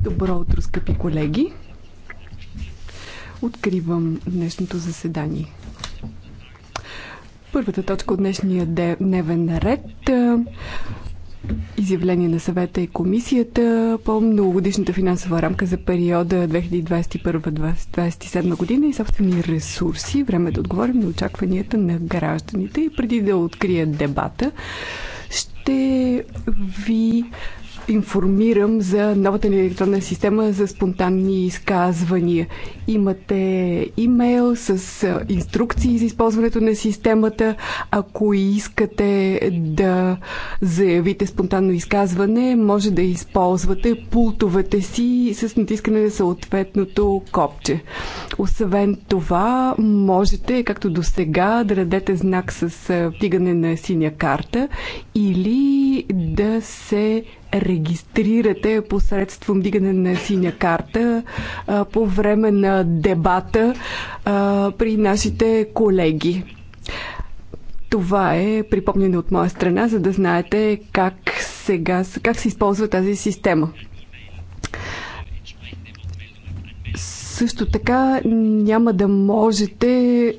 Добро утро, скъпи колеги! Откривам днешното заседание. Първата точка от днешния дневен ред е, изявление на съвета и комисията по многогодишната финансова рамка за периода 2021-2027 година и собствени ресурси. Време да отговорим на очакванията на гражданите и преди да открия дебата ще ви информирам за новата ни електронна система за спонтанни изказвания. Имате имейл с инструкции за използването на системата. Ако искате да заявите спонтанно изказване, може да използвате пултовете си с натискане на съответното копче. Освен това, можете, както до сега, да дадете знак с вдигане на синя карта или да се регистрирате посредством дигане на синя карта а, по време на дебата а, при нашите колеги. Това е припомнено от моя страна, за да знаете как, сега, как се използва тази система. Също така няма да можете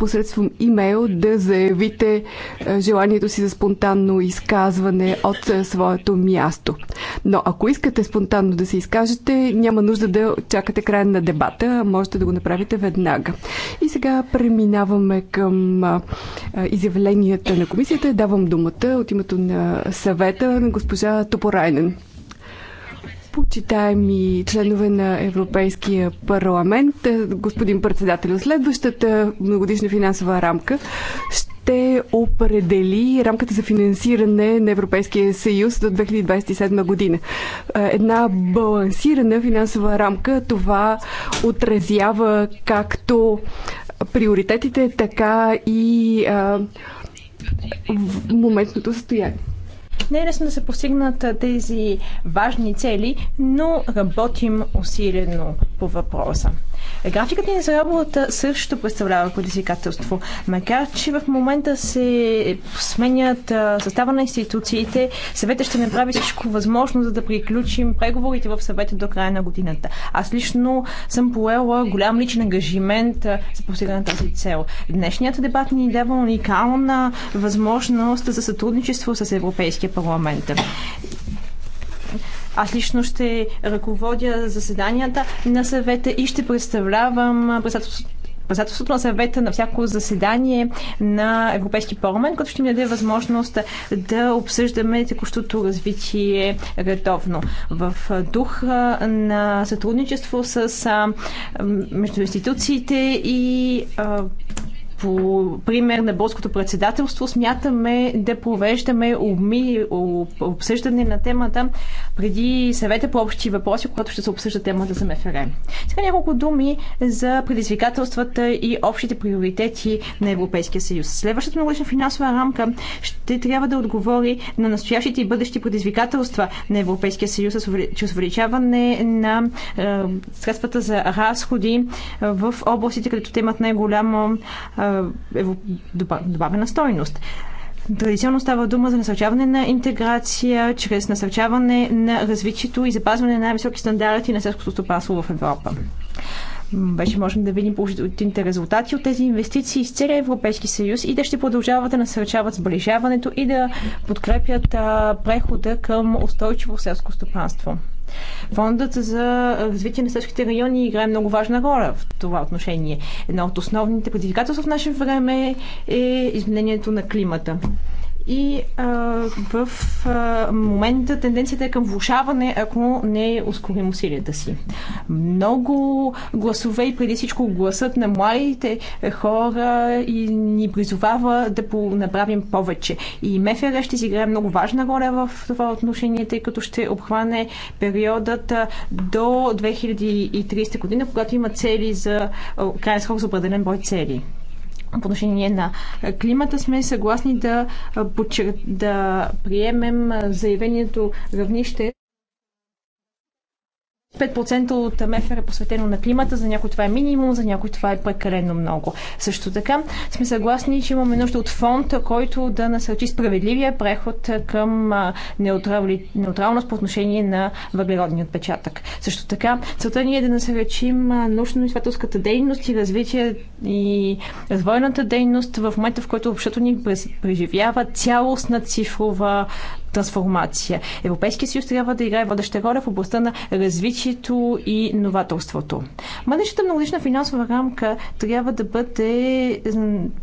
посредством имейл да заявите е, желанието си за спонтанно изказване от е, своето място. Но ако искате спонтанно да се изкажете, няма нужда да чакате края на дебата, можете да го направите веднага. И сега преминаваме към изявленията на комисията. Давам думата от името на съвета на госпожа Топорайнен. Почитаеми членове на Европейския парламент, е, господин председател, следващата многодишна финансова рамка ще определи рамката за финансиране на Европейския съюз до 2027 година. Е, една балансирана финансова рамка, това отразява както приоритетите, така и а, в моментното състояние. Не е лесно да се постигнат тези важни цели, но работим усилено по въпроса. Графикът ни за работа също представлява предизвикателство. Макар, че в момента се сменят състава на институциите, съветът ще направи всичко възможно, за да приключим преговорите в съвета до края на годината. Аз лично съм поела голям личен ангажимент за постигане на тази цел. Днешният дебат ни дава уникална възможност за сътрудничество с Европейския парламент. Аз лично ще ръководя заседанията на съвета и ще представлявам председателството на съвета на всяко заседание на Европейски парламент, което ще ми даде възможност да обсъждаме текущото развитие редовно. В дух на сътрудничество с между институциите и по пример на Боското председателство смятаме да провеждаме обми, обсъждане на темата преди съвета по общи въпроси, когато ще се обсъжда темата за МФР. Сега няколко думи за предизвикателствата и общите приоритети на Европейския съюз. Следващата многогодишна финансова рамка ще трябва да отговори на настоящите и бъдещи предизвикателства на Европейския съюз чрез увеличаване на е, средствата за разходи е, в областите, където те имат най-голямо е, е, е, добавена стойност. Традиционно става дума за насърчаване на интеграция, чрез насърчаване на развитието и запазване на най-високи стандарти на селското стопанство в Европа. Вече можем да видим положителните резултати от тези инвестиции с целия Европейски съюз и да ще продължават да насърчават сближаването и да подкрепят прехода към устойчиво селско стопанство. Фондът за развитие на селските райони играе много важна роля в това отношение. Едно от основните предизвикателства в наше време е изменението на климата и а, в а, момента тенденцията е към влушаване, ако не ускорим усилията си. Много гласове и преди всичко гласът на младите хора и ни призовава да направим повече. И МФР ще си играе много важна роля в това отношение, тъй като ще обхване периодът до 2030 година, когато има цели за крайен срок за определен брой цели по отношение на климата сме съгласни да, да приемем заявението равнище 5% от МФР е посветено на климата, за някой това е минимум, за някой това е прекалено много. Също така сме съгласни, че имаме нужда от фонд, който да насърчи справедливия преход към неутрали... неутралност по отношение на въглеродния отпечатък. Също така целта ни е да насърчим научно-изследователската дейност и развитие и развойната дейност в момента, в който общото ни преживява цялостна цифрова трансформация. Европейския съюз трябва да играе водеща роля в областта на развитието и новаторството. Мъдещата многолична финансова рамка трябва да бъде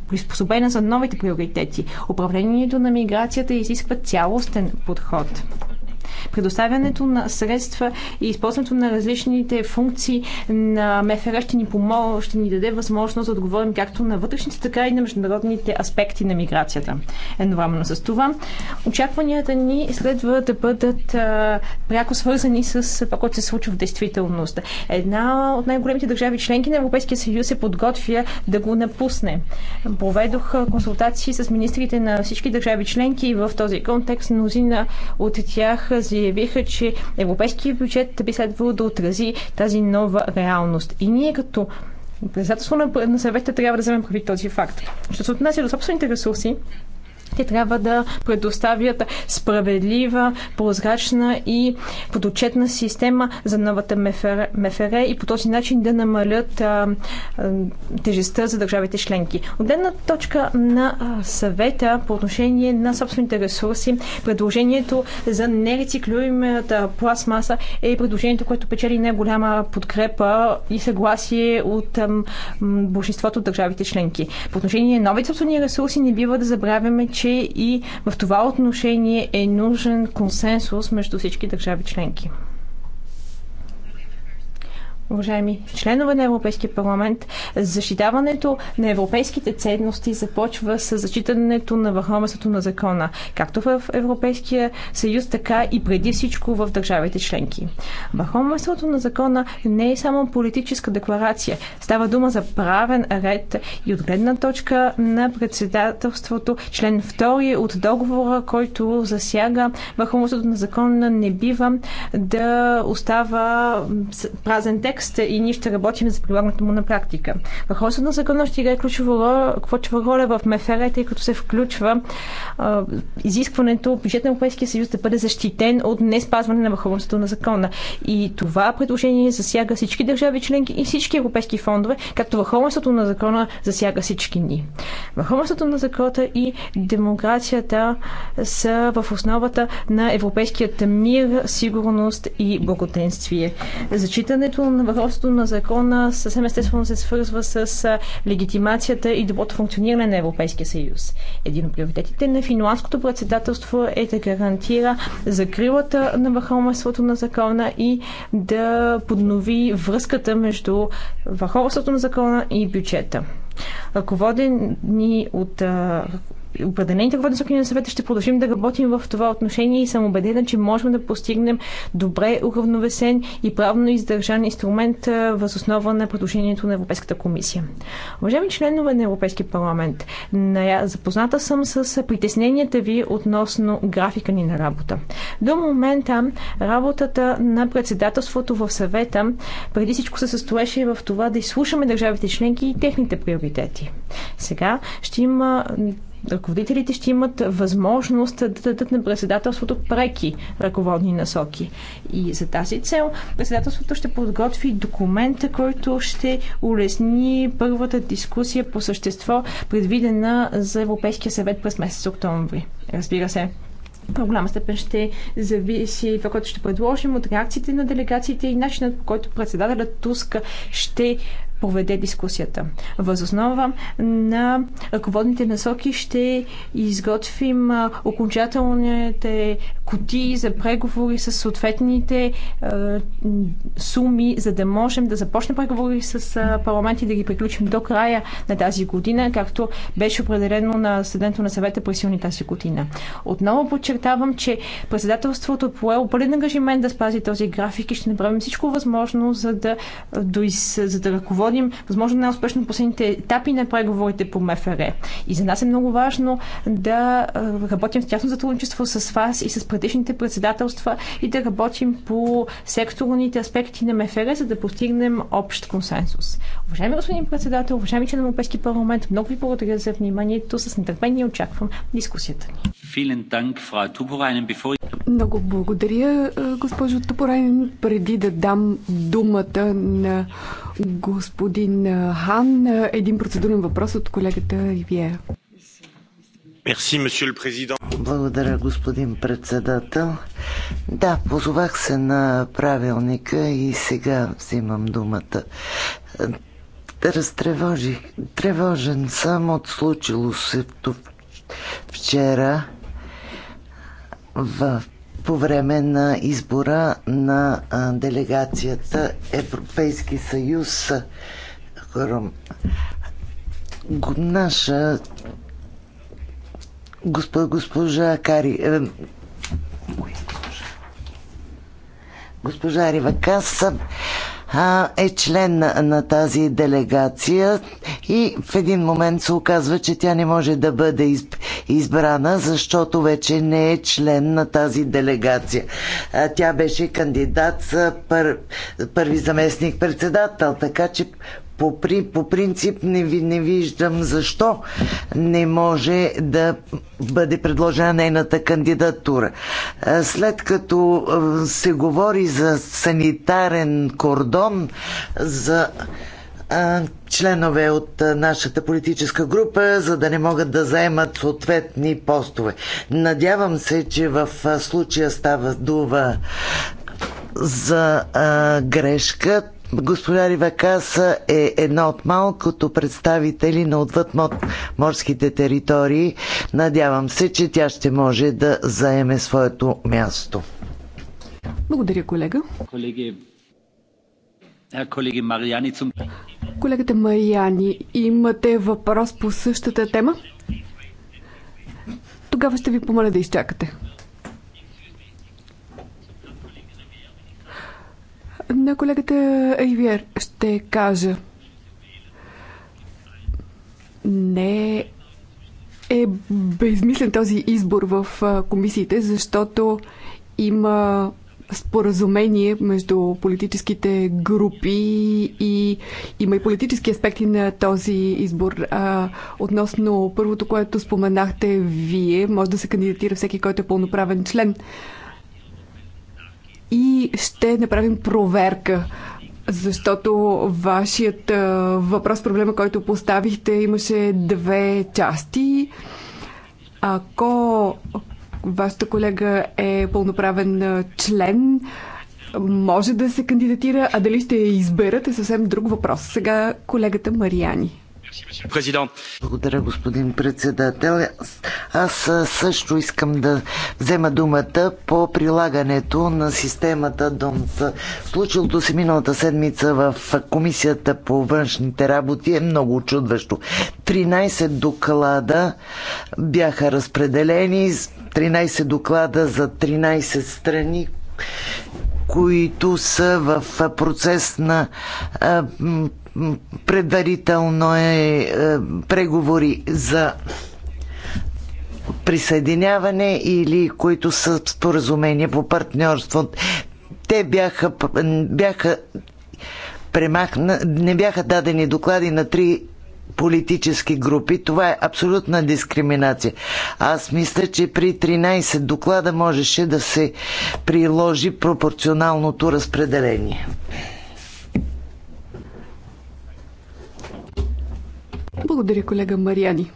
приспособена за новите приоритети. Управлението на миграцията изисква цялостен подход. Предоставянето на средства и използването на различните функции на МФР ще ни, помогне, ще ни даде възможност да отговорим както на вътрешните, така и на международните аспекти на миграцията. Едновременно с това, очакванията ни следва да бъдат а, пряко свързани с това, което се случва в действителност. Една от най-големите държави, членки на Европейския съюз, се подготвя да го напусне. Проведох консултации с министрите на всички държави членки и в този контекст мнозина от тях заявиха, че европейския бюджет би следвало да отрази тази нова реалност. И ние като председателство на съвета трябва да вземем прави този факт. Що се отнася до собствените ресурси, те трябва да предоставят справедлива, прозрачна и подотчетна система за новата МФР, МФР и по този начин да намалят а, а, тежестта за държавите членки. От една точка на съвета по отношение на собствените ресурси, предложението за нерециклюемата пластмаса е предложението, което печели най-голяма подкрепа и съгласие от м, большинството от държавите членки. По отношение на новите собствени ресурси не бива да забравяме, че че и в това отношение е нужен консенсус между всички държави членки уважаеми членове на Европейския парламент, защитаването на европейските ценности започва с зачитането на върховенството на закона, както в Европейския съюз, така и преди всичко в държавите членки. Върховенството на закона не е само политическа декларация. Става дума за правен ред и от гледна точка на председателството, член 2 от договора, който засяга върховенството на закона, не бива да остава празен текст текст и ние ще работим за прилагането му на практика. Въпросът на закона ще играе ключова, ключова роля в МФР, тъй като се включва а, изискването бюджет на Европейския съюз да бъде защитен от не спазване на върховенството на закона. И това предложение засяга всички държави членки и всички европейски фондове, както върховенството на закона засяга всички ни. Върховенството на закона и демокрацията са в основата на европейският мир, сигурност и благоденствие. Зачитането на върховството на закона съвсем естествено се свързва с легитимацията и доброто функциониране на Европейския съюз. Един от приоритетите на финландското председателство е да гарантира закрилата на върховството на закона и да поднови връзката между върховството на закона и бюджета ръководени от Определените ръководни сроки на съвета ще продължим да работим в това отношение и съм убедена, че можем да постигнем добре уравновесен и правно издържан инструмент въз основа на предложението на Европейската комисия. Уважаеми членове на Европейския парламент, запозната съм с притесненията ви относно графика ни на работа. До момента работата на председателството в съвета преди всичко се състоеше в това да изслушаме държавите членки и техните приоритети. Сега ще има ръководителите ще имат възможност да дадат на председателството преки ръководни насоки. И за тази цел председателството ще подготви документа, който ще улесни първата дискусия по същество, предвидена за Европейския съвет през месец октомври. Разбира се, По голяма степен ще зависи това, което ще предложим от реакциите на делегациите и начинът по който председателят Туск ще проведе дискусията. Възоснова на ръководните насоки ще изготвим окончателните кутии за преговори с съответните е, суми, за да можем да започнем преговори с парламент и да ги приключим до края на тази година, както беше определено на съденто на съвета през юни тази година. Отново подчертавам, че председателството е пое пълен ангажимент да спази този график и ще направим всичко възможно, за да, до, за да ръководим водим възможно най-успешно последните етапи на преговорите по МФР. И за нас е много важно да работим с тясно сътрудничество с вас и с предишните председателства и да работим по секторните аспекти на МФР, за да постигнем общ консенсус. Уважаеми господин председател, уважаеми член на Европейски парламент, много ви благодаря за вниманието. С нетърпение очаквам дискусията ни. Много благодаря, госпожо Топорайн. Преди да дам думата на господин господин Хан. Един процедурен въпрос от колегата Ривиера. Благодаря, господин председател. Да, позовах се на правилника и сега взимам думата. Разтревожих. Тревожен съм от случило се вчера в по време на избора на делегацията Европейски съюз. Наша госпожа Кари... Е, госпожа Рива Каса а, е член на, на тази делегация и в един момент се оказва, че тя не може да бъде из, избрана, защото вече не е член на тази делегация. А, тя беше кандидат за пър, първи заместник председател, така че по, при, по принцип не, ви, не виждам защо не може да бъде предложена нейната кандидатура. След като се говори за санитарен кордон, за членове от нашата политическа група, за да не могат да заемат съответни постове. Надявам се, че в случая става дува за а, грешка. Госпожа Ривакаса е една от малкото представители на отвъд морските територии. Надявам се, че тя ще може да заеме своето място. Благодаря, колега. Колеги, е, колеги Марияни, цум... Колегата Марияни, имате въпрос по същата тема? Тогава ще ви помоля да изчакате. на колегата Ривиер ще кажа. Не е безмислен този избор в комисиите, защото има споразумение между политическите групи и има и политически аспекти на този избор. А, относно първото, което споменахте вие, може да се кандидатира всеки, който е пълноправен член и ще направим проверка защото вашият въпрос, проблема, който поставихте, имаше две части. Ако вашата колега е пълноправен член, може да се кандидатира, а дали ще я изберат е съвсем друг въпрос. Сега колегата Мариани. Благодаря, господин председател. Аз също искам да взема думата по прилагането на системата ДОМС. Случилото се миналата седмица в Комисията по външните работи е много чудващо. 13 доклада бяха разпределени, 13 доклада за 13 страни, които са в процес на предварително е, преговори за присъединяване или които са споразумения по партньорство. Те бяха, бяха премахна, не бяха дадени доклади на три политически групи. Това е абсолютна дискриминация. Аз мисля, че при 13 доклада можеше да се приложи пропорционалното разпределение. Благодаря, колега Мариани.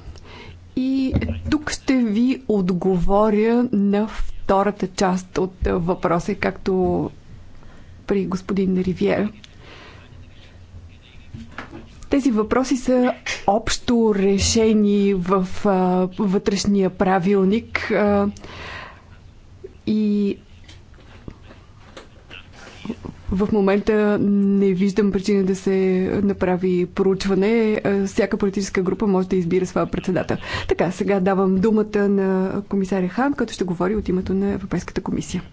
И тук ще ви отговоря на втората част от въпроса, както при господин Ривиера. Тези въпроси са общо решени в а, вътрешния правилник а, и в момента не виждам причина да се направи проучване. Всяка политическа група може да избира своя председател. Така, сега давам думата на комисаря Хан, който ще говори от името на Европейската комисия.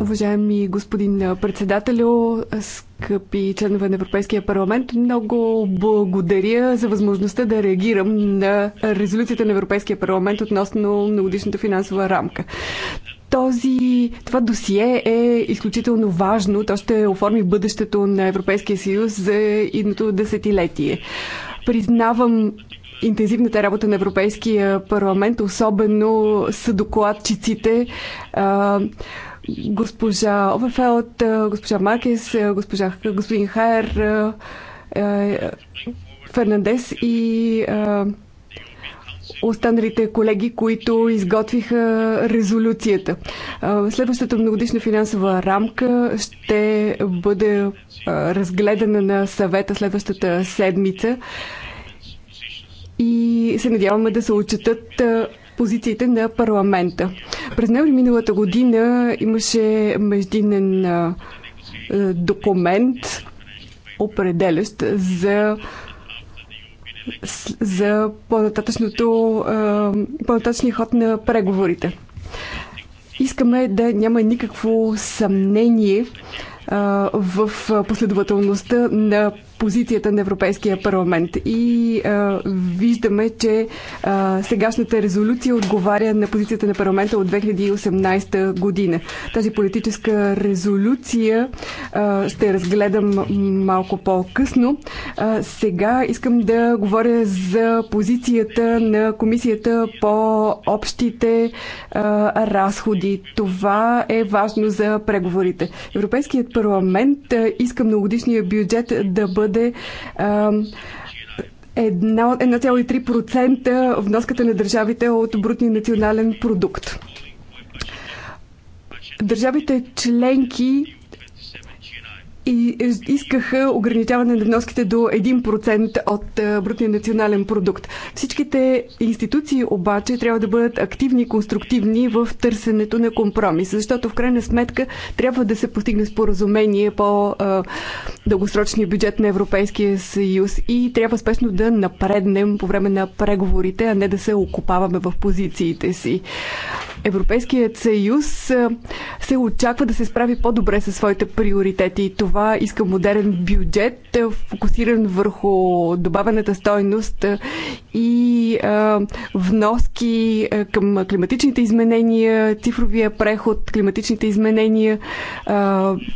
Уважаеми господин председателю, скъпи членове на Европейския парламент, много благодаря за възможността да реагирам на резолюцията на Европейския парламент относно многодишната финансова рамка този, това досие е изключително важно. То ще оформи бъдещето на Европейския съюз за едното десетилетие. Признавам интензивната работа на Европейския парламент, особено с докладчиците госпожа Оверфелт, госпожа Маркес, госпожа, господин Хайер, Фернандес и останалите колеги, които изготвиха резолюцията. Следващата многодишна финансова рамка ще бъде разгледана на съвета следващата седмица и се надяваме да се отчитат позициите на парламента. През ноември миналата година имаше междинен документ, определящ за за по-нататъчния ход на преговорите. Искаме да няма никакво съмнение в последователността на позицията на Европейския парламент. И а, виждаме, че а, сегашната резолюция отговаря на позицията на парламента от 2018 година. Тази политическа резолюция а, ще разгледам малко по-късно. сега искам да говоря за позицията на комисията по общите а, разходи. Това е важно за преговорите. Европейският парламент иска многогодишния бюджет да бъде бъде 1,3% вноската на държавите от брутния национален продукт. Държавите членки и искаха ограничаване на вноските до 1% от брутния национален продукт. Всичките институции обаче трябва да бъдат активни и конструктивни в търсенето на компромис, защото в крайна сметка трябва да се постигне споразумение по дългосрочния бюджет на Европейския съюз и трябва спешно да напреднем по време на преговорите, а не да се окупаваме в позициите си. Европейският съюз се очаква да се справи по-добре със своите приоритети и това това иска модерен бюджет, е фокусиран върху добавената стойност е, и е, вноски към климатичните изменения, цифровия преход, климатичните изменения,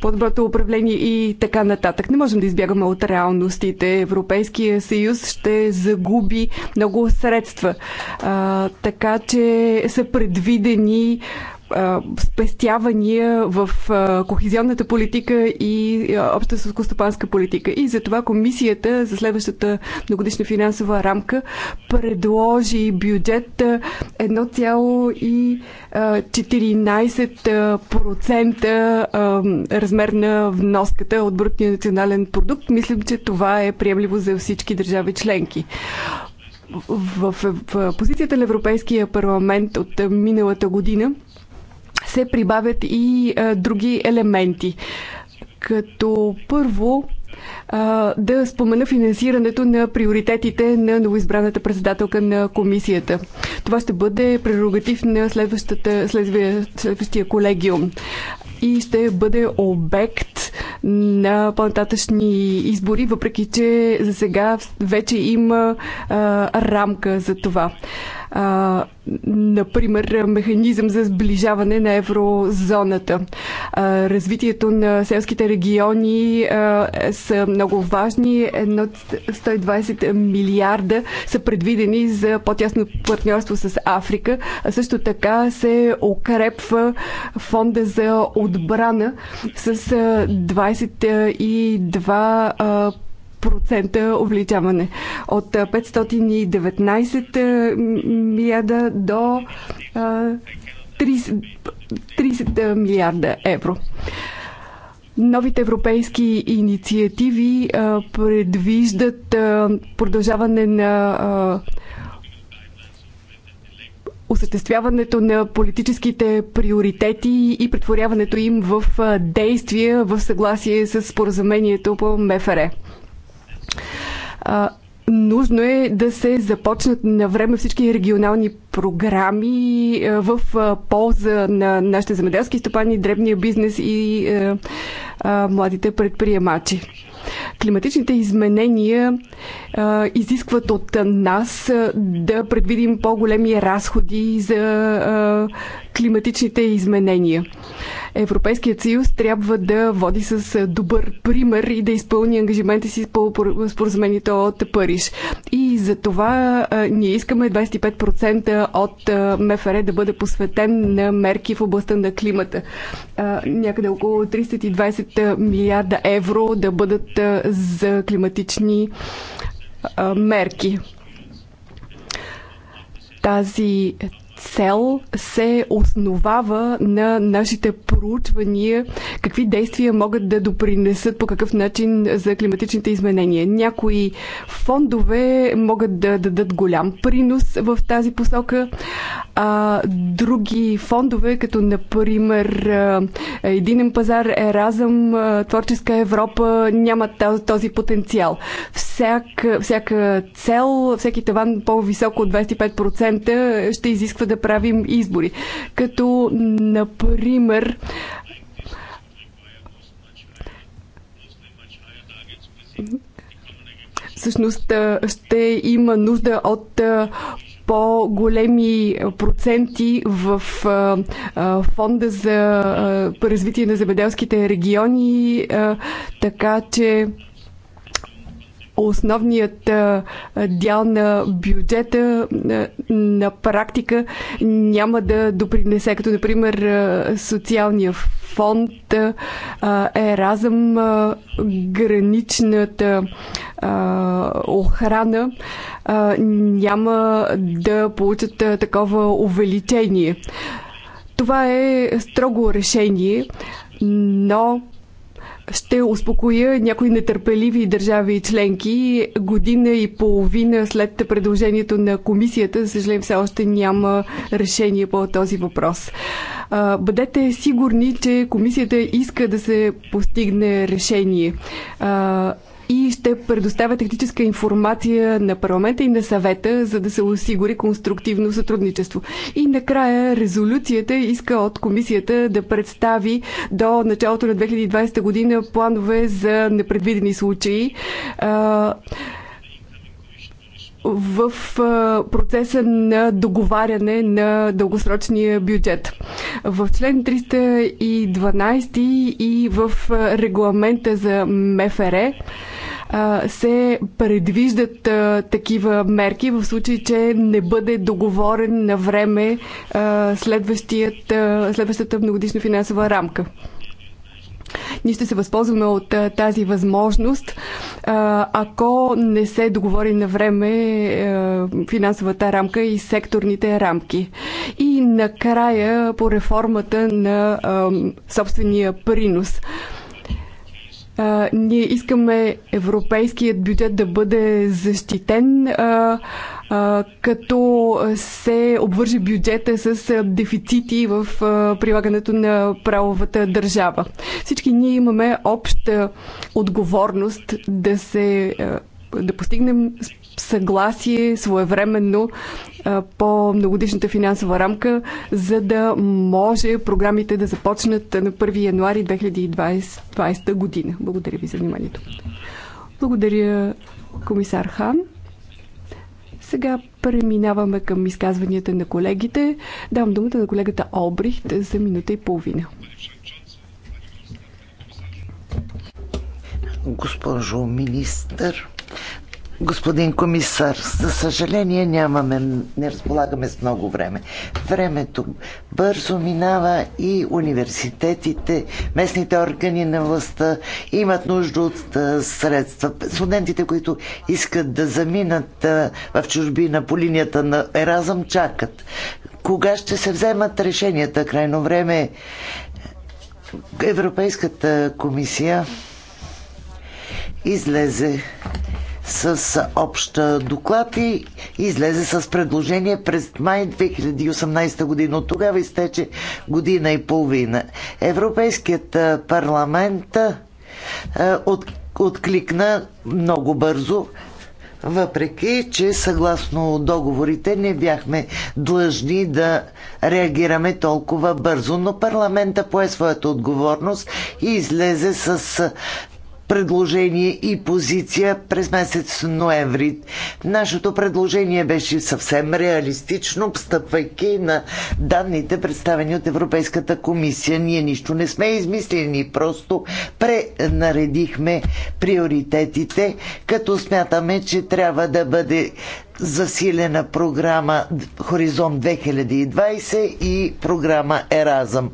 по-доброто управление и така нататък. Не можем да избягаме от реалностите. Европейския съюз ще загуби много средства. Така че са предвидени спестявания в кохезионната политика и обща селскостопанска политика. И затова комисията за следващата многодишна финансова рамка предложи бюджет 1,14% размер на вноската от брутния национален продукт. Мислим, че това е приемливо за всички държави членки в, в, в позицията на Европейския парламент от миналата година се прибавят и а, е, други елементи. Като първо а, е, да спомена финансирането на приоритетите на новоизбраната председателка на комисията. Това ще бъде прерогатив на следващата, следващия, следващия колегиум и ще бъде обект на по-нататъчни избори, въпреки че за сега вече има а, е, рамка за това а, например, механизъм за сближаване на еврозоната. А, развитието на селските региони а, са много важни. Едно 120 милиарда са предвидени за по-тясно партньорство с Африка. А също така се укрепва фонда за отбрана с 22 10% увеличаване. От 519 милиарда до 30, 30 милиарда евро. Новите европейски инициативи предвиждат продължаване на осъществяването на политическите приоритети и претворяването им в действия в съгласие с споразумението по МФР. Нужно е да се започнат на време всички регионални програми в полза на нашите земеделски стопани, дребния бизнес и младите предприемачи. Климатичните изменения а, изискват от нас а, да предвидим по-големи разходи за а, климатичните изменения. Европейският съюз трябва да води с е, добър пример и да изпълни ангажимента си по споразумението от Париж. И за това е, ние искаме 25% от е, МФР да бъде посветен на мерки в областта на климата. Някъде около 320 милиарда евро да бъдат за климатични мерки. Тази цел се основава на нашите проучвания, какви действия могат да допринесат по какъв начин за климатичните изменения. Някои фондове могат да дадат голям принос в тази посока, а други фондове, като например Единен пазар, Еразъм, Творческа Европа, нямат този потенциал. Всяка, всяка цел, всеки таван по-високо от 25% ще изисква да правим избори. Като, например, всъщност ще има нужда от по-големи проценти в фонда за развитие на земеделските региони, така че основният дял на бюджета на практика няма да допринесе, като например социалния фонд, еразъм, граничната охрана няма да получат такова увеличение. Това е строго решение, но ще успокоя някои нетърпеливи държави и членки. Година и половина след предложението на комисията, за съжаление, все още няма решение по този въпрос. Бъдете сигурни, че комисията иска да се постигне решение и ще предоставя техническа информация на парламента и на съвета, за да се осигури конструктивно сътрудничество. И накрая резолюцията иска от комисията да представи до началото на 2020 година планове за непредвидени случаи в процеса на договаряне на дългосрочния бюджет. В член 312 и в регламента за МФР се предвиждат такива мерки в случай, че не бъде договорен на време следващата многодишна финансова рамка. Ние ще се възползваме от тази възможност, ако не се договори на време финансовата рамка и секторните рамки. И накрая по реформата на собствения принос. А, ние искаме европейският бюджет да бъде защитен, а, а, като се обвържи бюджета с дефицити в а, прилагането на правовата държава. Всички ние имаме обща отговорност да се. А, да постигнем съгласие своевременно по многодишната финансова рамка, за да може програмите да започнат на 1 януари 2020 година. Благодаря ви за вниманието. Благодаря, комисар Хан. Сега преминаваме към изказванията на колегите. Давам думата на колегата Олбрихт за минута и половина. Госпожо министър, Господин комисар, за съжаление нямаме, не разполагаме с много време. Времето бързо минава и университетите, местните органи на властта имат нужда от средства. Студентите, които искат да заминат в чужбина по линията на Еразъм, чакат. Кога ще се вземат решенията? Крайно време е. Европейската комисия излезе с общ доклад и излезе с предложение през май 2018 година. От тогава изтече година и половина. Европейският парламент от, откликна много бързо, въпреки че съгласно договорите не бяхме длъжни да реагираме толкова бързо. Но парламента пое своята отговорност и излезе с предложение и позиция през месец ноември. Нашето предложение беше съвсем реалистично, обстъпвайки на данните, представени от Европейската комисия. Ние нищо не сме измислени, просто пренаредихме приоритетите, като смятаме, че трябва да бъде засилена програма Хоризонт 2020 и програма Еразъм.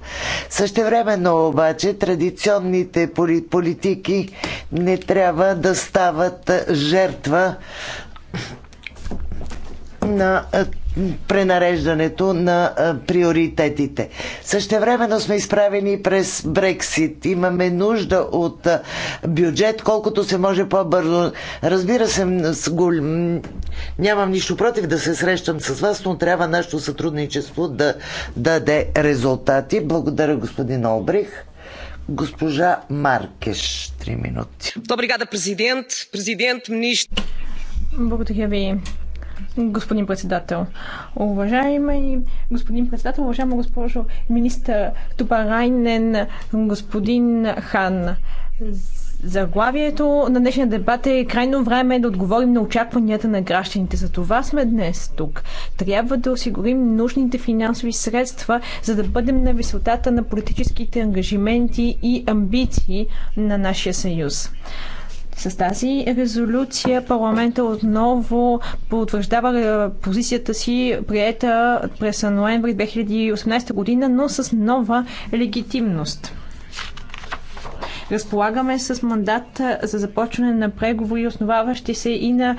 Същевременно обаче традиционните политики не трябва да стават жертва на пренареждането на приоритетите. Същевременно сме изправени през Брексит. Имаме нужда от бюджет, колкото се може по-бързо. Разбира се, нямам нищо против да се срещам с вас, но трябва нашето сътрудничество да даде резултати. Благодаря, господин Олбрих. Госпожа Маркеш, 3 минути. Добре, президент, президент, министр. Благодаря ви, господин председател. Уважаеми господин председател, уважаема госпожо министър Тупарайнен, господин Хан. Заглавието на днешния дебат е крайно време да отговорим на очакванията на гражданите. За това сме днес тук. Трябва да осигурим нужните финансови средства, за да бъдем на висотата на политическите ангажименти и амбиции на нашия съюз. С тази резолюция парламента отново потвърждава е, позицията си, приета през ноември 2018 година, но с нова легитимност. Разполагаме с мандат е, за започване на преговори, основаващи се и на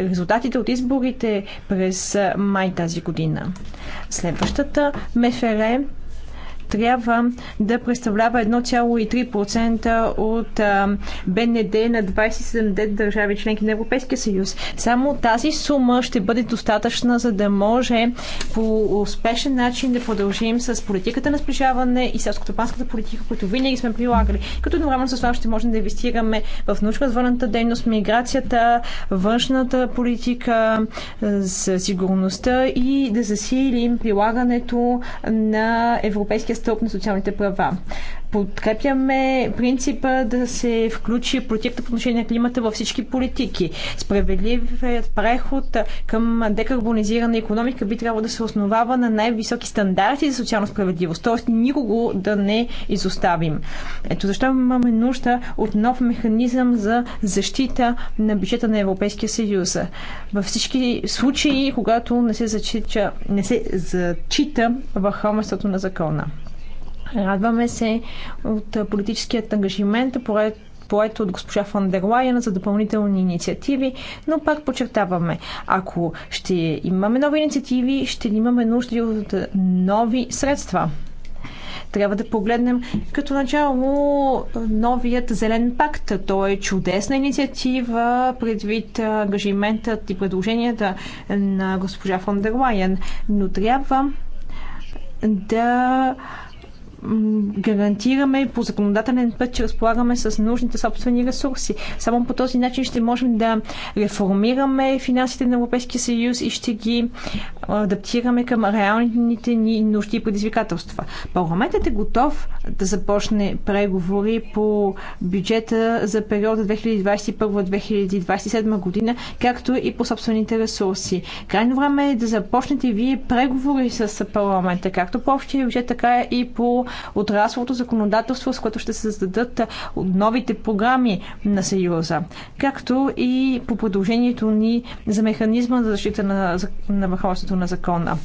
резултатите от изборите през е, май тази година. Следващата МФР трябва да представлява 1,3% от БНД на 27 държави членки на Европейския съюз. Само тази сума ще бъде достатъчна, за да може по успешен начин да продължим с политиката на сближаване и селско-топанската политика, които винаги сме прилагали. Като едновременно с това ще можем да инвестираме в научно-развойната дейност, миграцията, външната политика, за сигурността и да засилим прилагането на европейския стълб на социалните права. Подкрепяме принципа да се включи протекта по отношение на климата във всички политики. Справедливият преход към декарбонизирана економика би трябвало да се основава на най-високи стандарти за социална справедливост, т.е. никого да не изоставим. Ето защо имаме нужда от нов механизъм за защита на бюджета на Европейския съюз. Във всички случаи, когато не се зачита, не се зачита върховенството на закона. Радваме се от политическият ангажимент, поето от госпожа фон дер Лайен за допълнителни инициативи, но пак подчертаваме, ако ще имаме нови инициативи, ще имаме нужда от нови средства трябва да погледнем като начало новият зелен пакт. Той е чудесна инициатива предвид ангажиментът и предложенията на госпожа фон дер Лайен, но трябва да гарантираме по законодателен път, че разполагаме с нужните собствени ресурси. Само по този начин ще можем да реформираме финансите на Европейския съюз и ще ги адаптираме към реалните ни нужди и предизвикателства. Парламентът е готов да започне преговори по бюджета за периода 2021-2027 година, както и по собствените ресурси. Крайно време е да започнете вие преговори с парламента, както по общия бюджет, така и по отраслото законодателство, с което ще се създадат новите програми на Съюза, както и по предложението ни за механизма за защита на, на върховството на закона.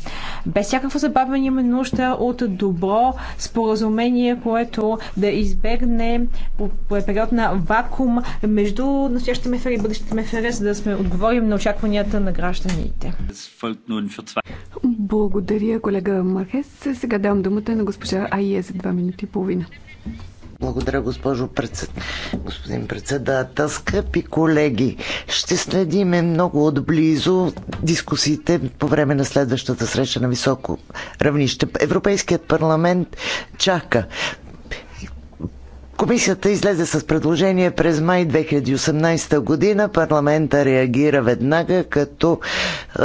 Без всякакво забавяне имаме нужда от добро споразумение, което да избегне по, по е период на вакуум между настоящите МФР и бъдещите МФР, за да сме отговорим на очакванията на гражданите. Благодаря, колега Мархес. Сега давам думата на госпожа Айя вие за два минути и половина. Благодаря, госпожо председ... господин председател. Скъпи колеги, ще следиме много отблизо дискусиите по време на следващата среща на високо равнище. Европейският парламент чака Комисията излезе с предложение през май 2018 година. Парламента реагира веднага, като е,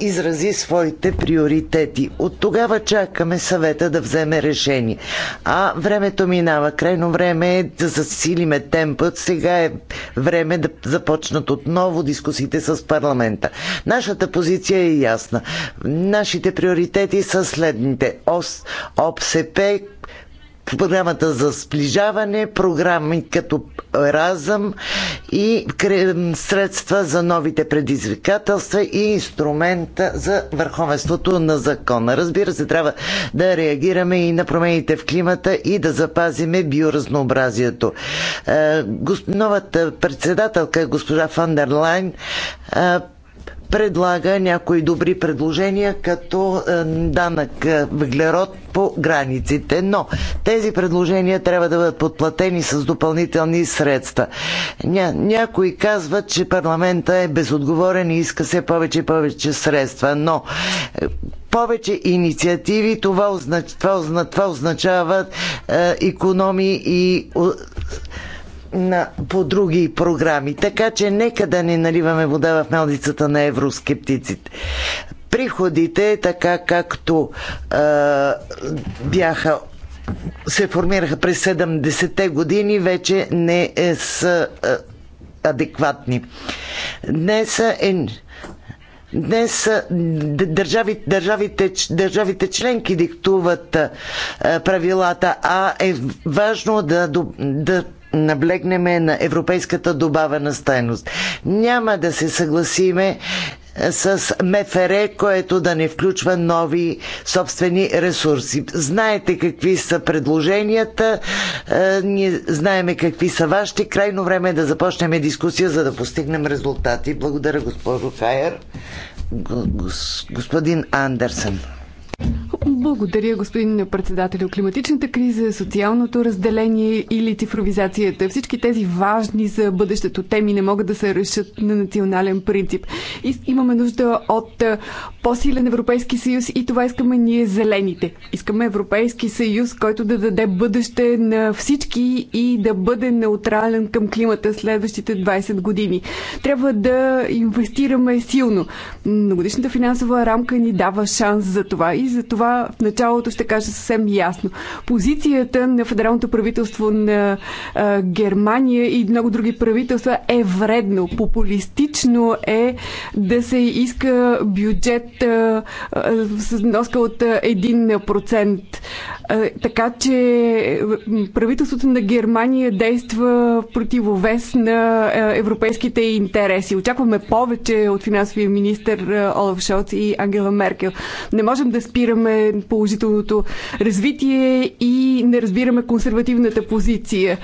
изрази своите приоритети. От тогава чакаме съвета да вземе решение. А времето минава. Крайно време е да засилиме темпът. Сега е време да започнат отново дискусиите с парламента. Нашата позиция е ясна. Нашите приоритети са следните. ОС, ОПСП, програмата за сближаване, програми като Разъм и средства за новите предизвикателства и инструмента за върховенството на закона. Разбира се, трябва да реагираме и на промените в климата и да запазиме биоразнообразието. Е, новата председателка, госпожа Фандерлайн, е, предлага някои добри предложения, като е, данък е, въглерод по границите. Но тези предложения трябва да бъдат подплатени с допълнителни средства. Ня, някои казват, че парламента е безотговорен и иска се повече и повече средства, но е, повече инициативи, това, означ, това, означ, това означава е, економии и на, по други програми. Така че нека да не наливаме вода в мелдицата на евроскептиците. Приходите, така както а, бяха се формираха през 70-те години, вече не е са а, адекватни. Днес е Днес държави, държавите, държавите членки диктуват правилата, а е важно да, да наблегнем на европейската добавена стойност. Няма да се съгласиме е, с МФР, което да не включва нови собствени ресурси. Знаете какви са предложенията, е, ние знаеме какви са вашите. Крайно време е да започнем дискусия, за да постигнем резултати. Благодаря, госпожо Хайер. Господин Андерсен. Благодаря, господин председател. Климатичната криза, социалното разделение или цифровизацията, всички тези важни за бъдещето теми не могат да се решат на национален принцип. И имаме нужда от по-силен Европейски съюз и това искаме ние зелените. Искаме Европейски съюз, който да даде бъдеще на всички и да бъде неутрален към климата следващите 20 години. Трябва да инвестираме силно. Многодишната финансова рамка ни дава шанс за това и за това в началото ще кажа съвсем ясно. Позицията на федералното правителство на а, Германия и много други правителства е вредно. Популистично е да се иска бюджет а, а, с носка от 1%. А, така че правителството на Германия действа в противовес на европейските интереси. Очакваме повече от финансовия министр Олаф Шоц и Ангела Меркел. Не можем да спим разбираме положителното развитие и не разбираме консервативната позиция.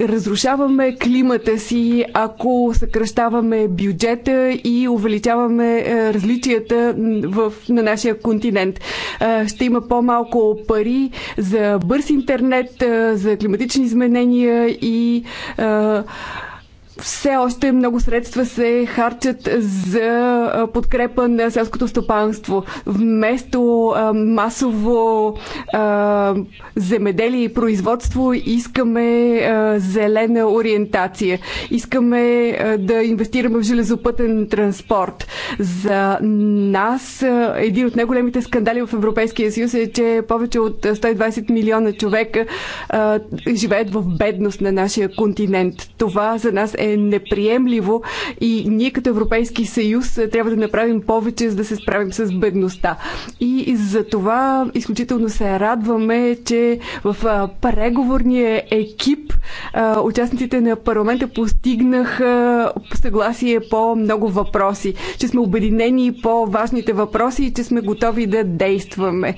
Разрушаваме климата си, ако съкръщаваме бюджета и увеличаваме е, различията в, на нашия континент. Е, ще има по-малко пари за бърз интернет, е, за климатични изменения и все още много средства се харчат за подкрепа на селското стопанство. Вместо масово земеделие и производство искаме зелена ориентация. Искаме да инвестираме в железопътен транспорт. За нас един от най-големите скандали в Европейския съюз е, че повече от 120 милиона човека живеят в бедност на нашия континент. Това за нас е е неприемливо и ние като Европейски съюз е, трябва да направим повече, за да се справим с бедността. И за това изключително се радваме, че в преговорния екип участниците на парламента постигнаха съгласие по много въпроси, че сме обединени по важните въпроси и че сме готови да действаме,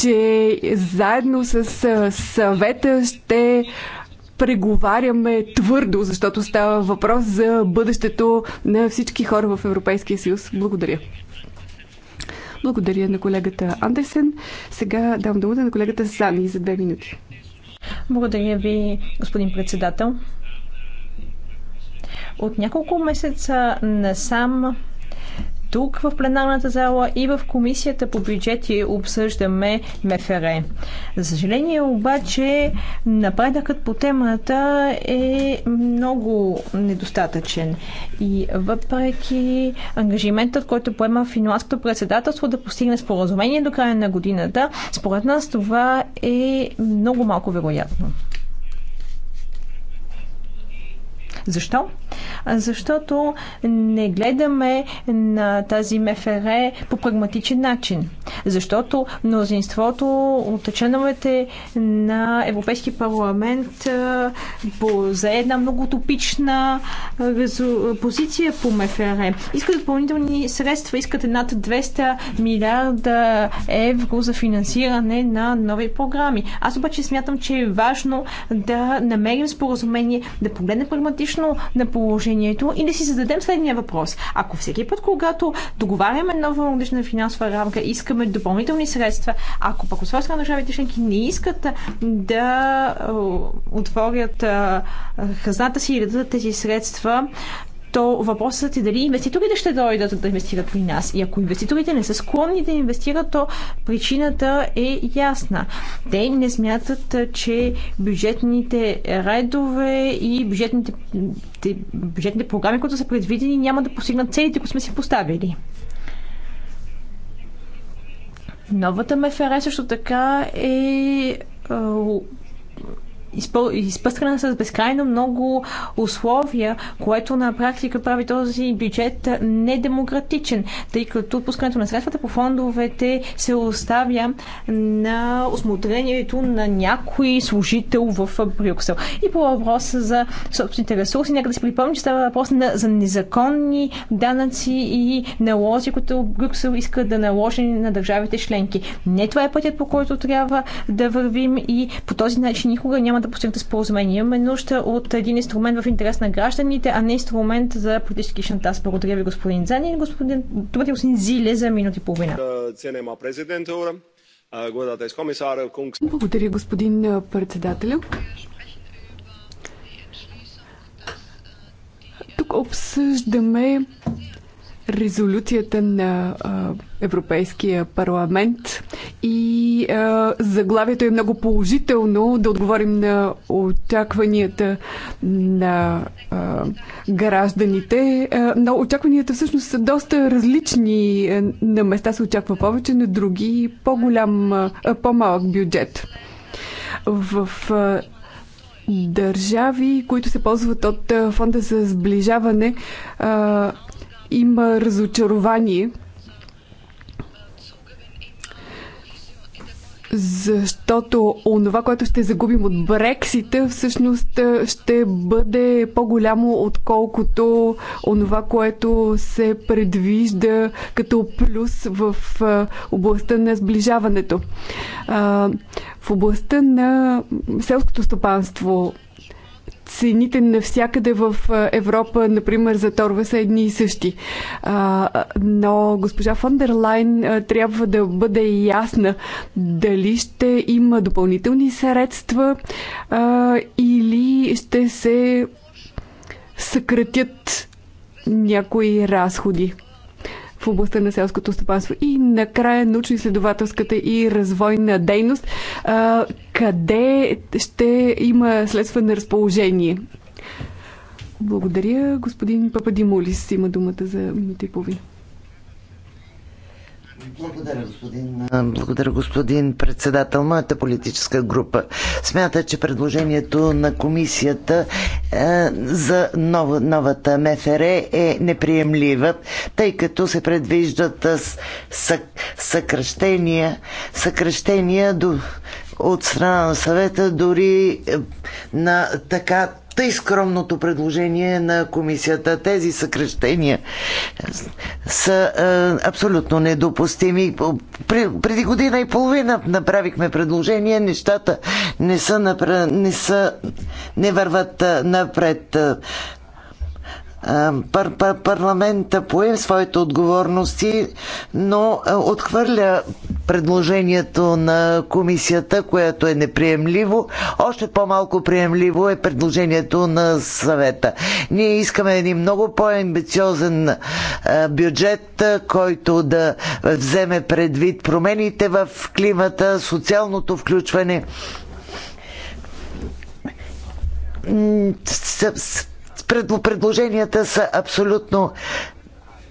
че заедно с съвета ще преговаряме твърдо, защото става въпрос за бъдещето на всички хора в Европейския съюз. Благодаря. Благодаря на колегата Андерсен. Сега дам думата на колегата Сани за две минути. Благодаря ви, господин председател. От няколко месеца насам тук в пленарната зала и в комисията по бюджети обсъждаме МФР. За съжаление обаче напредъкът по темата е много недостатъчен. И въпреки ангажиментът, който поема финландското председателство да постигне споразумение до края на годината, според нас това е много малко вероятно. Защо? Защото не гледаме на тази МФР по прагматичен начин. Защото мнозинството от членовете на Европейски парламент за една много топична позиция по МФР. Искат допълнителни средства, искат над 200 милиарда евро за финансиране на нови програми. Аз обаче смятам, че е важно да намерим споразумение, да погледнем прагматично критично на положението и да си зададем следния въпрос. Ако всеки път, когато договаряме нова многодишна финансова рамка, искаме допълнителни средства, ако пък от своя страна държавите членки не искат да отворят хазната си и да дадат тези средства, то въпросът е дали инвеститорите ще дойдат да инвестират при нас. И ако инвеститорите не са склонни да инвестират, то причината е ясна. Те не смятат, че бюджетните редове и бюджетните, бюджетните програми, които са предвидени, няма да постигнат целите, които сме си поставили. Новата МФР е също така е, е изпъстрена с безкрайно много условия, което на практика прави този бюджет недемократичен, тъй като пускането на средствата по фондовете се оставя на осмотрението на някой служител в Брюксел. И по въпроса за собствените ресурси, нека да си припомня, че става въпрос на, за незаконни данъци и налози, които Брюксел иска да наложи на държавите членки. Не това е пътят, по който трябва да вървим и по този начин никога няма да да постигнете споразумение. Имаме нужда от един инструмент в интерес на гражданите, а не инструмент за политически шантаж. Благодаря ви, господин Зани. Господин, думате господин Зиле за минути и половина. Благодаря, господин председател. Тук обсъждаме резолюцията на а, Европейския парламент и а, заглавието е много положително да отговорим на очакванията на а, гражданите, а, но очакванията всъщност са доста различни. Е, на места се очаква повече, на други по-голям, по-малък бюджет. В а, държави, които се ползват от фонда за сближаване, а, има разочарование, защото онова, което ще загубим от Брексита, всъщност ще бъде по-голямо, отколкото онова, което се предвижда като плюс в областта на сближаването. В областта на селското стопанство цените навсякъде в Европа, например, за торва са едни и същи. Но госпожа Фондерлайн трябва да бъде ясна дали ще има допълнителни средства или ще се съкратят някои разходи в областта на селското стопанство. И накрая научно-изследователската и развойна дейност. А, къде ще има следства на разположение? Благодаря. Господин Пападимулис има думата за минута и половина. Благодаря, господин. Благодаря, господин председател. Моята политическа група смята, че предложението на комисията е, за нов, новата МФР е неприемлива, тъй като се предвиждат съ, съкръщения, съкръщения до, от страна на съвета, дори е, на така тъй скромното предложение на комисията. Тези съкрещения са а, е, абсолютно недопустими. Преди година и половина направихме предложение, нещата не са, напра... не са не върват е, напред. Е, пар, пар, парламента пое своите отговорности, но е, отхвърля предложението на комисията, което е неприемливо. Още по-малко приемливо е предложението на съвета. Ние искаме един много по-амбициозен е, бюджет, който да вземе предвид промените в климата, социалното включване предложенията са абсолютно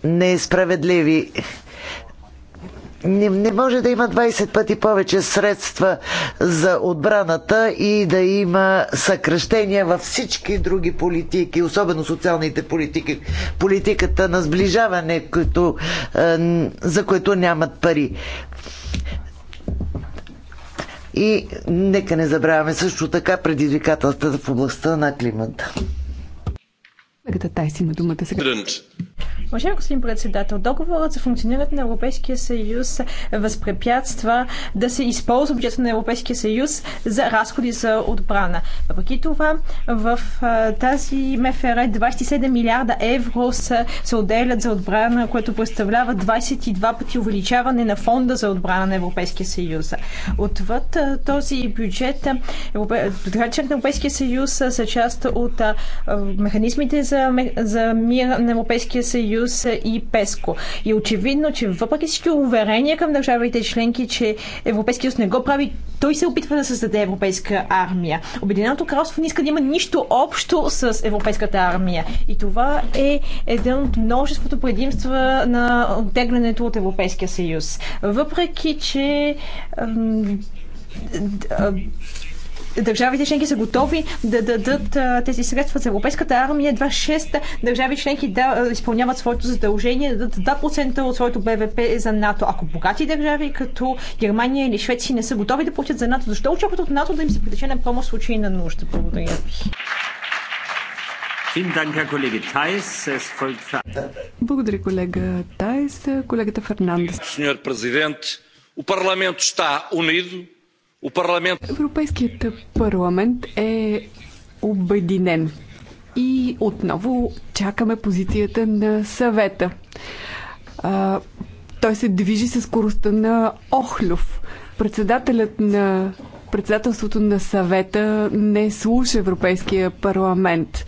несправедливи. Не, не може да има 20 пъти повече средства за отбраната и да има съкръщения във всички други политики, особено социалните политики, политиката на сближаване, е, за които нямат пари. И нека не забравяме също така предизвикателствата в областта на климата. Колегата Тайс има думата сега. Уважаеми господин председател, договорът за функционирането на Европейския съюз възпрепятства да се използва бюджета на Европейския съюз за разходи за отбрана. Въпреки това, в тази МФР 27 милиарда евро са, се отделят за отбрана, което представлява 22 пъти увеличаване на фонда за отбрана на Европейския съюз. Отвъд този бюджет, Европе... на Европейския съюз са част от механизмите за за мир на Европейския съюз и ПЕСКО. И очевидно, че въпреки всички уверения към държавите членки, че Европейския съюз не го прави, той се опитва да създаде европейска армия. Обединеното кралство не иска да има нищо общо с европейската армия. И това е един от множеството предимства на оттеглянето от Европейския съюз. Въпреки, че държавите членки са готови да дадат тези средства за Европейската армия. Едва 6 държави членки да изпълняват своето задължение, да дадат 2% от своето БВП за НАТО. Ако богати държави като Германия или Швеция не са готови да платят за НАТО, защо очакват от НАТО да им се притече на помощ в случай на нужда? Благодаря ви. Благодаря, колега Тайс. Колегата Фернандес. Господин президент, парламентът е унизо. Европейският парламент е обединен. И отново чакаме позицията на съвета. А, той се движи със скоростта на Охлюв. Председателят на председателството на съвета не слуша Европейския парламент.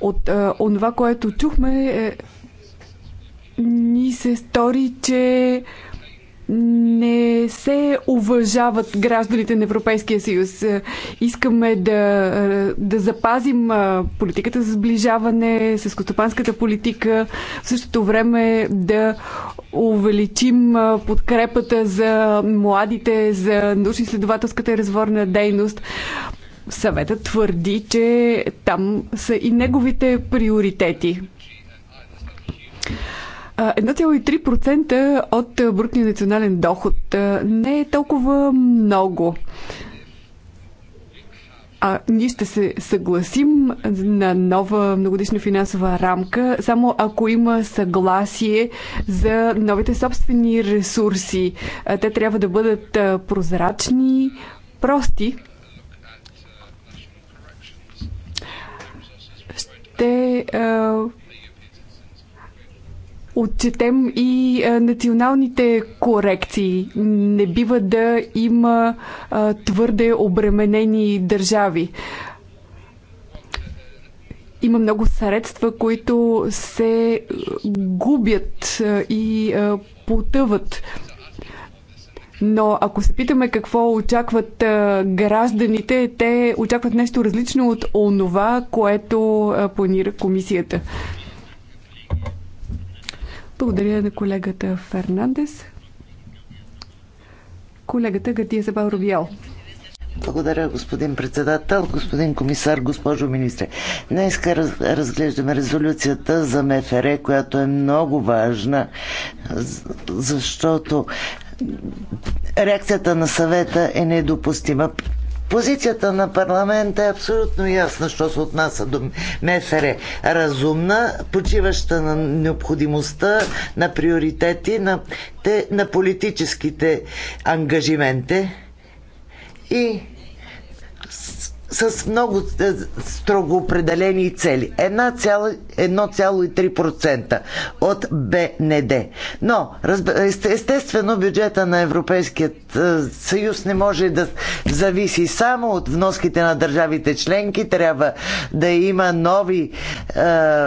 От а, онова, което чухме, е, ни се стори, че не се уважават гражданите на Европейския съюз. Искаме да, да запазим политиката за сближаване, костопанската политика, в същото време да увеличим подкрепата за младите, за научно-изследователската разворна дейност. Съветът твърди, че там са и неговите приоритети. 1,3% от брутния национален доход не е толкова много. А, ние ще се съгласим на нова многодишна финансова рамка, само ако има съгласие за новите собствени ресурси. Те трябва да бъдат прозрачни, прости. Ще отчетем и е, националните корекции. Не бива да има е, твърде обременени държави има много средства, които се е, губят и потъват. Но ако се питаме какво очакват гражданите, те очакват нещо различно от онова, което планира комисията. Благодаря на колегата Фернандес. Колегата Гатия Забал Рубиал. Благодаря, господин председател, господин комисар, госпожо министре. Днес разглеждаме резолюцията за МФР, която е много важна, защото реакцията на съвета е недопустима. Позицията на парламента е абсолютно ясна, що се отнася до МФР. Разумна, почиваща на необходимостта, на приоритети, на, те, на политическите ангажименти и с много е, строго определени цели. 1,3% от БНД. Но, естествено, бюджета на Европейският е, съюз не може да зависи само от вноските на държавите членки. Трябва да има нови е,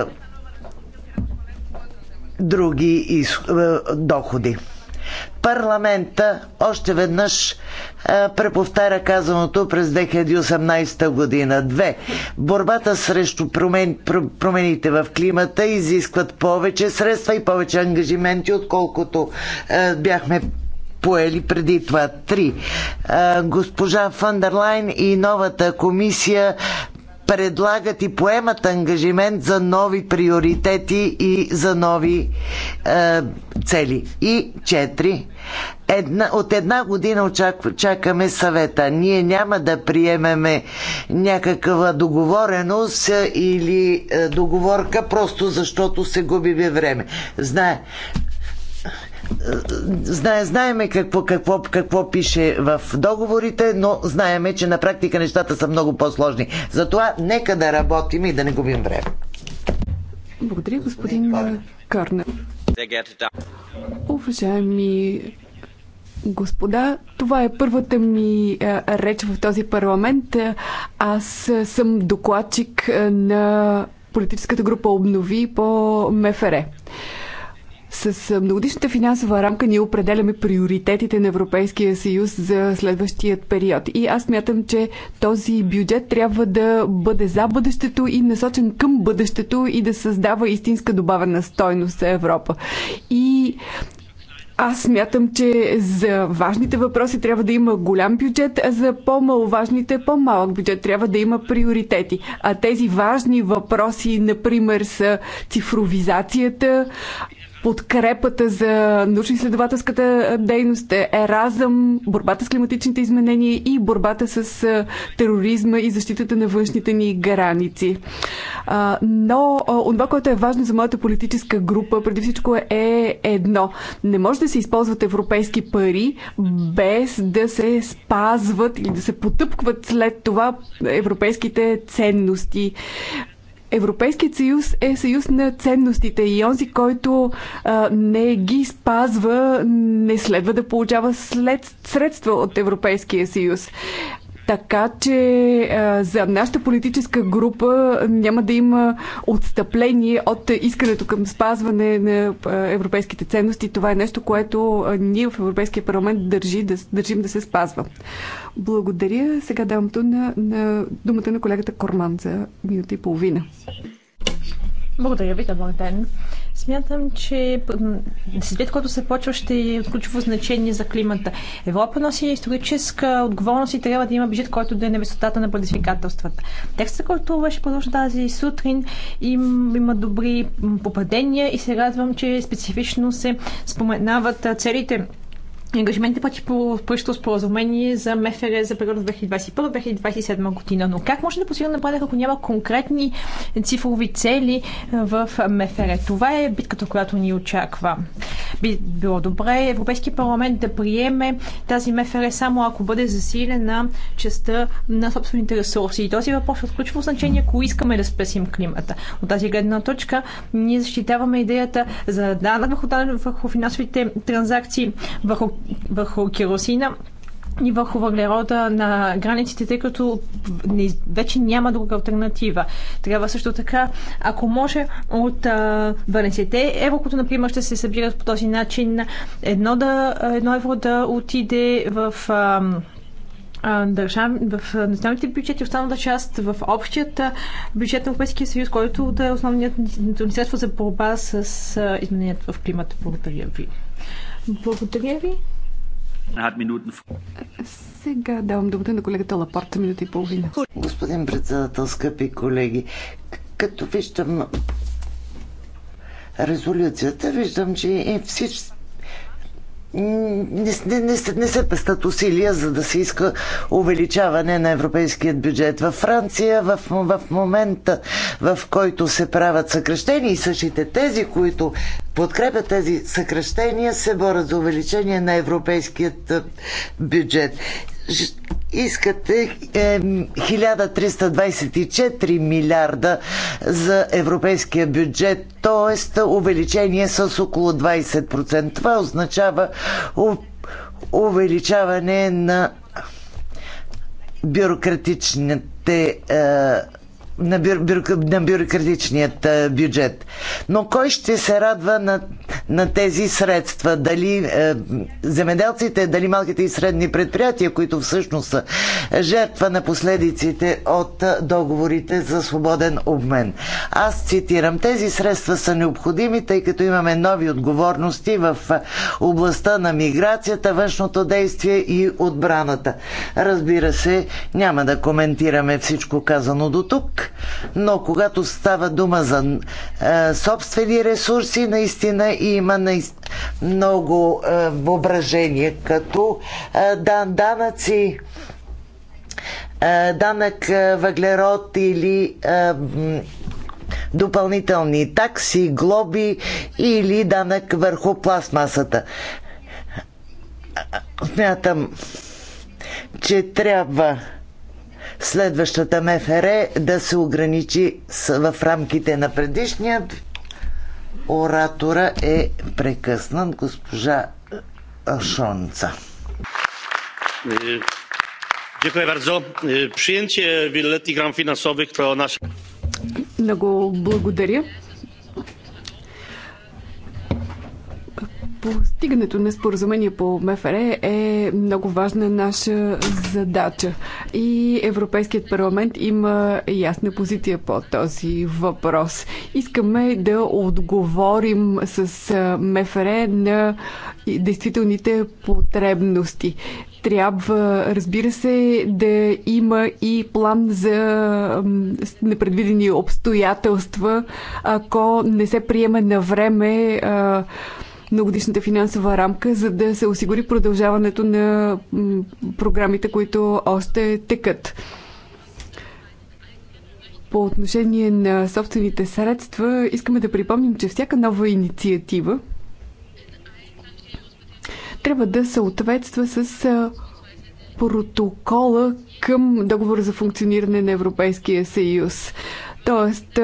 други из, е, доходи парламента още веднъж е, преповтаря казаното през 2018 година. Две. Борбата срещу промен, промените в климата изискват повече средства и повече ангажименти, отколкото а, е, бяхме поели преди това. Три. Е, госпожа Фандерлайн и новата комисия предлагат и поемат ангажимент за нови приоритети и за нови е, цели. И четири. Една, от една година чакаме съвета. Ние няма да приемеме някаква договореност е, или е, договорка, просто защото се губи време. Знае, знае, знаеме какво, какво, какво пише в договорите, но знаеме, че на практика нещата са много по-сложни. Затова нека да работим и да не губим време. Благодаря, господин Карнер. Уважаеми господа, това е първата ми е, реч в този парламент. Аз съм докладчик е, на политическата група Обнови по МФР. С многодишната финансова рамка ние определяме приоритетите на Европейския съюз за следващият период. И аз мятам, че този бюджет трябва да бъде за бъдещето и насочен към бъдещето и да създава истинска добавена стойност за Европа. И аз смятам, че за важните въпроси трябва да има голям бюджет, а за по-маловажните по-малък бюджет трябва да има приоритети. А тези важни въпроси, например, са цифровизацията, подкрепата за научно-изследователската дейност, еразъм, е борбата с климатичните изменения и борбата с тероризма и защитата на външните ни граници. Но това, което е важно за моята политическа група, преди всичко е едно. Не може да се използват европейски пари без да се спазват или да се потъпкват след това европейските ценности. Европейският съюз е съюз на ценностите и онзи, който а, не ги спазва, не следва да получава след, средства от Европейския съюз. Така че за нашата политическа група няма да има отстъпление от искането към спазване на европейските ценности. Това е нещо, което ние в Европейския парламент държи, да, държим да се спазва. Благодаря. Сега давам на, на думата на колегата Корман за минута и половина. Благодаря ви, добър ден. Смятам, че десетилетието, който се почва, ще е от ключово значение за климата. Европа носи историческа отговорност и трябва да има бюджет, който да е на висотата на предизвикателствата. Текстът, който беше продължен тази сутрин, им, има добри попадения и се радвам, че специфично се споменават целите ангажиментите пъти по пъщето споразумение за МФР за периода 2021-2027 година. Но как може да постигнем напредък, ако няма конкретни цифрови цели в МФР? Това е битката, която ни очаква. Би било добре Европейския парламент да приеме тази МФР само ако бъде засилена частта на собствените ресурси. И този въпрос е отключва значение, ако искаме да спасим климата. От тази гледна точка ние защитаваме идеята за данък върху, върху финансовите транзакции, върху върху керосина и върху въглерода на границите, тъй като не, вече няма друга альтернатива. Трябва също така, ако може, от а, те евро, които, например, ще се събират по този начин, едно, да, едно евро да отиде в. А, държав... в националните бюджети, останалата част в общият бюджет на Европейския съюз, който да е основният средство за борба с изменението в климата. Благодаря ви. Благодаря ви. Сега давам думата на колегата Лапорта, минута и половина. Господин председател, скъпи колеги, като виждам резолюцията, виждам, че е всички не, не, не, не се пестат усилия, за да се иска увеличаване на европейският бюджет. Във Франция, в, в момента, в който се правят съкрещения и същите тези, които подкрепят тези съкрещения, се борят за увеличение на европейският бюджет искате 1324 милиарда за европейския бюджет, т.е. увеличение с около 20%. Това означава увеличаване на бюрократичните е, на, бю, бю, на бюрократичният бюджет. Но кой ще се радва на, на тези средства? Дали е, земеделците, дали малките и средни предприятия, които всъщност са жертва на последиците от договорите за свободен обмен. Аз цитирам, тези средства са необходими, тъй като имаме нови отговорности в областта на миграцията, външното действие и отбраната. Разбира се, няма да коментираме всичко казано до тук, но когато става дума за е, собствени ресурси, наистина има наистина много е, въображение, като е, дан, данъци, е, данък е, въглерод или е, допълнителни такси, глоби или данък върху пластмасата. Смятам, че трябва следващата МФР да се ограничи в рамките на предишния. Оратора е прекъснат госпожа Шонца. Е, Dziękuję bardzo. Е, przyjęcie wieloletnich ram finansowych to nasze. Много благодаря. Постигането на споразумение по МФР е много важна наша задача и Европейският парламент има ясна позиция по този въпрос. Искаме да отговорим с МФР на действителните потребности трябва, разбира се, да има и план за непредвидени обстоятелства, ако не се приеме на време многодишната финансова рамка, за да се осигури продължаването на програмите, които още текат. По отношение на собствените средства, искаме да припомним, че всяка нова инициатива трябва да съответства с протокола към договора за функциониране на Европейския съюз. Тоест,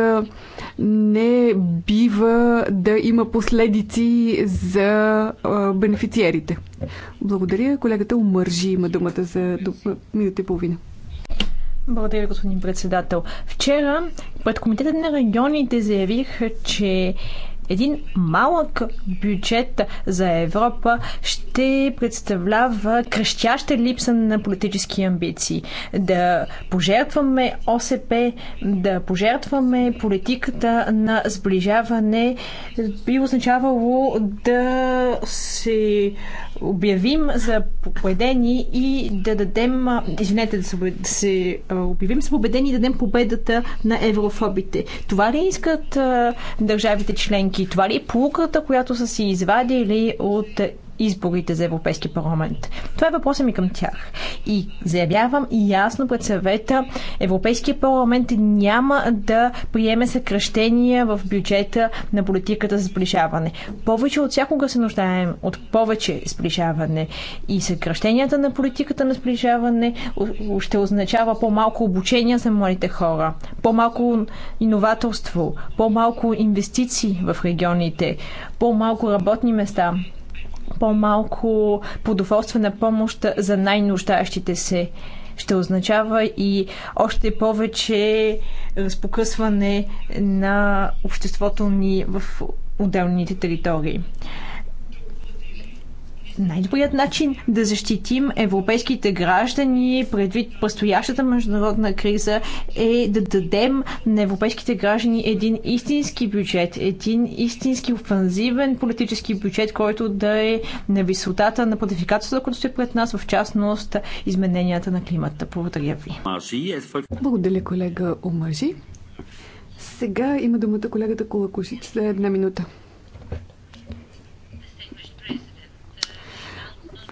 не бива да има последици за бенефициерите. Благодаря. Колегата Омържи има думата за минута и половина. Благодаря, господин председател. Вчера пред Комитета на регионите заявих, че един малък бюджет за Европа ще представлява крещяща липса на политически амбиции. Да пожертваме ОСП, да пожертваме политиката на сближаване би означавало да се обявим за победени и да дадем, извинете, да се, да се обявим за победени и да дадем победата на еврофобите. Това ли искат държавите членки? членки. Това ли е полуката, която са си извадили от изборите за Европейски парламент? Това е въпросът ми към тях. И заявявам ясно пред съвета, Европейския парламент няма да приеме съкръщения в бюджета на политиката за сближаване. Повече от всякога се нуждаем от повече сближаване. И съкръщенията на политиката на сближаване ще означава по-малко обучение за младите хора, по-малко иноваторство, по-малко инвестиции в регионите, по-малко работни места по-малко продоволствена помощ за най нуждаещите се. Ще означава и още повече разпокъсване на обществото ни в отделните територии най-добрият начин да защитим европейските граждани предвид предстоящата международна криза е да дадем на европейските граждани един истински бюджет, един истински офанзивен политически бюджет, който да е на висотата на подификацията, която се пред нас, в частност измененията на климата. Благодаря ви. Е Благодаря, колега Омажи. Сега има думата колегата Колакушич за една минута.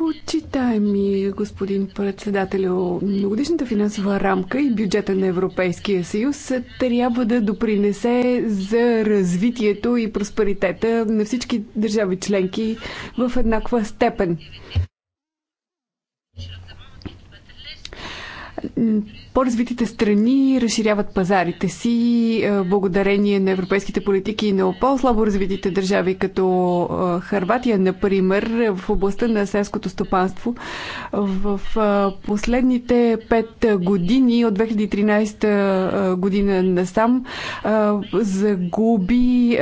Почитаеми господин председател, многодишната финансова рамка и бюджета на Европейския съюз трябва да допринесе за развитието и просперитета на всички държави членки в еднаква степен. По-развитите страни разширяват пазарите си е, благодарение на европейските политики и на по-слабо развитите държави, като е, Харватия, например, в областта на селското стопанство. В е, последните пет години, от 2013 година насам, загуби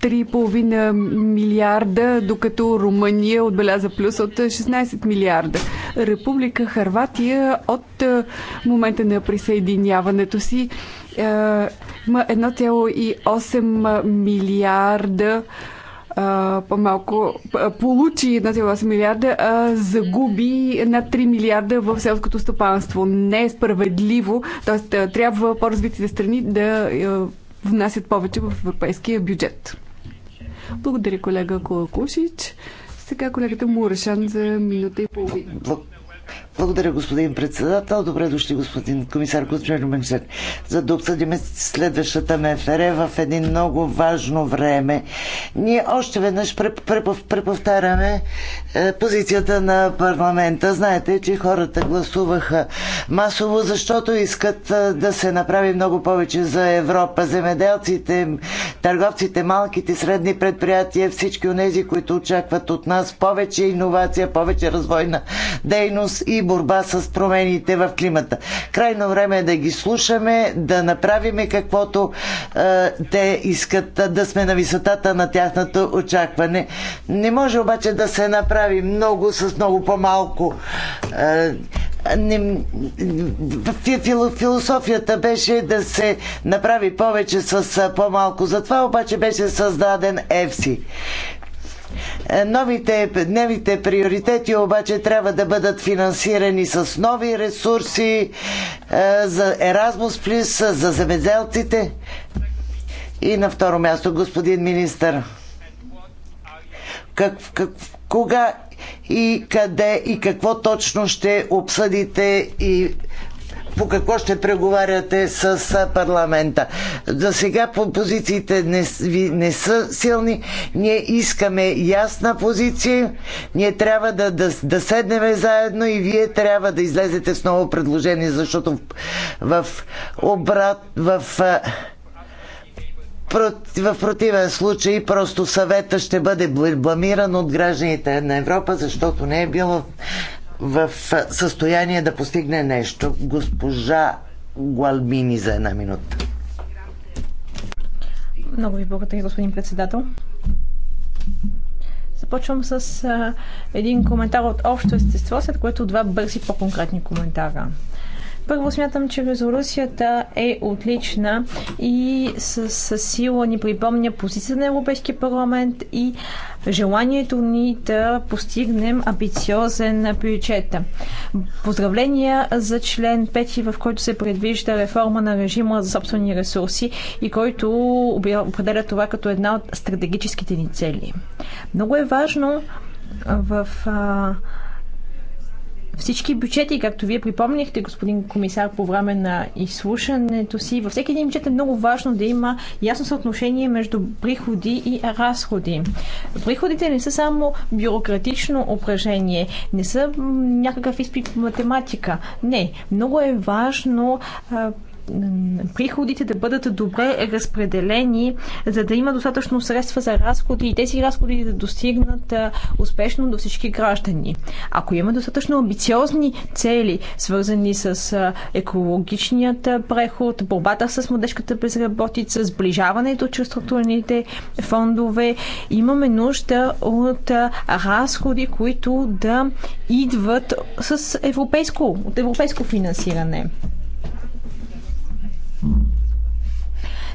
3,5 милиарда, докато Румъния отбеляза плюс от 16 милиарда. Република Харватия от е, момента на присъединяването си е, има 1,8 милиарда е, по-малко получи 1,8 милиарда, а загуби над 3 милиарда в селското стопанство. Не е справедливо, т.е. трябва по-развитите страни да внасят повече в европейския бюджет. Благодаря, колега Колакушич. Сега колегата Мурашан за минута и половина. Благодаря, господин председател. Добре дошли, господин комисар господин Менчев, за да обсъдим следващата МФР в един много важно време. Ние още веднъж преповтаряме е, позицията на парламента. Знаете, че хората гласуваха масово, защото искат е, да се направи много повече за Европа. Земеделците, търговците, малките, средни предприятия, всички от тези, които очакват от нас повече иновация, повече развойна дейност и борба с промените в климата. Крайно време е да ги слушаме, да направиме каквото е, те искат, е, да сме на висотата на тяхното очакване. Не може обаче да се направи много с много по-малко. Е, не, философията беше да се направи повече с е, по-малко. Затова обаче беше създаден ЕФСИ. Е, новите дневните приоритети обаче трябва да бъдат финансирани с нови ресурси е, за Еразмус, плюс, за земеделците. И на второ място, господин министър, как, как, кога и къде и какво точно ще обсъдите и по какво ще преговаряте с парламента. За сега позициите не, не са силни. Ние искаме ясна позиция. Ние трябва да, да, да седнем заедно и вие трябва да излезете с ново предложение, защото в, в обрат, в в противен случай просто съвета ще бъде бламиран от гражданите на Европа, защото не е било в състояние да постигне нещо. Госпожа Гуалмини за една минута. Много ви благодаря, господин председател. Започвам с а, един коментар от общо естество, след което два бързи по-конкретни коментара. Първо смятам, че резолюцията е отлична и с, сила ни припомня позицията на Европейския парламент и желанието ни да постигнем амбициозен бюджет. Поздравления за член 5, в който се предвижда реформа на режима за собствени ресурси и който определя това като една от стратегическите ни цели. Много е важно в а, всички бюджети, както вие припомнихте, господин комисар, по време на изслушането си, във всеки един бюджет е много важно да има ясно съотношение между приходи и разходи. Приходите не са само бюрократично упражнение, не са някакъв изпит по математика. Не, много е важно приходите да бъдат добре разпределени, за да има достатъчно средства за разходи и тези разходи да достигнат успешно до всички граждани. Ако имаме достатъчно амбициозни цели, свързани с екологичният преход, борбата с младежката безработица, сближаването чрез структурните фондове, имаме нужда от разходи, които да идват с европейско, от европейско финансиране.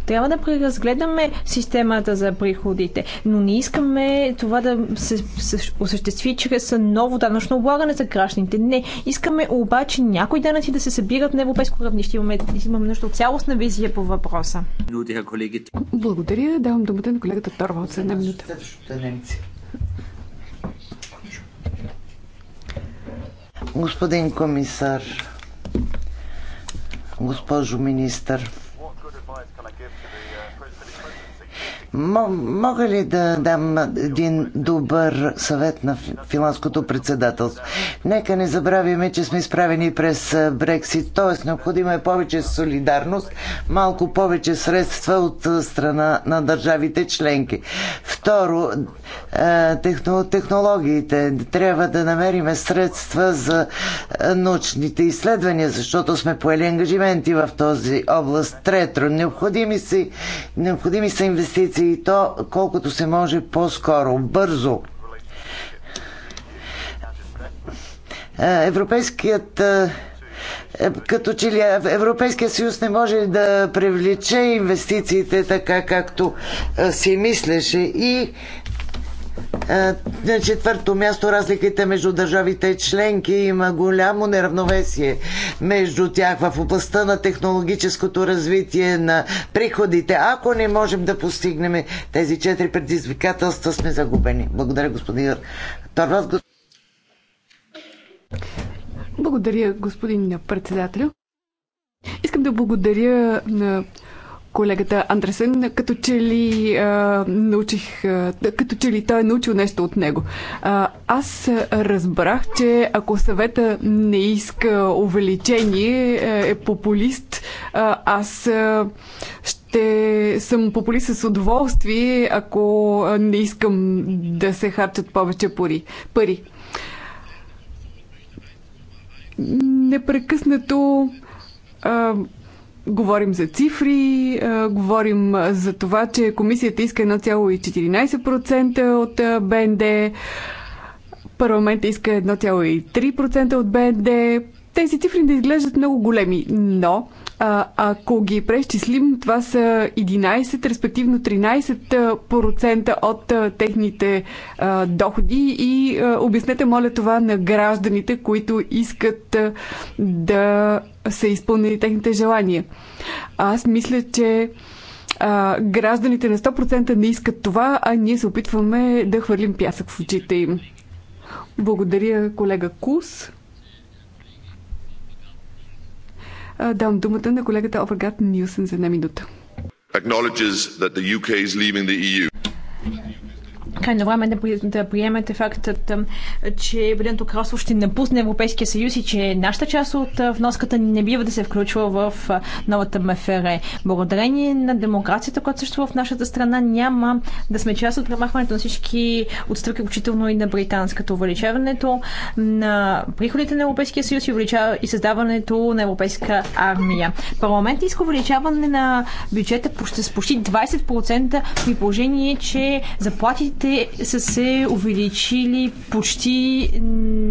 Трябва да преразгледаме системата за приходите, но не искаме това да се, осъществи чрез ново данъчно облагане за гражданите. Не. Искаме обаче някои данъци да се събират на европейско равнище. Имаме, имаме нужда от цялостна визия по въпроса. Благодаря. Давам думата на колегата Торва от 7 минута. Господин комисар, госпожо министър. Мога ли да дам един добър съвет на финландското председателство? Нека не забравяме, че сме изправени през Брексит, т.е. необходима е повече солидарност, малко повече средства от страна на държавите членки. Второ, технологиите. Трябва да намериме средства за научните изследвания, защото сме поели ангажименти в този област. Трето, необходими са, необходими са инвестиции и то колкото се може по-скоро, бързо. Е, европейският е, е, като че ли Европейския съюз не може да привлече инвестициите така както си мислеше и е, на четвърто място разликите между държавите членки има голямо неравновесие между тях в областта на технологическото развитие на приходите. Ако не можем да постигнем тези четири предизвикателства, сме загубени. Благодаря, господин Торвас. Благодаря, господин председател. Искам да благодаря на колегата Андресен, като че ли а, научих, а, като че ли той е научил нещо от него. А, аз разбрах, че ако съвета не иска увеличение, е, е популист, а, аз ще съм популист с удоволствие, ако не искам да се харчат повече пари. Непрекъснато а, Говорим за цифри, говорим за това, че комисията иска 1,14% от БНД, парламент иска 1,3% от БНД. Тези цифри не изглеждат много големи, но а, ако ги пречислим, това са 11, респективно 13% от а, техните а, доходи и а, обяснете, моля, това на гражданите, които искат а, да са изпълнени техните желания. Аз мисля, че а, гражданите на 100% не искат това, а ние се опитваме да хвърлим пясък в очите им. Благодаря, колега Кус. Давам думата на колегата Овергат Нилсен за една минута. Крайно време е да, да приемете фактът, че Обединеното кралство ще напусне Европейския съюз и че нашата част от вноската не бива да се включва в новата МФР. Благодарение на демокрацията, която съществува в нашата страна, няма да сме част от премахването на всички отстъпки, включително и на британската. Увеличаването на приходите на Европейския съюз и, увеличава, и създаването на Европейска армия. Парламент иска увеличаване на бюджета с почти 20% при положение, че заплатите те са се увеличили почти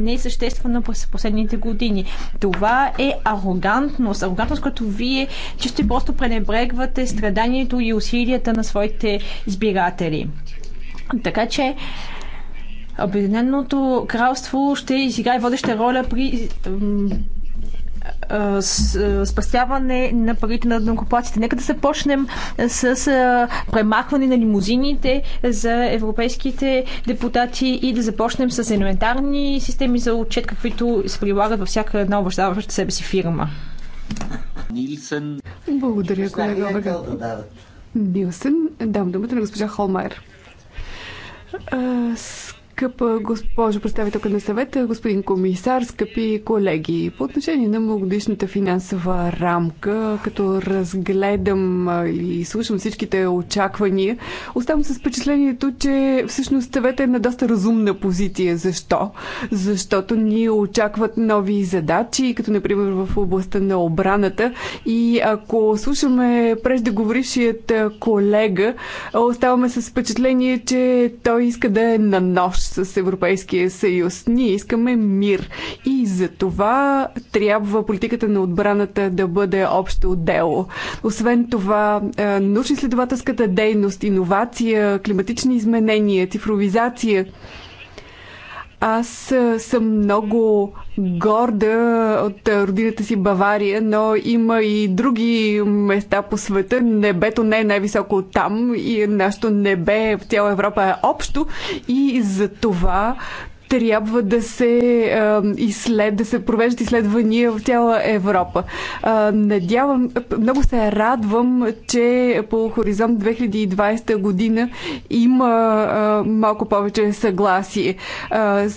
несъществено през последните години. Това е арогантност. Арогантност, като вие чисто и просто пренебрегвате страданието и усилията на своите избиратели. Така че Обединеното кралство ще изиграе водеща роля при спасяване на парите на дънкоплаците. Нека да започнем с премахване на лимузините за европейските депутати и да започнем с елементарни системи за отчет, каквито се прилагат във всяка една уважаваща себе си фирма. Нилсен. Благодаря, колега Нилсен. Дам думата на госпожа Холмайер. Скъпа госпожо представителка на съвета, господин комисар, скъпи колеги, по отношение на многодишната финансова рамка, като разгледам и слушам всичките очаквания, оставам с впечатлението, че всъщност съвета е на доста разумна позиция. Защо? Защото ни очакват нови задачи, като например в областта на обраната. И ако слушаме преждеговорившият колега, оставаме с впечатление, че той иска да е на нож с Европейския съюз. Ние искаме мир и за това трябва политиката на отбраната да бъде общо дело. Освен това, е, научно-изследователската дейност, иновация, климатични изменения, цифровизация – аз съм много горда от родината си Бавария, но има и други места по света. Небето не е най-високо там и нашето небе в цяла Европа е общо и за това трябва да се, изслед, да се провеждат изследвания в цяла Европа. Надявам, много се радвам, че по Хоризонт 2020 година има малко повече съгласие.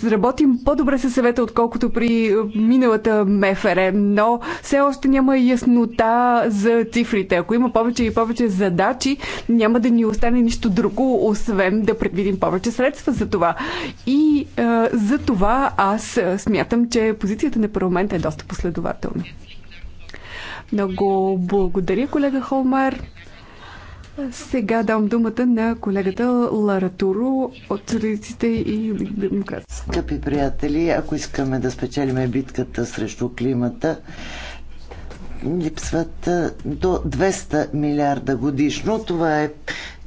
Работим по-добре със съвета, отколкото при миналата МФР, но все още няма яснота за цифрите. Ако има повече и повече задачи, няма да ни остане нищо друго, освен да предвидим повече средства за това. И а, за това аз смятам, че позицията на парламента е доста последователна. Много благодаря, колега Холмар. Сега дам думата на колегата Ларатуро от Социалистите и Демократи. Скъпи приятели, ако искаме да спечелиме битката срещу климата, липсват до 200 милиарда годишно. Това е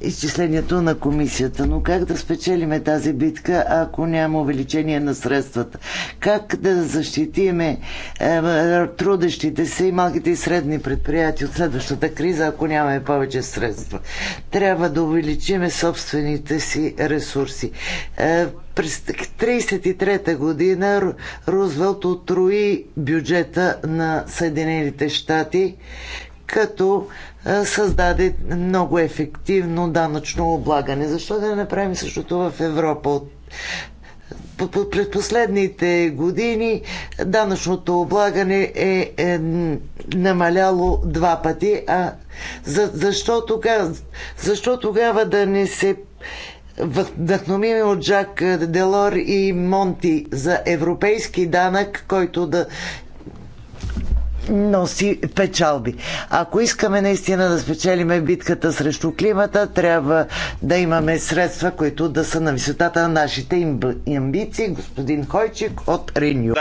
изчислението на комисията. Но как да спечелиме тази битка, ако няма увеличение на средствата? Как да защитиме трудещите се и малките и средни предприятия от следващата криза, ако нямаме повече средства? Трябва да увеличиме собствените си ресурси. Е, през 1933 година Рузвелт отруи бюджета на Съединените щати, като създаде много ефективно данъчно облагане. Защо да не направим същото в Европа? Пред през последните години данъчното облагане е, е намаляло два пъти. А за, защо, тогава, защо тогава да не се вдъхновиме от Жак Делор и Монти за европейски данък, който да носи печалби. Ако искаме наистина да спечелиме битката срещу климата, трябва да имаме средства, които да са на висотата на нашите амбиции. Господин Хойчик от Реню.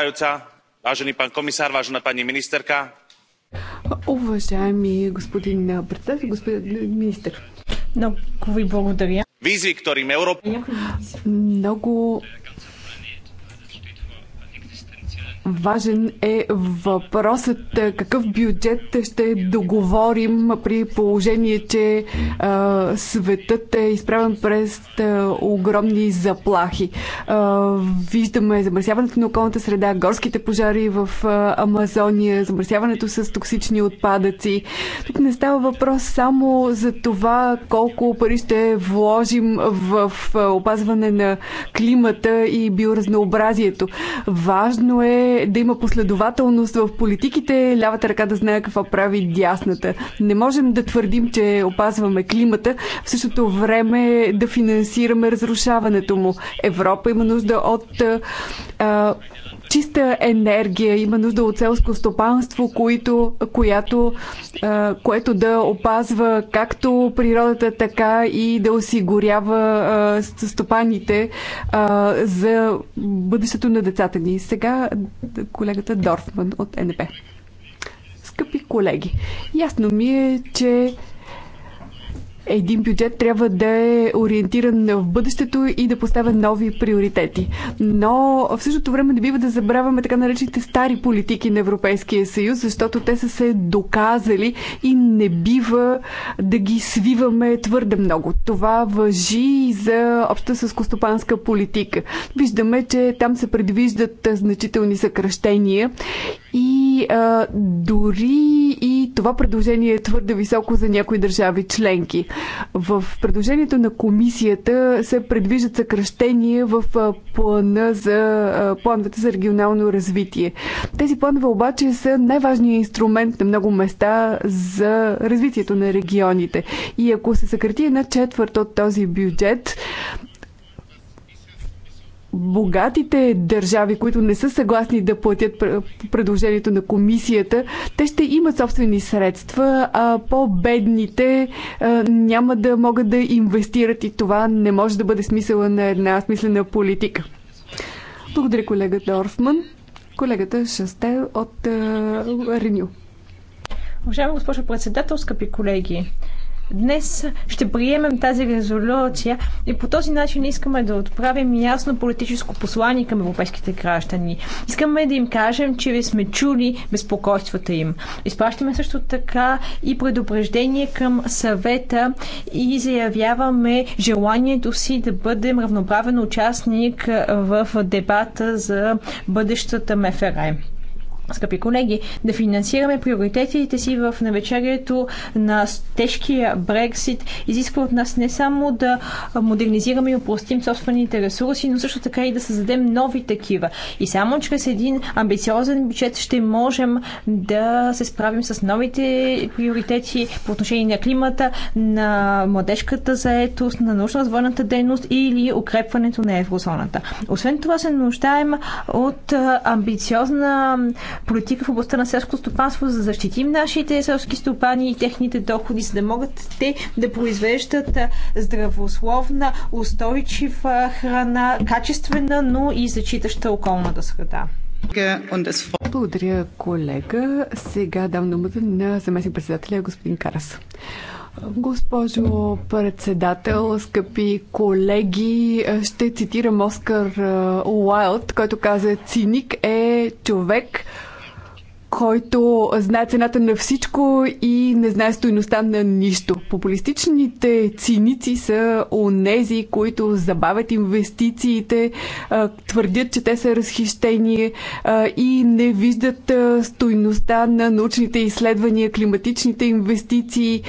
Важен пан комисар, важна пани министърка. Уважаеми господин председател, господин министър, много ви благодаря. Визви, ktorým Европа... Много Важен е въпросът е, какъв бюджет ще договорим при положение, че а, е, светът е изправен през а, е, огромни заплахи. А, виждаме замърсяването на околната среда, горските пожари в а, Амазония, замърсяването с токсични отпадъци. Тук не става въпрос само за това колко пари ще вложим в опазване на климата и биоразнообразието. Важно е да има последователност в политиките, лявата ръка да знае какво прави дясната. Не можем да твърдим, че опазваме климата, в същото време да финансираме разрушаването му. Европа има нужда от а, чиста енергия, има нужда от селско стопанство, което, която, което да опазва както природата, така и да осигурява стопаните за бъдещето на децата ни. Сега колегата Дорфман от НП. Скъпи колеги, ясно ми е, че един бюджет трябва да е ориентиран в бъдещето и да поставя нови приоритети. Но в същото време не бива да забравяме така наречените стари политики на Европейския съюз, защото те са се доказали и не бива да ги свиваме твърде много. Това въжи и за обща съскостопанска политика. Виждаме, че там се предвиждат значителни съкръщения и а, дори и това предложение е твърде високо за някои държави членки. В предложението на комисията се предвиждат съкръщения в плана за, плановете за регионално развитие. Тези планове обаче са най-важният инструмент на много места за развитието на регионите. И ако се съкрати една четвърт от този бюджет, богатите държави, които не са съгласни да платят предложението на комисията, те ще имат собствени средства, а по-бедните няма да могат да инвестират и това не може да бъде смисъла на една смислена политика. Благодаря колегата Орфман. Колегата Шастел от Реню. Уважаема госпожо председател, скъпи колеги, Днес ще приемем тази резолюция и по този начин искаме да отправим ясно политическо послание към европейските граждани. Искаме да им кажем, че сме чули безпокойствата им. Изпращаме също така и предупреждение към съвета и заявяваме желанието си да бъдем равноправен участник в дебата за бъдещата МФРМ скъпи колеги, да финансираме приоритетите си в навечерието на тежкия Брексит изисква от нас не само да модернизираме и упростим собствените ресурси, но също така и да създадем нови такива. И само чрез един амбициозен бюджет ще можем да се справим с новите приоритети по отношение на климата, на младежката заетост, на научно-развойната дейност или укрепването на еврозоната. Освен това се нуждаем от амбициозна политика в областта на селско стопанство, за да защитим нашите селски стопани и техните доходи, за да могат те да произвеждат здравословна, устойчива храна, качествена, но и зачитаща околната среда. Благодаря, колега. Сега дам думата на заместник председателя господин Карас. Госпожо председател, скъпи колеги, ще цитирам Оскар Уайлд, който каза «Циник е човек, който знае цената на всичко и не знае стоеността на нищо. Популистичните циници са онези, които забавят инвестициите, твърдят, че те са разхищение и не виждат стоеността на научните изследвания, климатичните инвестиции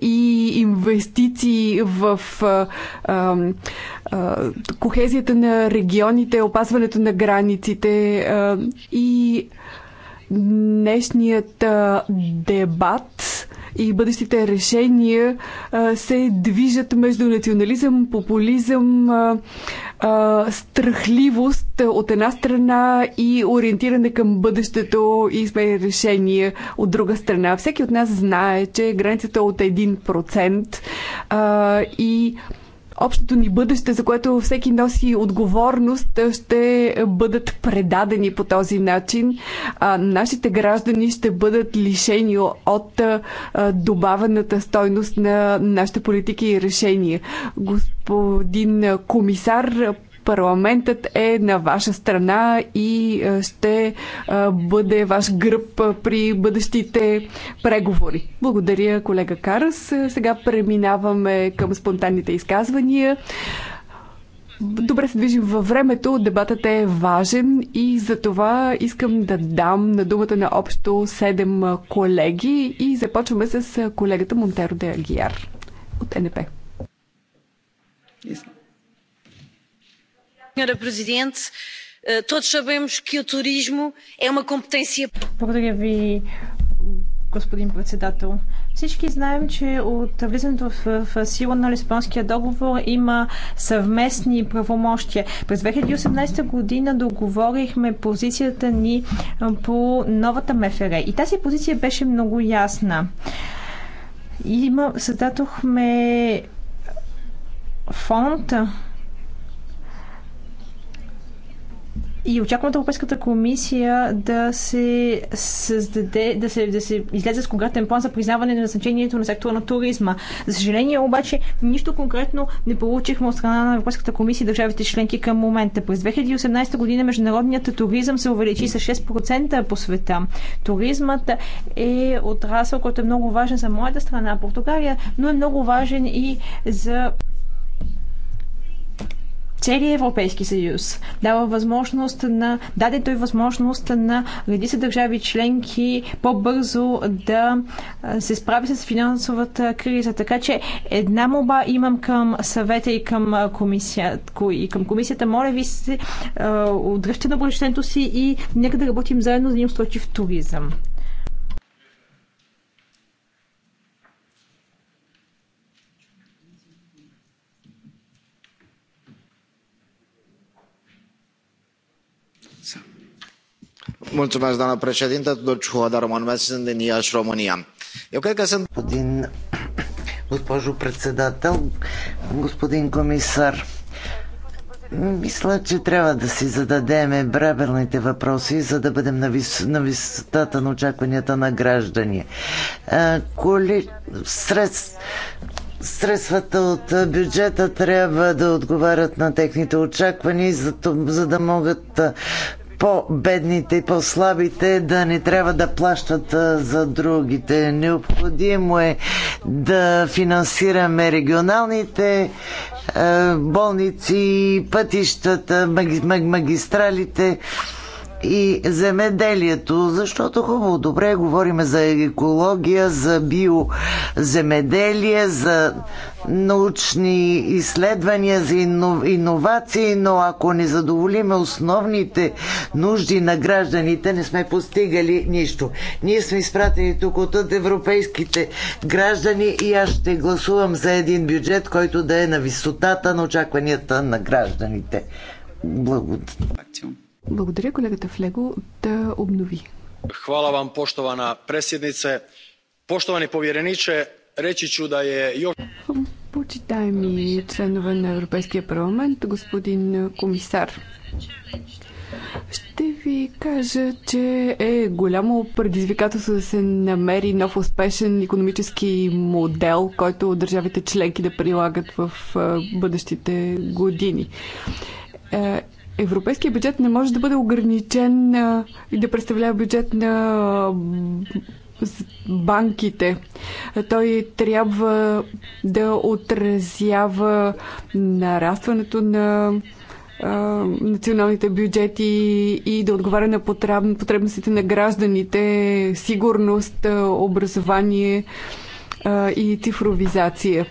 и инвестиции в кохезията на регионите, опазването на границите и Днешният дебат и бъдещите решения се движат между национализъм, популизъм, страхливост от една страна и ориентиране към бъдещето и сме решения от друга страна. Всеки от нас знае, че границата е от 1% и общото ни бъдеще, за което всеки носи отговорност, ще бъдат предадени по този начин. А, нашите граждани ще бъдат лишени от а, добавената стойност на нашите политики и решения. Господин комисар, Парламентът е на ваша страна и ще бъде ваш гръб при бъдещите преговори. Благодаря, колега Карас. Сега преминаваме към спонтанните изказвания. Добре се движим във времето, дебатът е важен и за това искам да дам на думата на общо 7 колеги и започваме с колегата Монтеро де Агияр от НП senhora президент, eh, todos sabemos que o turismo é uma competência. Благодаря ви, господин председател. Всички знаем, че от влизането в, в сила на лиспонския договор има съвместни правомощия. През 2018 година договорихме позицията ни по новата МФР. И тази позиция беше много ясна. Има, създадохме фонд, И очаквам Европейската комисия да се създаде, да се, да се излезе с конкретен план за признаване на значението на сектора на туризма. За съжаление обаче, нищо конкретно не получихме от страна на Европейската комисия и държавите членки към момента. През 2018 година международният туризъм се увеличи с 6% по света. Туризмът е отрасъл, който е много важен за моята страна, Португалия, но е много важен и за Целият Европейски съюз. Дава възможност на, даде той възможност на редица държави членки по-бързо да се справи с финансовата криза. Така че една моба имам към съвета и към комисията. И към комисията, моля ви се, отдръжте на си и нека да работим заедно за един устойчив туризъм. doamnă președintă mă numesc, sunt din Iași, România. Eu cred că sunt... Господин, госпожо председател, господин комисар, мисля, че трябва да си зададеме брабелните въпроси, за да бъдем на, вис... на висотата на очакванията на граждани. коли... Средствата от бюджета трябва да отговарят на техните очаквания, за, за да могат по-бедните и по-слабите да не трябва да плащат за другите. Необходимо е да финансираме регионалните болници, пътищата, магистралите, и земеделието, защото хубаво, добре, говориме за екология, за биоземеделие, за научни изследвания, за иновации, но ако не задоволиме основните нужди на гражданите, не сме постигали нищо. Ние сме изпратени тук от европейските граждани и аз ще гласувам за един бюджет, който да е на висотата на очакванията на гражданите. Благодаря. Благодаря колегата Флего да обнови. Хвала вам поштована председнице. Поштовани povjereniče, речи ću да е... Почитаеми членове на Европейския парламент, господин комисар, ще ви кажа, че е голямо предизвикателство да се намери нов успешен економически модел, който държавите членки да прилагат в бъдещите години е, Европейския бюджет не може да бъде ограничен и да представлява бюджет на банките. Той трябва да отразява нарастването на националните бюджети и да отговаря на потребностите на гражданите, сигурност, образование и цифровизация.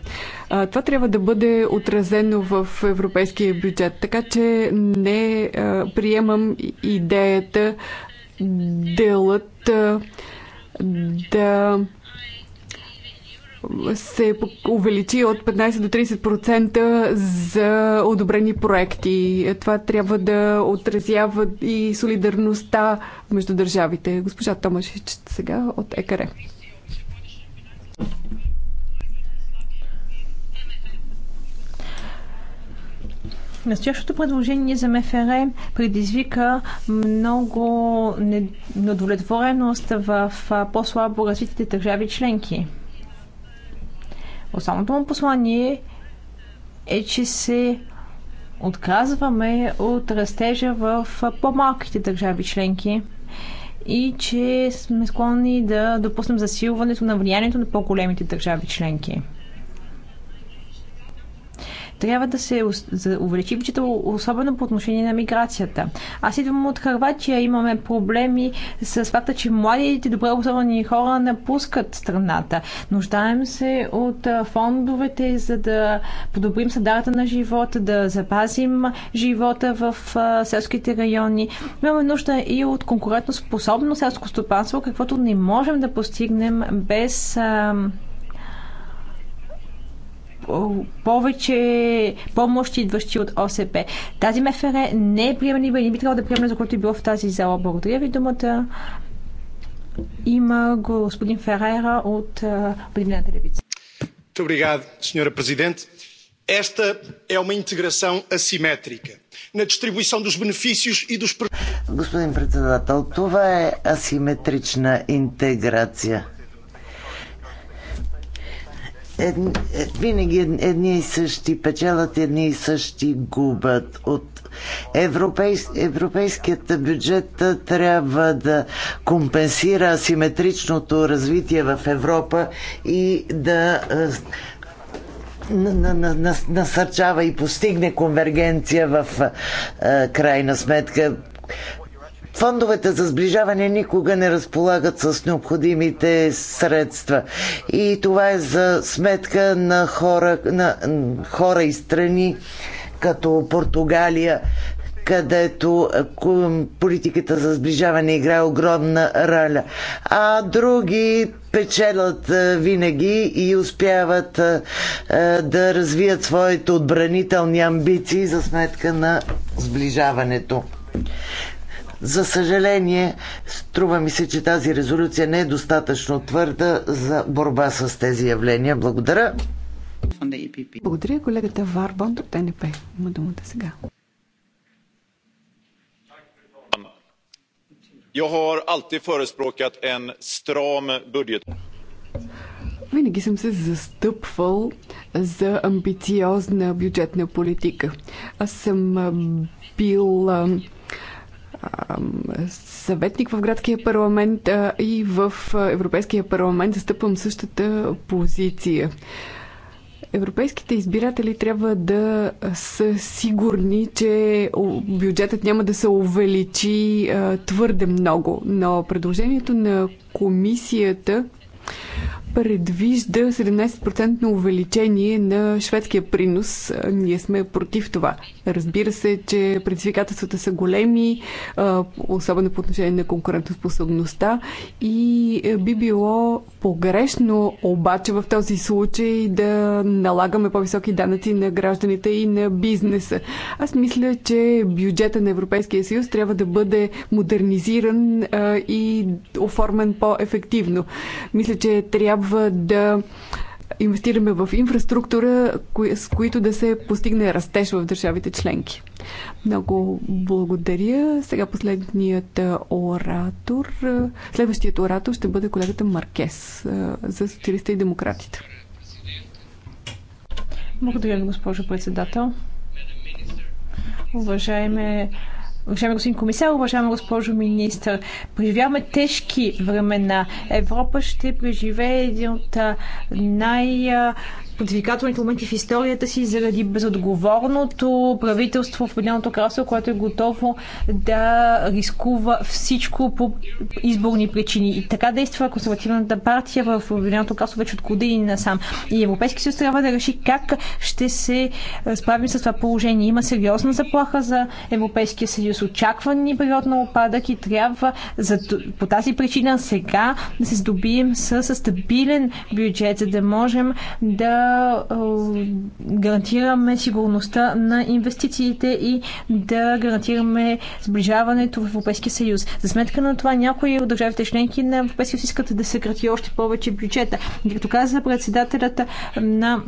Това трябва да бъде отразено в европейския бюджет. Така че не приемам идеята делът да се увеличи от 15 до 30% за одобрени проекти. Това трябва да отразява и солидарността между държавите. Госпожа Томашич сега от ЕКАРЕ. Настоящото предложение за МФР предизвика много недовлетвореност в по-слабо развитите държави членки. Основното му послание е, че се отказваме от растежа в по-малките държави членки и че сме склонни да допуснем засилването на влиянието на по-големите държави членки трябва да се увеличи, включително особено по отношение на миграцията. Аз идвам от Харватия, имаме проблеми с факта, че младите добре образовани хора напускат страната. Нуждаем се от фондовете, за да подобрим съдарата на живота, да запазим живота в селските райони. Имаме нужда и от конкурентоспособно селско стопанство, каквото не можем да постигнем без повече помощи, идващи от ОСП. Тази МФР не е приемлива и не би трябвало да е приемем, за което е било в тази зала. Благодаря ви думата. Има го господин Ферера от Обединената левица. Obrigado, сеньора президент. Esta é uma integração assimétrica na distribuição dos benefícios e dos. Господин председател, това е асиметрична интеграция ед, е, винаги едни и същи печелят, едни и същи губят. От европейс, европейският бюджет трябва да компенсира асиметричното развитие в Европа и да е, насърчава и постигне конвергенция в е, крайна сметка фондовете за сближаване никога не разполагат с необходимите средства. И това е за сметка на хора, на хора и страни, като Португалия, където е, политиката за сближаване играе огромна роля. А други печелят е, винаги и успяват е, да развият своите отбранителни амбиции за сметка на сближаването. За съжаление, струва ми се, че тази резолюция не е достатъчно твърда за борба с тези явления. Благодаря. Благодаря колегата Варбон от НП. Има думата сега. Винаги съм се застъпвал за амбициозна бюджетна политика. Аз съм бил съветник в градския парламент а, и в Европейския парламент застъпвам същата позиция. Европейските избиратели трябва да са сигурни, че бюджетът няма да се увеличи а, твърде много, но предложението на комисията предвижда 17% увеличение на шведския принос. Ние сме против това. Разбира се, че предизвикателствата са големи, особено по отношение на конкурентоспособността и е, би било погрешно обаче в този случай да налагаме по-високи данъци на гражданите и на бизнеса. Аз мисля, че бюджета на Европейския съюз трябва да бъде модернизиран и оформен по-ефективно. Мисля, че трябва трябва да инвестираме в инфраструктура, с които да се постигне растеж в държавите членки. Много благодаря. Сега последният оратор, следващият оратор ще бъде колегата Маркес за социалиста и демократите. Благодаря госпожо председател. Уважаеми Уважаеми господин комисар, уважаема госпожо министър, преживяваме тежки времена. Европа ще преживее един от най- подвикателните моменти в историята си заради безотговорното правителство в Обединеното кралство, което е готово да рискува всичко по изборни причини. И така действа консервативната партия в Обединеното кралство вече от години насам. И Европейски съюз трябва да реши как ще се справим с това положение. Има сериозна заплаха за Европейския съюз. Очакван ни период на опадък и трябва за, по тази причина сега да се здобием с стабилен бюджет, за да можем да да гарантираме сигурността на инвестициите и да гарантираме сближаването в Европейския съюз. За сметка на това някои от държавите членки на Европейския съюз искат да съкрати още повече бюджета. Като каза председателят на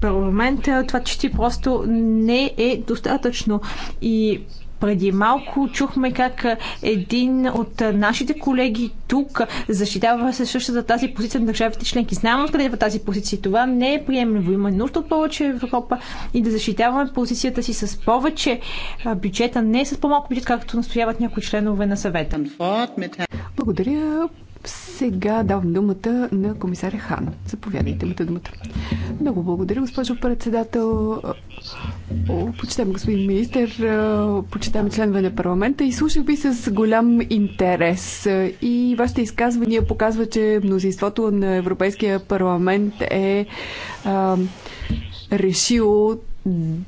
парламента, това че просто не е достатъчно. И преди малко чухме как един от нашите колеги тук защитава се същата тази позиция на държавите членки. Знаем откъде в тази позиция. Това не е приемливо. Има нужда от повече Европа и да защитаваме позицията си с повече бюджета, не с по-малко бюджет, както настояват някои членове на съвета. Благодаря. Сега давам думата на комисаря Хан. Заповядайте, имате думата. Много благодаря, госпожо председател. Почитаем господин министр, почитаем членове на парламента и слушах ви с голям интерес. И вашите изказвания показват, че мнозинството на Европейския парламент е а, решило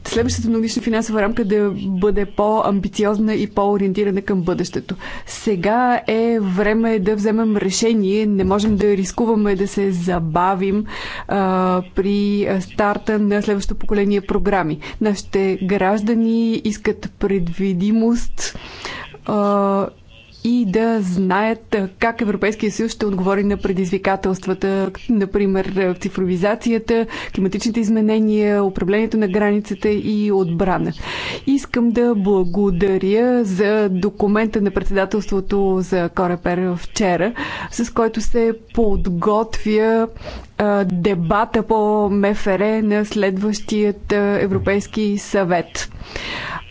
следващата новична финансова рамка да бъде по-амбициозна и по-ориентирана към бъдещето. Сега е време да вземем решение. Не можем да рискуваме да се забавим а, при старта на следващото поколение програми. Нашите граждани искат предвидимост а, и да знаят как Европейския съюз ще отговори на предизвикателствата, например цифровизацията, климатичните изменения, управлението на границата и отбрана. Искам да благодаря за документа на председателството за Корепер вчера, с който се подготвя дебата по МФР на следващият Европейски съвет.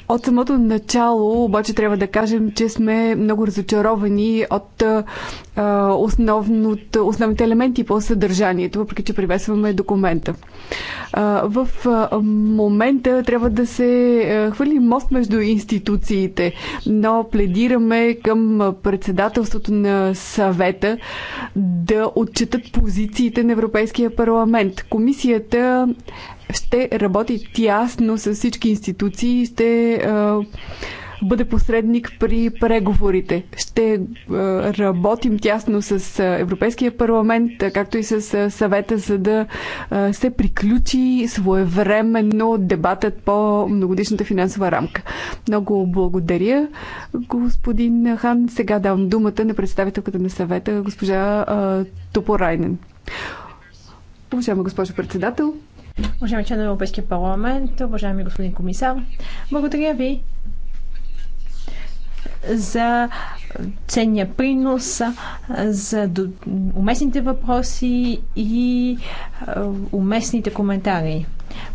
От самото начало обаче трябва да кажем, че сме много разочаровани от а, основните елементи по съдържанието, въпреки че приветстваме документа. А, в а, момента трябва да се а, хвърли мост между институциите, но пледираме към председателството на съвета да отчетат позициите на Европейския парламент. Комисията ще работи тясно с всички институции и ще а, бъде посредник при преговорите. Ще а, работим тясно с Европейския парламент, както и с съвета, за да а, се приключи своевременно дебатът по многодишната финансова рамка. Много благодаря, господин Хан. Сега давам думата на представителката на съвета, госпожа а, Топорайнен. Уважаема госпожо председател, Уважаеми членове на Европейския парламент, уважаеми господин комисар, благодаря ви за ценния принос, за уместните въпроси и е, уместните коментари.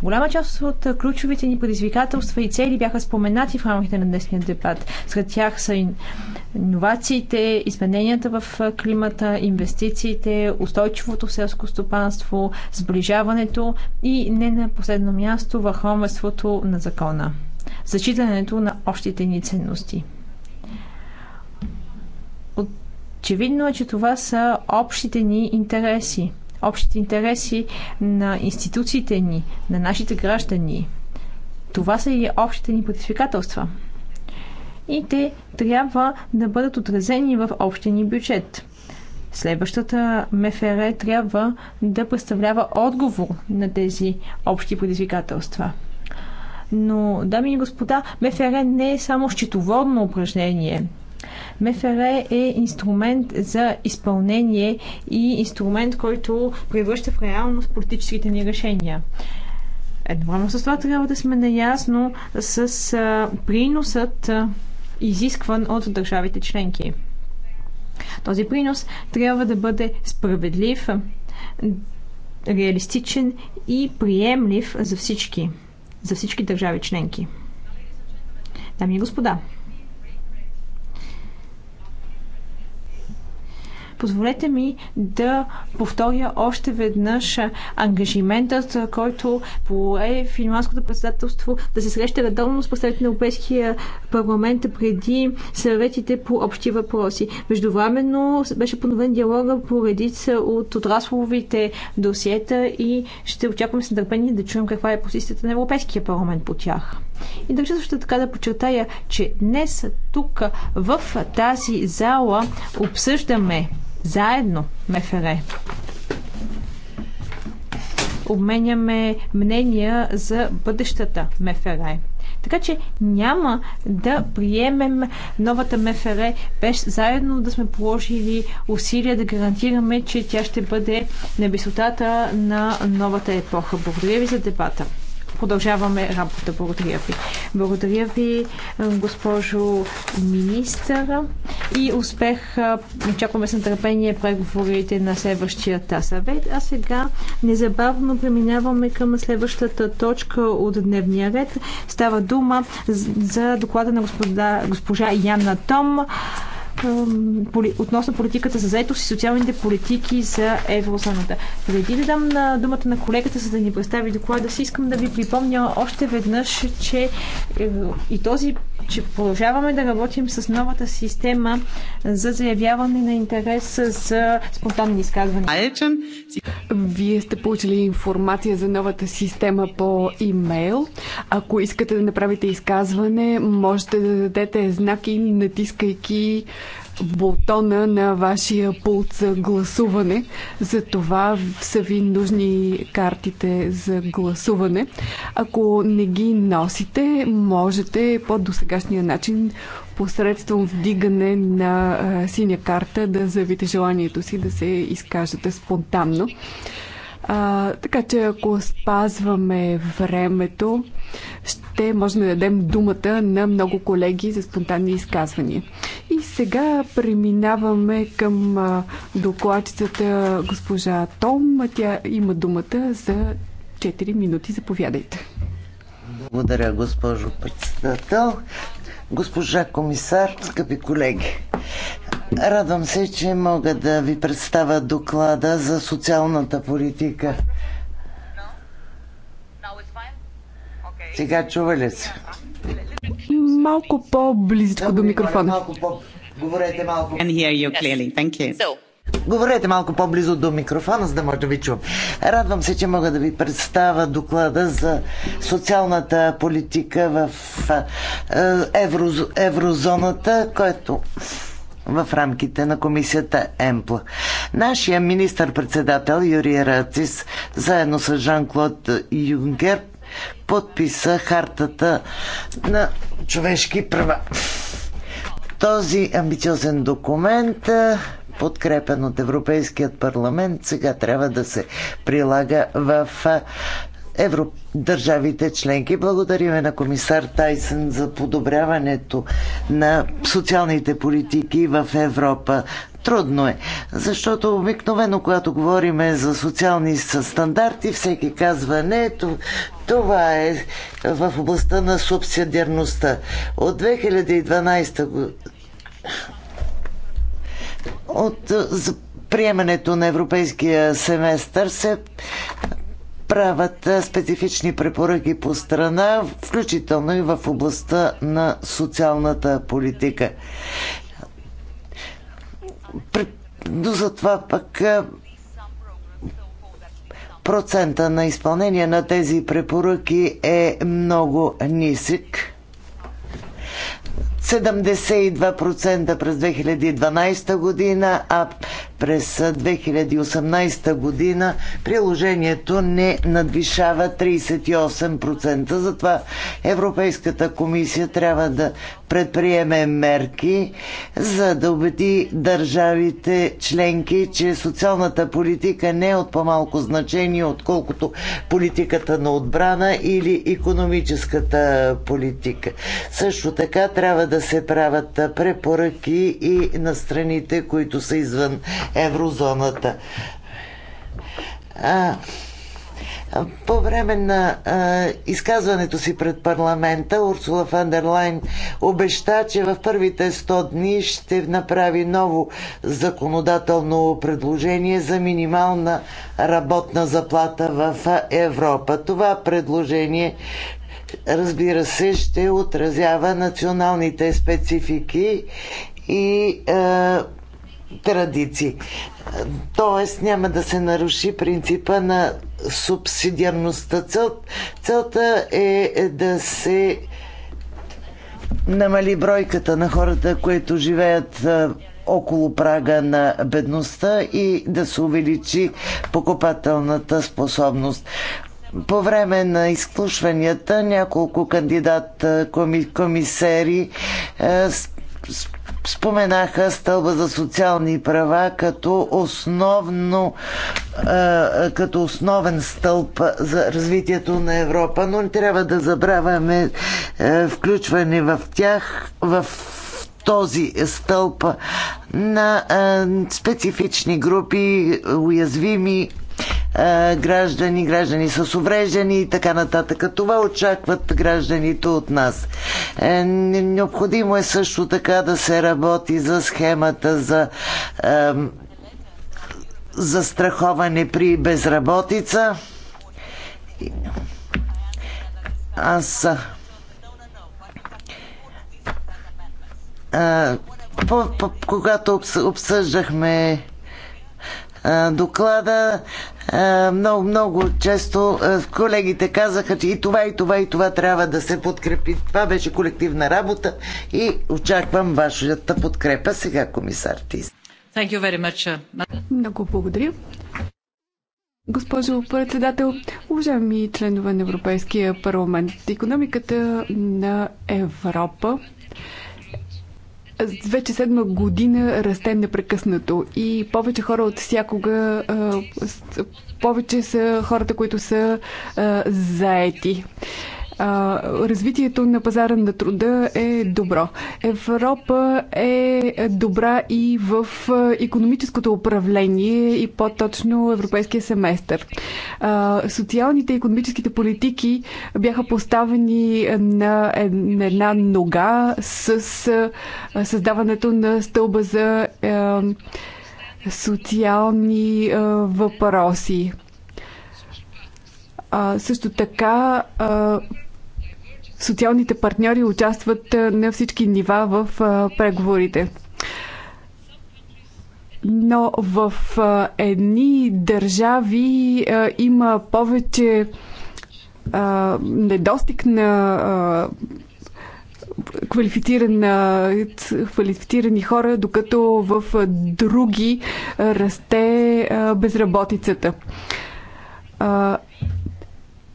Голяма част от ключовите ни предизвикателства и цели бяха споменати в рамките на днешния дебат. Сред тях са иновациите, измененията в климата, инвестициите, устойчивото селско стопанство, сближаването и не на последно място върховенството на закона. Зачитането на общите ни ценности. Очевидно е, че това са общите ни интереси – общите интереси на институциите ни, на нашите граждани. Това са и общите ни предизвикателства. И те трябва да бъдат отразени в общия ни бюджет. Следващата МФР трябва да представлява отговор на тези общи предизвикателства. Но, дами и господа, МФР не е само счетоводно упражнение – МФР е инструмент за изпълнение и инструмент, който превръща в реалност политическите ни решения. Едновременно с това трябва да сме наясно с приносът изискван от държавите членки. Този принос трябва да бъде справедлив, реалистичен и приемлив за всички, за всички държави членки. Дами и господа, Позволете ми да повторя още веднъж ангажиментът, който е финландското председателство да се среща редовно с представителите на Европейския парламент преди съветите по общи въпроси. Междувременно беше подновен диалога по редица от отрасловите досиета и ще очакваме с нетърпение да чуем каква е позицията на Европейския парламент по тях. И държа също така да подчертая, че днес тук в тази зала обсъждаме заедно МФР. Обменяме мнения за бъдещата МФР. Така че няма да приемем новата МФР без заедно да сме положили усилия да гарантираме, че тя ще бъде на висотата на новата епоха. Благодаря ви за дебата продължаваме работата. Благодаря ви. Благодаря ви, госпожо министър и успех. Очакваме с нетърпение преговорите на следващия съвет. А сега незабавно преминаваме към следващата точка от дневния ред. Става дума за доклада на госпожа Яна Том относно политиката за заетост и социалните политики за еврозоната. Преди да дам на думата на колегата, за да ни представи доклада си, искам да ви припомня още веднъж, че е, и този че продължаваме да работим с новата система за заявяване на интерес за спонтанни изказвания. Вие сте получили информация за новата система по имейл. Ако искате да направите изказване, можете да дадете знаки, натискайки бутона на вашия пулт за гласуване. За това са ви нужни картите за гласуване. Ако не ги носите, можете по досегашния начин посредством вдигане на синя карта да заявите желанието си да се изкажете спонтанно. А, така че ако спазваме времето, ще можем да дадем думата на много колеги за спонтанни изказвания. И сега преминаваме към докладчицата госпожа Том. Тя има думата за 4 минути. Заповядайте. Благодаря, госпожо председател госпожа комисар, скъпи колеги. Радвам се, че мога да ви представя доклада за социалната политика. Сега чува ли се? Малко по-близко до микрофона. Говорете малко. hear you clearly. Thank you. Говорете малко по-близо до микрофона, за да може да ви чувам. Радвам се, че мога да ви представя доклада за социалната политика в еврозоната, който в рамките на комисията ЕМПЛА. Нашия министър-председател Юрий Рацис, заедно с Жан-Клод Юнгер, подписа хартата на човешки права. Този амбициозен документ подкрепен от Европейският парламент, сега трябва да се прилага в евро... държавите членки. Благодариме на комисар Тайсън за подобряването на социалните политики в Европа. Трудно е, защото обикновено, когато говорим за социални стандарти, всеки казва не, това е в областта на субсидиарността. От 2012 година от е, приемането на европейския семестър се правят е, специфични препоръки по страна, включително и в областта на социалната политика. До затова пък е, процента на изпълнение на тези препоръки е много нисък. 72% през 2012 година, а през 2018 година приложението не надвишава 38%. Затова Европейската комисия трябва да предприеме мерки, за да убеди държавите членки, че социалната политика не е от по-малко значение, отколкото политиката на отбрана или економическата политика. Също така трябва да да се правят препоръки и на страните, които са извън еврозоната. А, по време на а, изказването си пред парламента Урсула Фандерлайн обеща, че в първите 100 дни ще направи ново законодателно предложение за минимална работна заплата в Европа. Това предложение разбира се, ще отразява националните специфики и е, традиции. Тоест няма да се наруши принципа на субсидиарността. Цел, целта е, е да се намали бройката на хората, които живеят е, около прага на бедността и да се увеличи покупателната способност. По време на изслушванията няколко кандидат комисери споменаха стълба за социални права като, основно, като основен стълб за развитието на Европа, но не трябва да забравяме включване в тях, в този стълб на специфични групи, уязвими е, граждани, граждани с увреждани и така нататък. Това очакват гражданите от нас. Е, необходимо е също така да се работи за схемата за застраховане при безработица. Аз а, е, по, по, когато обсъждахме доклада. Много, много често колегите казаха, че и това, и това, и това трябва да се подкрепи. Това беше колективна работа и очаквам вашата подкрепа сега, комисар Тис. Много благодаря. Госпожо председател, уважаеми членове на Европейския парламент, економиката на Европа вече седма година расте непрекъснато и повече хора от всякога, повече са хората, които са заети развитието на пазара на труда е добро. Европа е добра и в економическото управление и по-точно европейския семестър. Социалните и економическите политики бяха поставени на една нога с създаването на стълба за социални въпроси. А, също така а, социалните партньори участват на всички нива в преговорите. Но в едни държави има повече недостиг на квалифицирани хора, докато в други расте безработицата.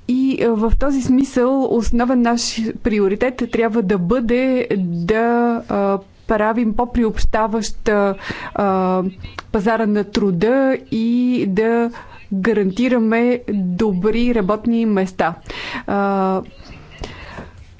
И е, в този смисъл основен наш приоритет трябва да бъде да е, правим по-приобщаващ е, пазара на труда и да гарантираме добри работни места.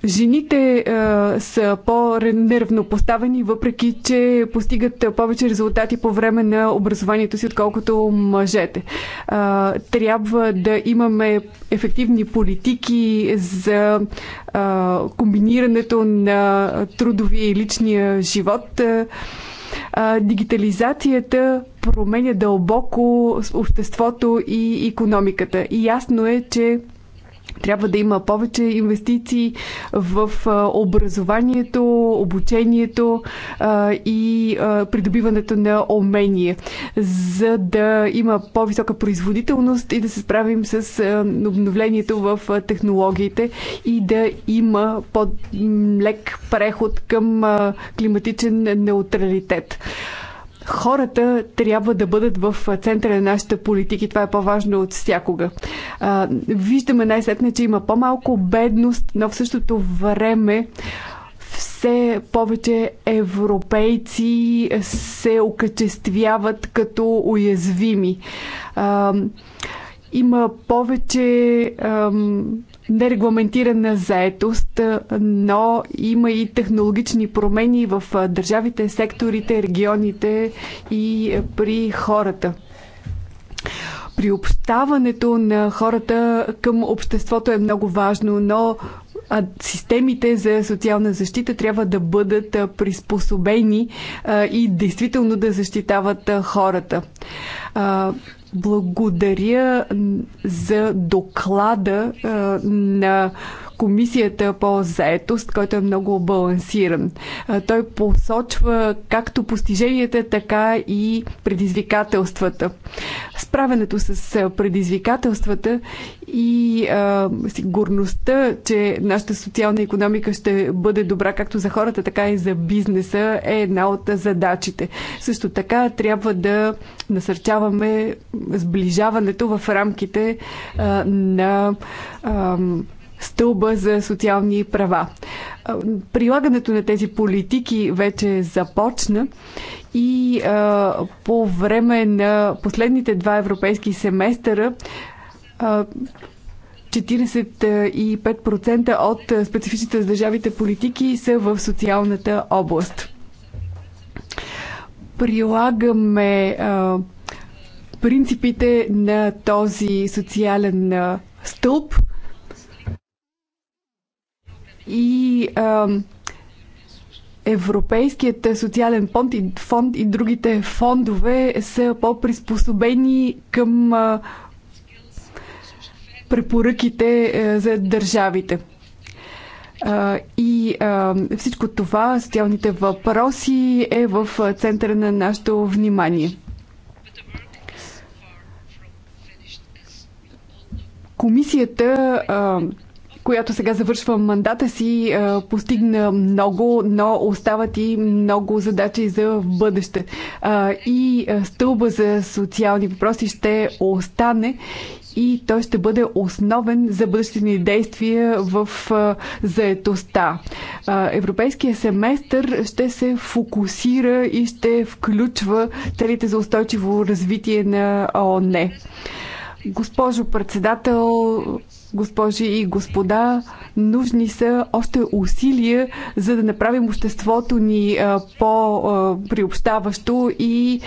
Жените а, са по-нервно поставени, въпреки че постигат повече резултати по време на образованието си, отколкото мъжете. А, трябва да имаме ефективни политики за а, комбинирането на трудовия и личния живот. А, дигитализацията променя дълбоко обществото и економиката. И ясно е, че трябва да има повече инвестиции в образованието, обучението и придобиването на умения, за да има по-висока производителност и да се справим с обновлението в технологиите и да има по-лек преход към климатичен неутралитет хората трябва да бъдат в центъра на нашите политики. Това е по-важно от всякога. Виждаме най-сетне, че има по-малко бедност, но в същото време все повече европейци се окачествяват като уязвими. Има повече нерегламентирана заетост, но има и технологични промени в държавите, секторите, регионите и при хората приобщаването на хората към обществото е много важно, но системите за социална защита трябва да бъдат приспособени и действително да защитават хората. Благодаря за доклада на комисията по заетост, който е много балансиран. Той посочва както постиженията, така и предизвикателствата. Справенето с предизвикателствата и а, сигурността, че нашата социална економика ще бъде добра както за хората, така и за бизнеса е една от задачите. Също така трябва да насърчаваме сближаването в рамките а, на а, стълба за социални права. Прилагането на тези политики вече започна и а, по време на последните два европейски семестъра а, 45% от специфичните за държавите политики са в социалната област. Прилагаме а, принципите на този социален стълб – и а, Европейският социален фонд и, фонд и другите фондове са по-приспособени към а, препоръките а, е, за държавите. А, и а, всичко това, социалните въпроси е в центъра на нашето внимание. Комисията а, която сега завършва мандата си, постигна много, но остават и много задачи за бъдеще. И стълба за социални въпроси ще остане и той ще бъде основен за бъдещите действия в заетостта. Европейския семестър ще се фокусира и ще включва целите за устойчиво развитие на ООН. Е. Госпожо председател, Госпожи и господа, нужни са още усилия, за да направим обществото ни по-приобщаващо и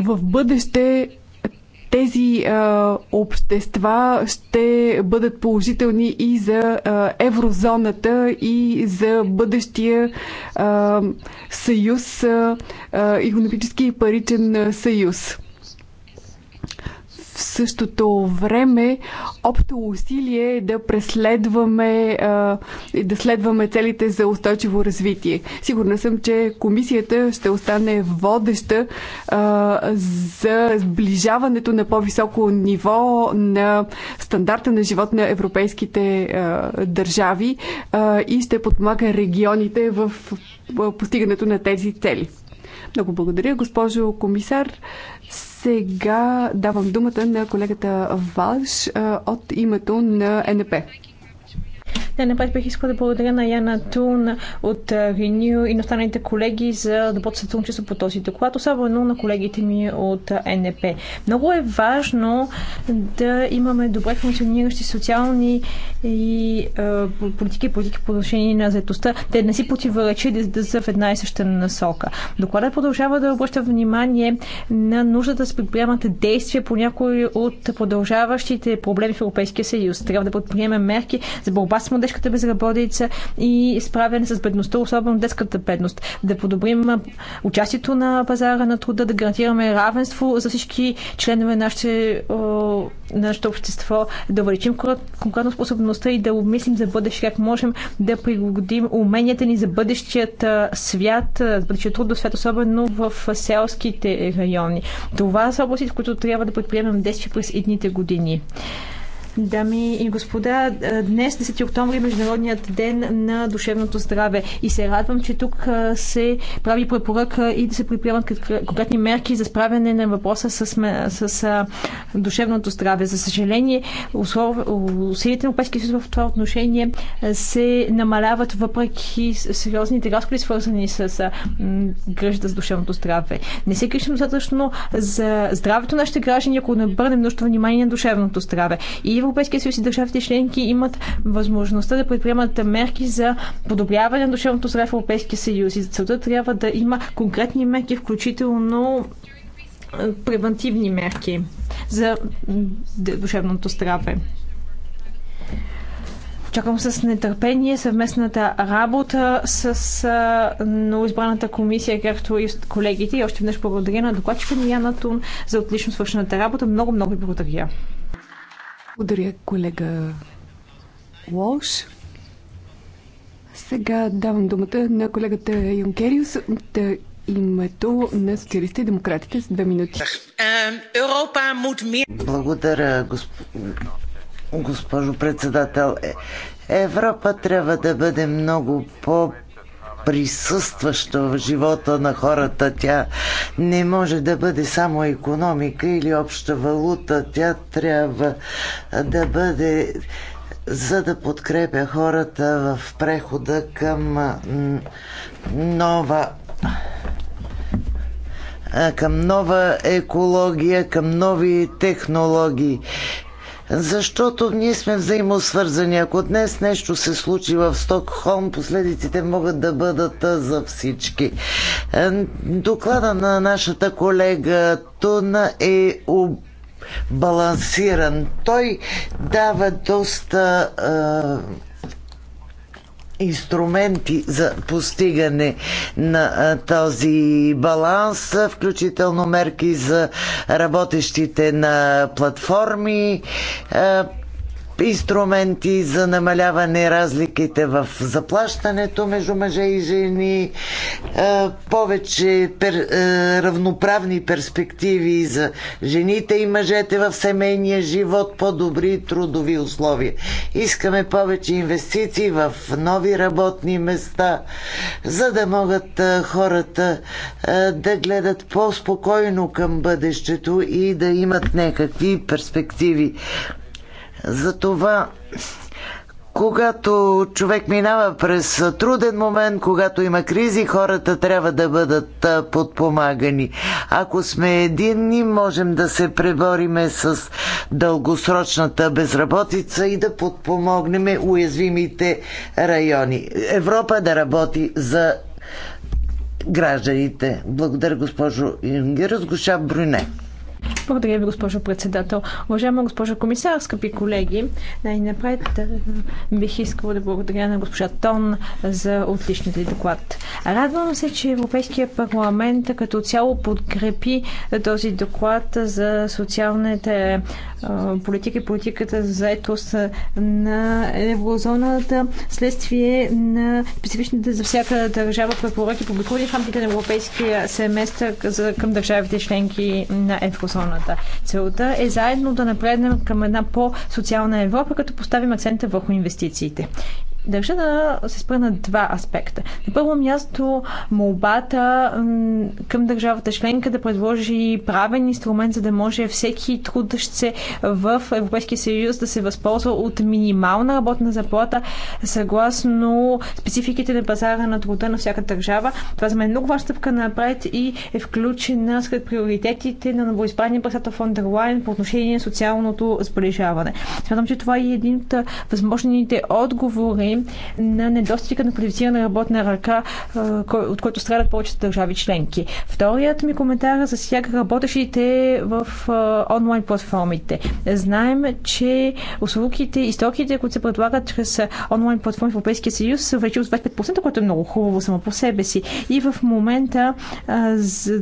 в бъдеще тези а, общества ще бъдат положителни и за а, еврозоната, и за бъдещия а, съюз, а, економически и паричен съюз. В същото време общо усилие е да преследваме и да следваме целите за устойчиво развитие. Сигурна съм, че комисията ще остане водеща за сближаването на по-високо ниво на стандарта на живот на европейските държави и ще подпомага регионите в постигането на тези цели. Много благодаря, госпожо комисар. Сега давам думата на колегата Валш от името на НП. Не, напред бих искала да благодаря на Яна Тун от Renew и на останалите колеги за доброто сътрудничество по този доклад, особено на колегите ми от НП. Много е важно да имаме добре функциониращи социални и е, политики, политики по отношение на заедостта. Те не си противоречи да, да са в една и съща насока. Докладът продължава да обръща внимание на нуждата да се предприемат действия по някои от продължаващите проблеми в Европейския съюз. Трябва да предприемем мерки за борба с младежката безработица и справяне с бедността, особено детската бедност. Да подобрим участието на пазара на труда, да гарантираме равенство за всички членове на нашето общество, да увеличим конкретно способността и да обмислим за бъдеще как можем да пригодим уменията ни за бъдещият свят, за бъдещият трудов свят, особено в селските райони. Това са областите, в които трябва да предприемем действия през едните години. Дами и господа, е, днес, 10 октомври, е Международният ден на душевното здраве. И се радвам, че тук е, се прави препоръка и да се приемат конкретни мерки за справяне на въпроса с, с, е, душевното здраве. За съжаление, усилите на Европейския съюз в това отношение се намаляват въпреки сериозните разходи, свързани с грижата за душевното здраве. Не се грижим достатъчно за здравето на нашите граждани, ако не обърнем нужно внимание на душевното здраве. И Европейския съюз и държавите членки имат възможността да предприемат мерки за подобряване на душевното здраве в Европейския съюз. И за целта трябва да има конкретни мерки, включително превентивни мерки за душевното здраве. Чакам с нетърпение съвместната работа с новоизбраната комисия, както и с колегите. И още веднъж благодаря на докладчика Яна Тун за отлично свършената работа. Много, много благодаря. Благодаря, колега Уолш. Сега давам думата на колегата Юнкериус от името на социалистите и демократите с две минути. Благодаря, госп... госпожо председател. Е, Европа трябва да бъде много по присъстваща в живота на хората. Тя не може да бъде само економика или обща валута. Тя трябва да бъде за да подкрепя хората в прехода към нова към нова екология, към нови технологии защото ние сме взаимосвързани. Ако днес нещо се случи в Стокхолм, последиците могат да бъдат за всички. Е, доклада на нашата колега Туна е балансиран. Той дава доста инструменти за постигане на този баланс, включително мерки за работещите на платформи, инструменти за намаляване разликите в заплащането между мъже и жени, е, повече пер, е, равноправни перспективи за жените и мъжете в семейния живот, по-добри трудови условия. Искаме повече инвестиции в нови работни места, за да могат е, хората да гледат по-спокойно към бъдещето и да имат някакви перспективи затова, когато човек минава през труден момент, когато има кризи, хората трябва да бъдат подпомагани. Ако сме единни, можем да се пребориме с дългосрочната безработица и да подпомогнем уязвимите райони. Европа да работи за гражданите. Благодаря, госпожо с Сгоша Брюне. Благодаря ви, госпожо председател. Уважаема госпожо комисар, скъпи колеги, най-напред бих искала да благодаря на госпожа Тон за отличния доклад. Радвам се, че Европейския парламент като цяло подкрепи този доклад за социалните политика и политиката за заетост на еврозоната следствие на специфичните за всяка държава препоръки, публикувани в рамките на европейския семестър към държавите членки на еврозоната. Целта е заедно да напреднем към една по-социална Европа, като поставим акцента върху инвестициите. Държа да се спра на два аспекта. На първо място, молбата към държавата членка да предложи правен инструмент, за да може всеки трудещ се в Европейския съюз да се възползва от минимална работна заплата съгласно спецификите на пазара на труда на всяка държава. Това за мен е много важна стъпка напред и е включена сред приоритетите на новоизбрания председател фон дер Лайн по отношение на социалното сближаване. Смятам, че това е един от възможните отговори отговаряме на недостига на квалифицирана работна ръка, от който страдат повечето държави членки. Вторият ми коментар засяга работещите в онлайн платформите. Знаем, че услугите и стоките, които се предлагат чрез онлайн платформи в Европейския съюз, са вече от 25%, което е много хубаво само по себе си. И в момента за,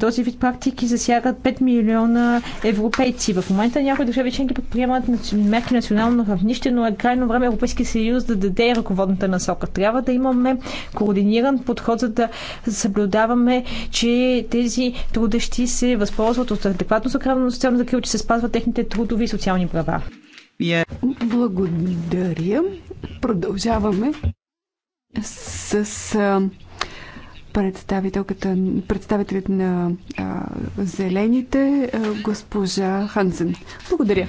този вид практики засягат 5 милиона европейци. В момента някои държави членки предприемат мерки национално равнище, но е крайно време Европейския съюз да даде ръководната насока. Трябва да имаме координиран подход, за да съблюдаваме, че тези трудещи се възползват от адекватно съкравно социално закрил, че се спазват техните трудови и социални права. Благодаря. Продължаваме с представителят на а, Зелените, а, госпожа Хансен. Благодаря.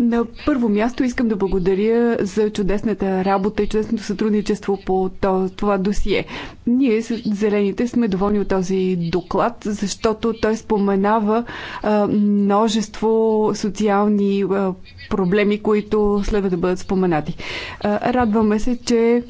На първо място искам да благодаря за чудесната работа и чудесното сътрудничество по това досие. Ние, Зелените, сме доволни от този доклад, защото той споменава а, множество социални а, проблеми, които следва да бъдат споменати. Радваме се, че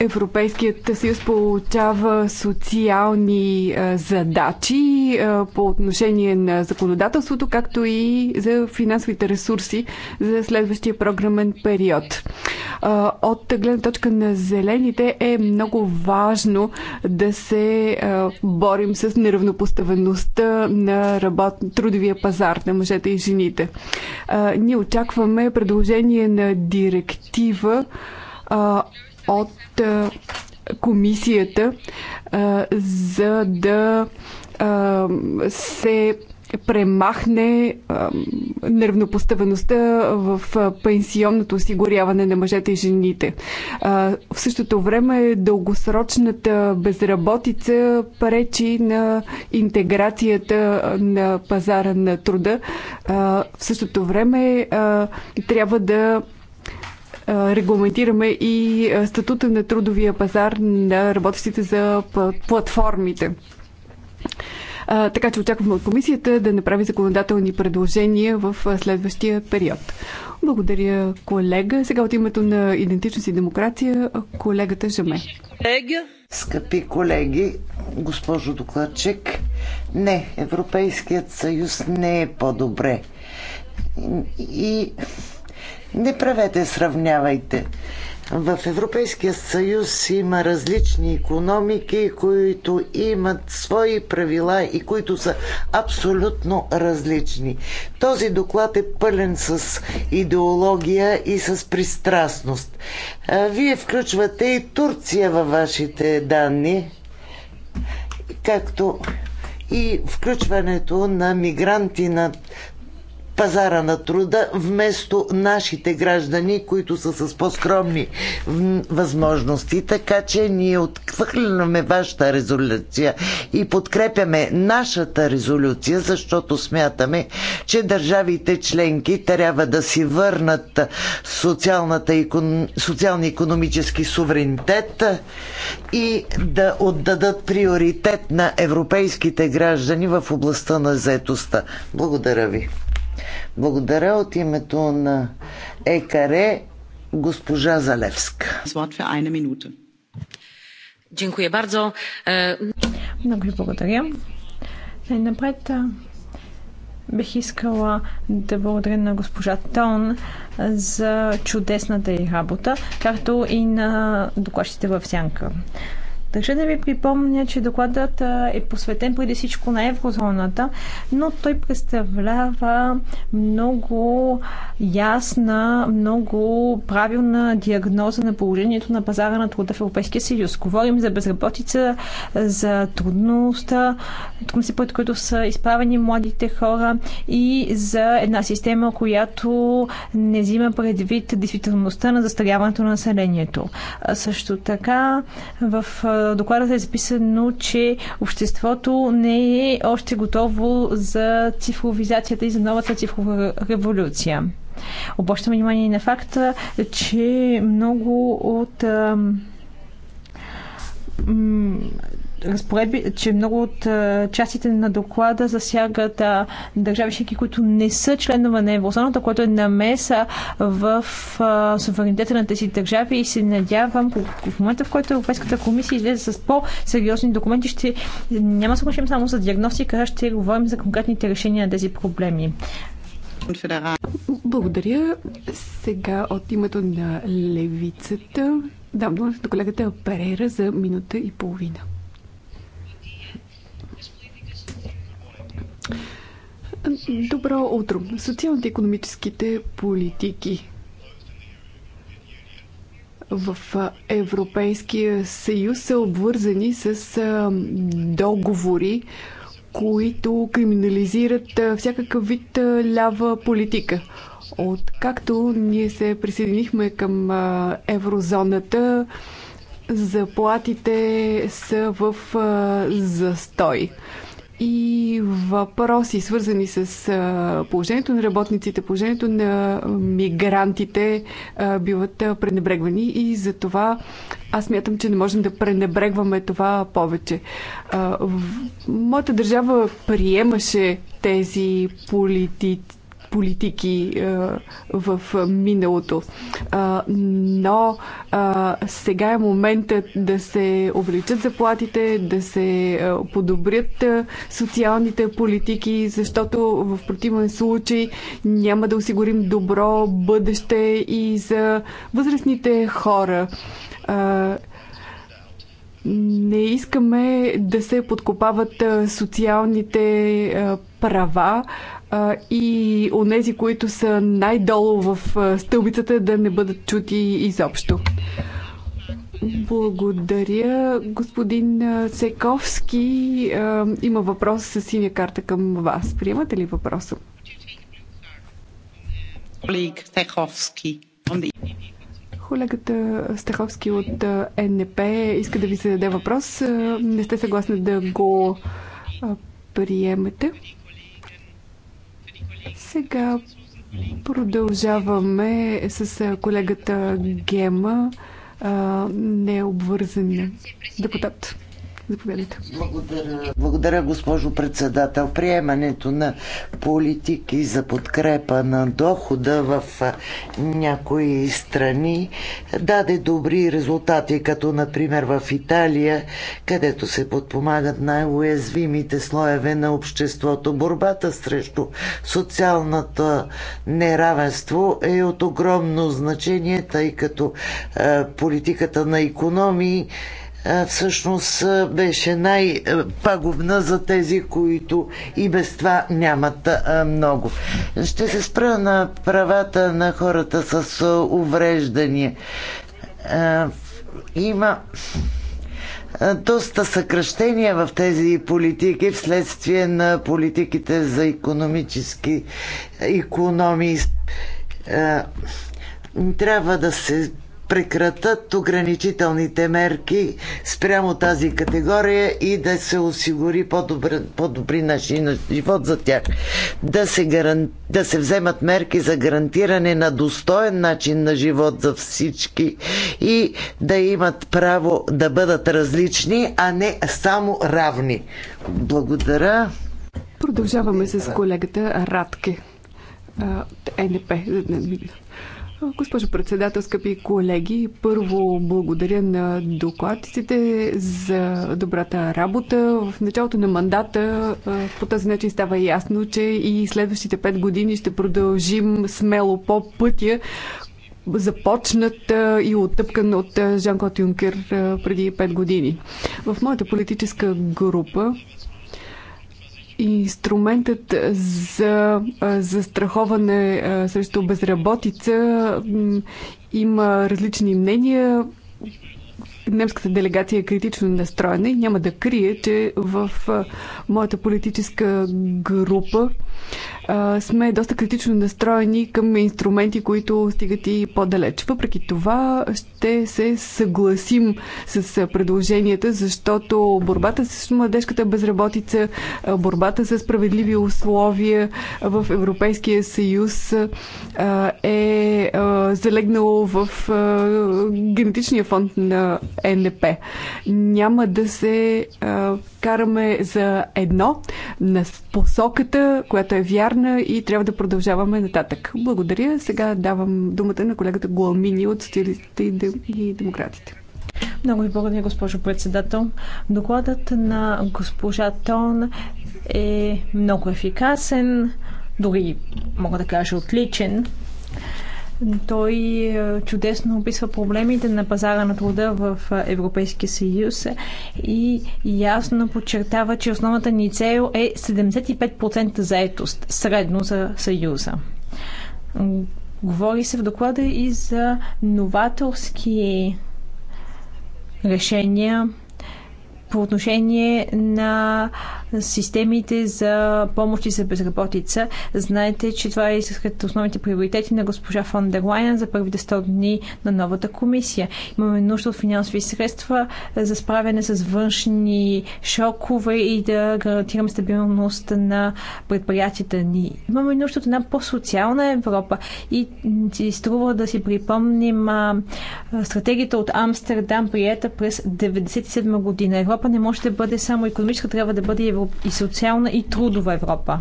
Европейският съюз получава социални задачи по отношение на законодателството, както и за финансовите ресурси за следващия програмен период. От гледна точка на зелените е много важно да се борим с неравнопоставеността на работ... трудовия пазар на мъжете и жените а, ние очакваме предложение на директива а, от а, комисията, а, за да а, се премахне а, неравнопоставеността в пенсионното осигуряване на мъжете и жените. А, в същото време дългосрочната безработица пречи на интеграцията на пазара на труда. А, в същото време а, трябва да регламентираме и статута на трудовия пазар на работещите за платформите така че очакваме от комисията да направи законодателни предложения в следващия период. Благодаря, колега. Сега от името на Идентичност и демокрация, колегата Жаме. Скъпи колеги, госпожо докладчик, не, Европейският съюз не е по-добре. И не правете, сравнявайте в Европейския съюз има различни економики, които имат свои правила и които са абсолютно различни. Този доклад е пълен с идеология и с пристрастност. Вие включвате и Турция във вашите данни, както и включването на мигранти на пазара на труда, вместо нашите граждани, които са с по-скромни възможности. Така че ние отхвърляме вашата резолюция и подкрепяме нашата резолюция, защото смятаме, че държавите членки трябва да си върнат социално-економически суверенитет и да отдадат приоритет на европейските граждани в областта на заетостта. Благодаря ви. Благодаря от името на ЕКАРЕ госпожа Залевска. Е, Много ви благодаря. Най-напред е, бих искала да благодаря на госпожа Тон за чудесната й работа, както и на докладчите в Сянка. Държа да ви припомня, че докладът е посветен преди всичко на еврозоната, но той представлява много ясна, много правилна диагноза на положението на пазара на труда в Европейския съюз. Говорим за безработица, за трудността, трудности, пред които са изправени младите хора и за една система, която не взима предвид действителността на застаряването на населението. Също така в доклада е записано, че обществото не е още готово за цифровизацията и за новата цифрова революция. Обръщам внимание на факта, че много от разпоредби, че много от частите на доклада засягат държави членки, които не са членове на еврозоната, което е намеса в суверенитета на тези държави и се надявам в момента, в който Европейската комисия излезе с по-сериозни документи, ще няма да се само за диагностика, а ще говорим за конкретните решения на тези проблеми. Благодаря. Сега от името на левицата дам думата на колегата Перейра за минута и половина. Добро утро. Социално-економическите политики в Европейския съюз са обвързани с договори, които криминализират всякакъв вид лява политика. Откакто ние се присъединихме към еврозоната, заплатите са в застой и въпроси, свързани с положението на работниците, положението на мигрантите, биват пренебрегвани и за това аз мятам, че не можем да пренебрегваме това повече. Моята държава приемаше тези политици политики е, в миналото. Но сега е моментът да се увеличат заплатите, да се е, подобрят е, социалните политики, защото в противен случай няма да осигурим добро бъдеще и за възрастните хора не искаме да се подкопават социалните права, и онези, които са най-долу в стълбицата, да не бъдат чути изобщо. Благодаря, господин Сековски. Има въпрос с синя карта към вас. Приемате ли въпроса? Колегата Стеховски от НП иска да ви зададе въпрос. Не сте съгласни да го приемете? Сега продължаваме с колегата Гема, необвързан депутат. Заповядайте. Благодаря, благодаря, госпожо председател. Приемането на политики за подкрепа на дохода в някои страни даде добри резултати, като например в Италия, където се подпомагат най-уязвимите слоеве на обществото. Борбата срещу социалната неравенство е от огромно значение, тъй като политиката на економии всъщност беше най-пагубна за тези, които и без това нямат много. Ще се спра на правата на хората с увреждания. Има доста съкръщения в тези политики вследствие на политиките за економически економии. Трябва да се прекратат ограничителните мерки спрямо тази категория и да се осигури по-добри, по-добри начини на живот за тях. Да се, гаран... да се вземат мерки за гарантиране на достоен начин на живот за всички и да имат право да бъдат различни, а не само равни. Благодаря. Продължаваме с колегата Радке. НП. Госпожо председател, скъпи колеги, първо благодаря на докладците за добрата работа. В началото на мандата по този начин става ясно, че и следващите пет години ще продължим смело по пътя, започнат и оттъпкан от Жан-Клод Юнкер преди пет години. В моята политическа група Инструментът за застраховане срещу безработица има различни мнения. Немската делегация е критично настроена и няма да крие, че в моята политическа група сме доста критично настроени към инструменти, които стигат и по-далеч. Въпреки това ще се съгласим с предложенията, защото борбата с младежката безработица, борбата с справедливи условия в Европейския съюз е залегнало в генетичния фонд на НДП. Няма да се караме за едно на посоката, която е вярна солидарна и трябва да продължаваме нататък. Благодаря. Сега давам думата на колегата Гуалмини от Социалистите и Демократите. Много ви благодаря, госпожо председател. Докладът на госпожа Тон е много ефикасен, дори мога да кажа отличен. Той е, чудесно описва проблемите на пазара на труда в е, Европейския съюз и ясно подчертава, че основната ни цел е 75% заетост, средно за съюза. Говори се в доклада и за новаторски решения по отношение на системите за помощи за безработица. Знаете, че това е сред основните приоритети на госпожа фон дер Лайен за първите 100 дни на новата комисия. Имаме нужда от финансови средства за справяне с външни шокове и да гарантираме стабилност на предприятията ни. Имаме нужда от една по-социална Европа и си струва да си припомним а, стратегията от Амстердам, приета през 1997 година. Европа не може да бъде само економическа, трябва да бъде и Европа, и социална и трудова Европа.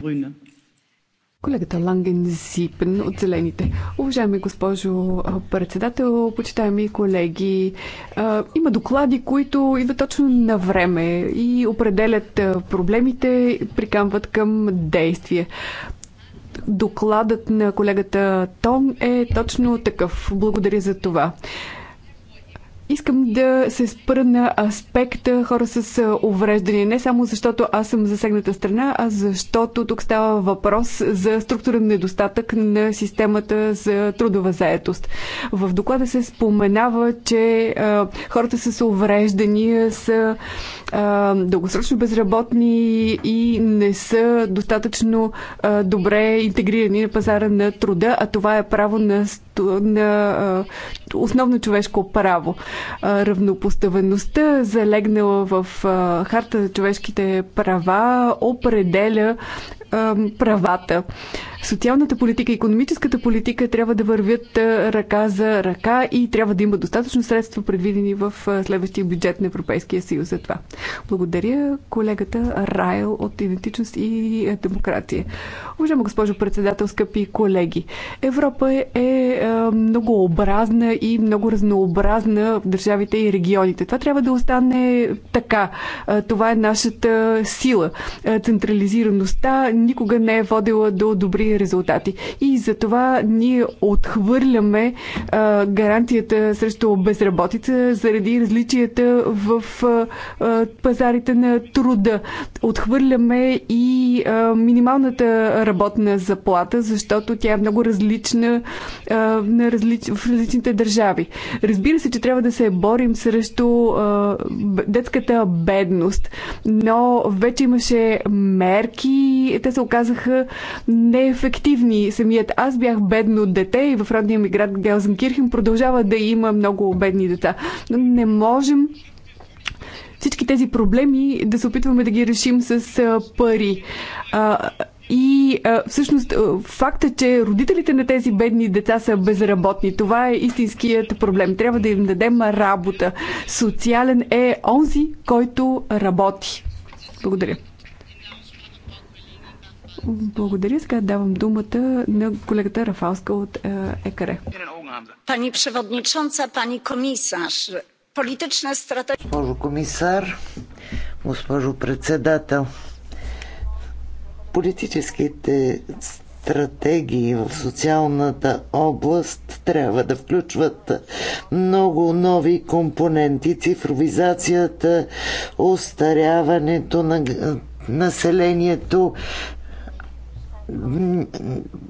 Колегата Ланген Зипен от Зелените. Уважаеми госпожо председател, почитаеми колеги, има доклади, които идват точно на време и определят проблемите, прикамват към действие докладът на колегата Том е точно такъв. Благодаря за това. Искам да се спра на аспекта хора с увреждане. Не само защото аз съм засегната страна, а защото тук става въпрос за структурен недостатък на системата за трудова заетост. В доклада се споменава, че а, хората с увреждания са а, дългосрочно безработни и не са достатъчно а, добре интегрирани на пазара на труда, а това е право на, на а, основно човешко право равнопоставеността, залегнала в Харта за човешките права, определя правата социалната политика и економическата политика трябва да вървят ръка за ръка и трябва да има достатъчно средства предвидени в следващия бюджет на Европейския съюз за това. Благодаря колегата Райл от Идентичност и е, демокрация. Уважаема госпожо председател, скъпи колеги, Европа е, е многообразна и много разнообразна в държавите и регионите. Това трябва да остане така. Това е нашата сила. Централизираността никога не е водила до добри резултати. И за това ние отхвърляме а, гарантията срещу безработица заради различията в а, а, пазарите на труда. Отхвърляме и а, минималната работна заплата, защото тя е много различна а, на различ... в различните държави. Разбира се, че трябва да се борим срещу а, детската бедност, но вече имаше мерки, те се оказаха неефективни ефективни. Самият аз бях бедно дете и в родния ми град Гелзенкирхен продължава да има много бедни деца. Но не можем всички тези проблеми да се опитваме да ги решим с пари. И а, всъщност факта, че родителите на тези бедни деца са безработни, това е истинският проблем. Трябва да им дадем работа. Социален е онзи, който работи. Благодаря. Благодаря. Сега давам думата на колегата Рафалска от е, ЕКР. Пани Преводничонца, пани комисар, политична стратегия... Госпожо комисар, госпожо председател, политическите стратегии в социалната област трябва да включват много нови компоненти. Цифровизацията, устаряването на населението,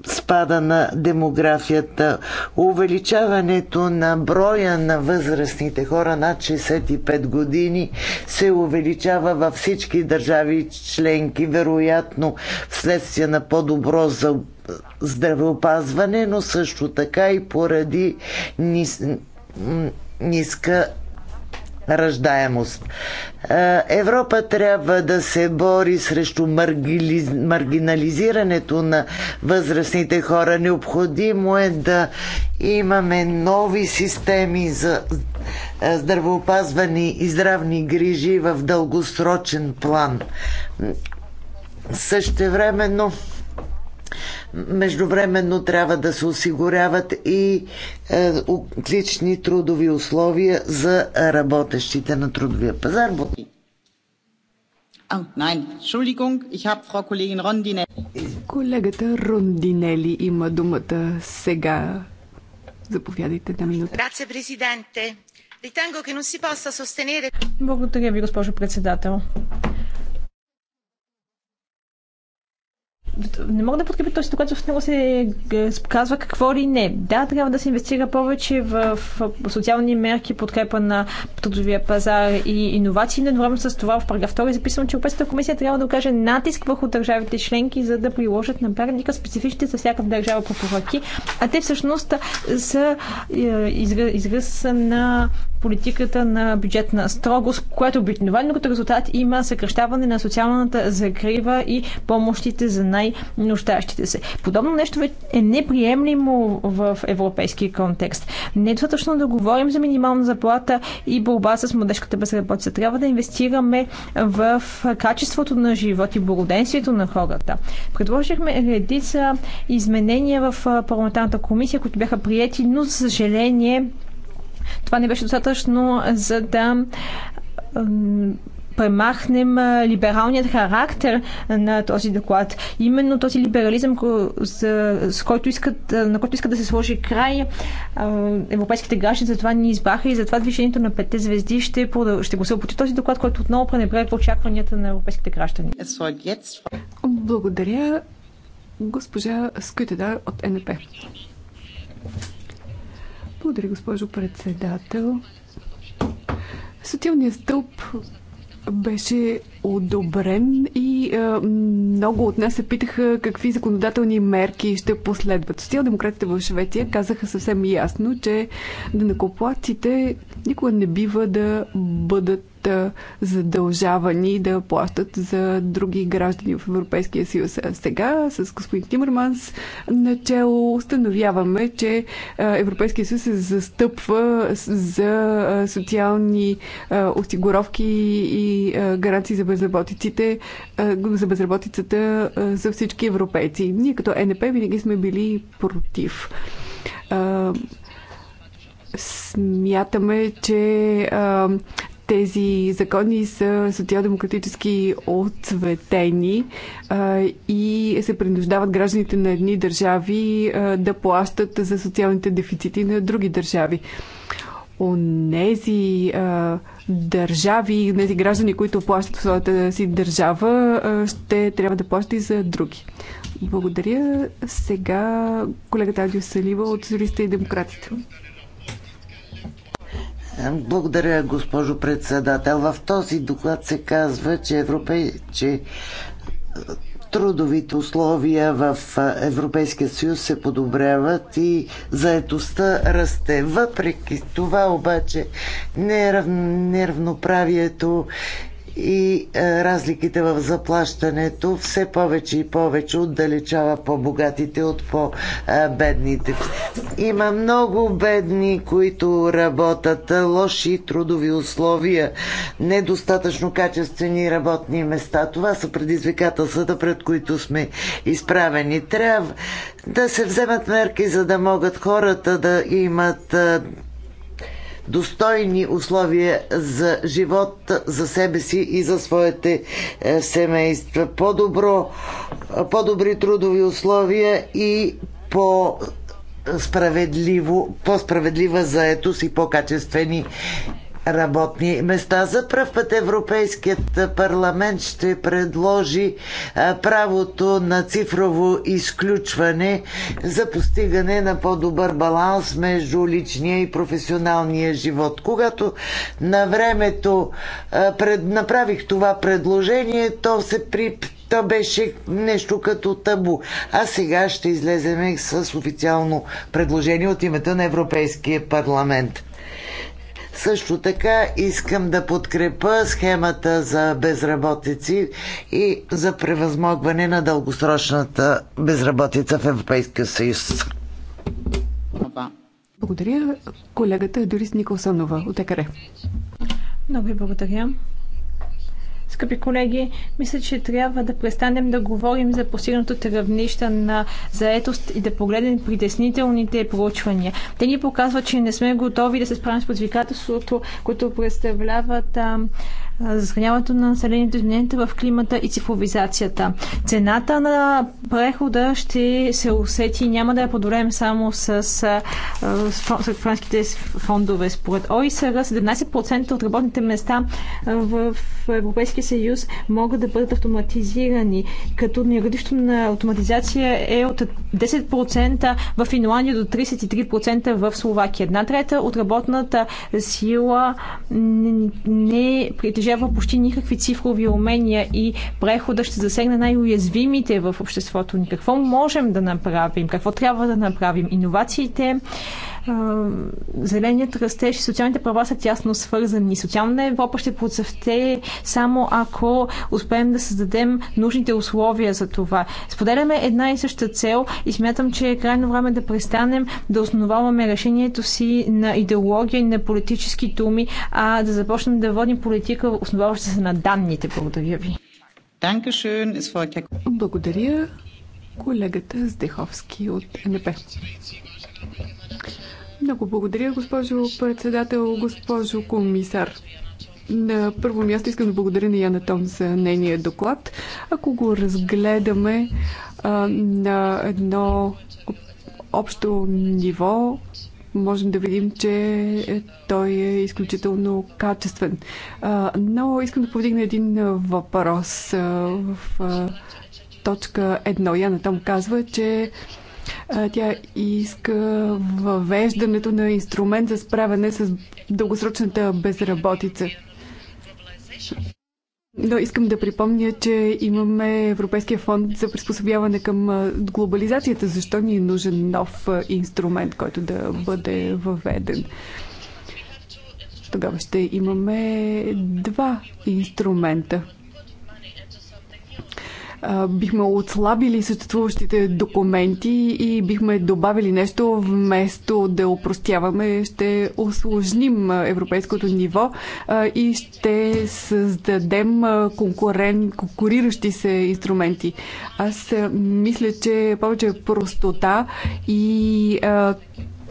спада на демографията, увеличаването на броя на възрастните хора над 65 години се увеличава във всички държави членки, вероятно вследствие на по-добро за здравеопазване, но също така и поради ниска раждаемост. Е, Европа трябва да се бори срещу маргинализирането на възрастните хора. Необходимо е да имаме нови системи за е, здравеопазване и здравни грижи в дългосрочен план. Същевременно Междувременно трябва да се осигуряват и е, отлични трудови условия за работещите на трудовия пазар. А, nein, ich habe Frau Kollegin Rondinelli. Колегата Рондинели има думата сега. Заповядайте на минута. Грация, президенте. Ritengo che non si possa sostenere... Благодаря ви, госпожо председател. не мога да подкрепя този доклад, в него се е, казва какво ли не. Да, трябва да се инвестира повече в социални мерки, подкрепа на трудовия пазар и иновации, но едновременно с това в параграф 2 е записано, че Европейската комисия трябва да окаже натиск върху държавите членки, за да приложат на практика специфичните за всяка държава препоръки, а те всъщност са е, израз на политиката на бюджетна строгост, което обикновено като резултат има съкръщаване на социалната закрива и помощите за най-нуждащите се. Подобно нещо е неприемлимо в европейски контекст. Не е достатъчно да говорим за минимална заплата и борба с младежката безработица. Трябва да инвестираме в качеството на живот и благоденствието на хората. Предложихме редица изменения в парламентарната комисия, които бяха приети, но за съжаление това не беше достатъчно, за да премахнем либералният характер на този доклад. Именно този либерализъм, с който искат, на който искат да се сложи край европейските граждани, затова ни избраха и затова движението на петте звезди ще, продъл... ще се против този доклад, който отново пренебрегва очакванията на европейските граждани. Благодаря госпожа Скътеда от НП. Благодаря, госпожо председател. Социалният стълб беше одобрен и а, много от нас се питаха какви законодателни мерки ще последват. Социал-демократите в Швеция казаха съвсем ясно, че данакоплаците никога не бива да бъдат задължавани да плащат за други граждани в Европейския съюз. А сега с господин Тимърманс начало установяваме, че Европейския съюз се застъпва за социални осигуровки и гаранции за безработиците, за безработицата за всички европейци. Ние като НП винаги сме били против смятаме, че а, тези закони са социал-демократически отцветени и се принуждават гражданите на едни държави да плащат за социалните дефицити на други държави. Онези държави, тези граждани, които плащат в своята си държава, ще трябва да плащат и за други. Благодаря. Сега колегата Адио Салива от Юриста и Демократите. Благодаря, госпожо председател. В този доклад се казва, че, европе... че трудовите условия в Европейския съюз се подобряват и заетостта расте. Въпреки това обаче неравноправието и е, разликите в заплащането все повече и повече отдалечава по-богатите от по-бедните. Има много бедни, които работят, е, лоши трудови условия, недостатъчно качествени работни места. Това са предизвикателствата, пред които сме изправени. Трябва да се вземат мерки, за да могат хората да имат е, достойни условия за живот за себе си и за своите е, семейства. По-добро, по-добри трудови условия и по справедливо, по-справедлива заетост и по-качествени работни места. За пръв път Европейският парламент ще предложи правото на цифрово изключване за постигане на по-добър баланс между личния и професионалния живот. Когато на времето пред, направих това предложение, то се при то беше нещо като табу. А сега ще излезем с официално предложение от името на Европейския парламент. Също така искам да подкрепа схемата за безработици и за превъзмогване на дългосрочната безработица в Европейския съюз. Благодаря. Колегата Дорис Николсонова от ЕКР. Много ви благодаря. Скъпи колеги, мисля, че трябва да престанем да говорим за постигнатото равнище на заетост и да погледнем притеснителните проучвания. Те ни показват, че не сме готови да се справим с предизвикателството, което представляват захраняването на населението, измененията в климата и цифровизацията. Цената на прехода ще се усети и няма да я подобрем само с, с, с франските фондове. Според ОИСР 17% от работните места в Европейския съюз могат да бъдат автоматизирани, като нерадищо на автоматизация е от 10% в Финландия до 33% в Словакия. Една трета от работната сила не притежава притежава почти никакви цифрови умения и прехода ще засегне най-уязвимите в обществото ни. Какво можем да направим? Какво трябва да направим? Иновациите зеленият растеж и социалните права са тясно свързани. Социална Европа ще процъфте само ако успеем да създадем нужните условия за това. Споделяме една и съща цел и смятам, че е крайно време да престанем да основаваме решението си на идеология и на политически думи, а да започнем да водим политика, основаваща се на данните. Благодаря ви. Благодаря колегата Здеховски от НП. Много благодаря, госпожо председател, госпожо комисар. На първо място искам да благодаря на Яна Том за нейния доклад. Ако го разгледаме а, на едно общо ниво, можем да видим, че той е изключително качествен. А, но искам да повдигна един въпрос. А, в а, точка 1 Яна Том казва, че тя иска въвеждането на инструмент за справяне с дългосрочната безработица. Но искам да припомня, че имаме Европейския фонд за приспособяване към глобализацията. Защо ни е нужен нов инструмент, който да бъде въведен? Тогава ще имаме два инструмента бихме отслабили съществуващите документи и бихме добавили нещо вместо да опростяваме, ще осложним европейското ниво и ще създадем конкурен, конкуриращи се инструменти. Аз мисля, че е повече простота и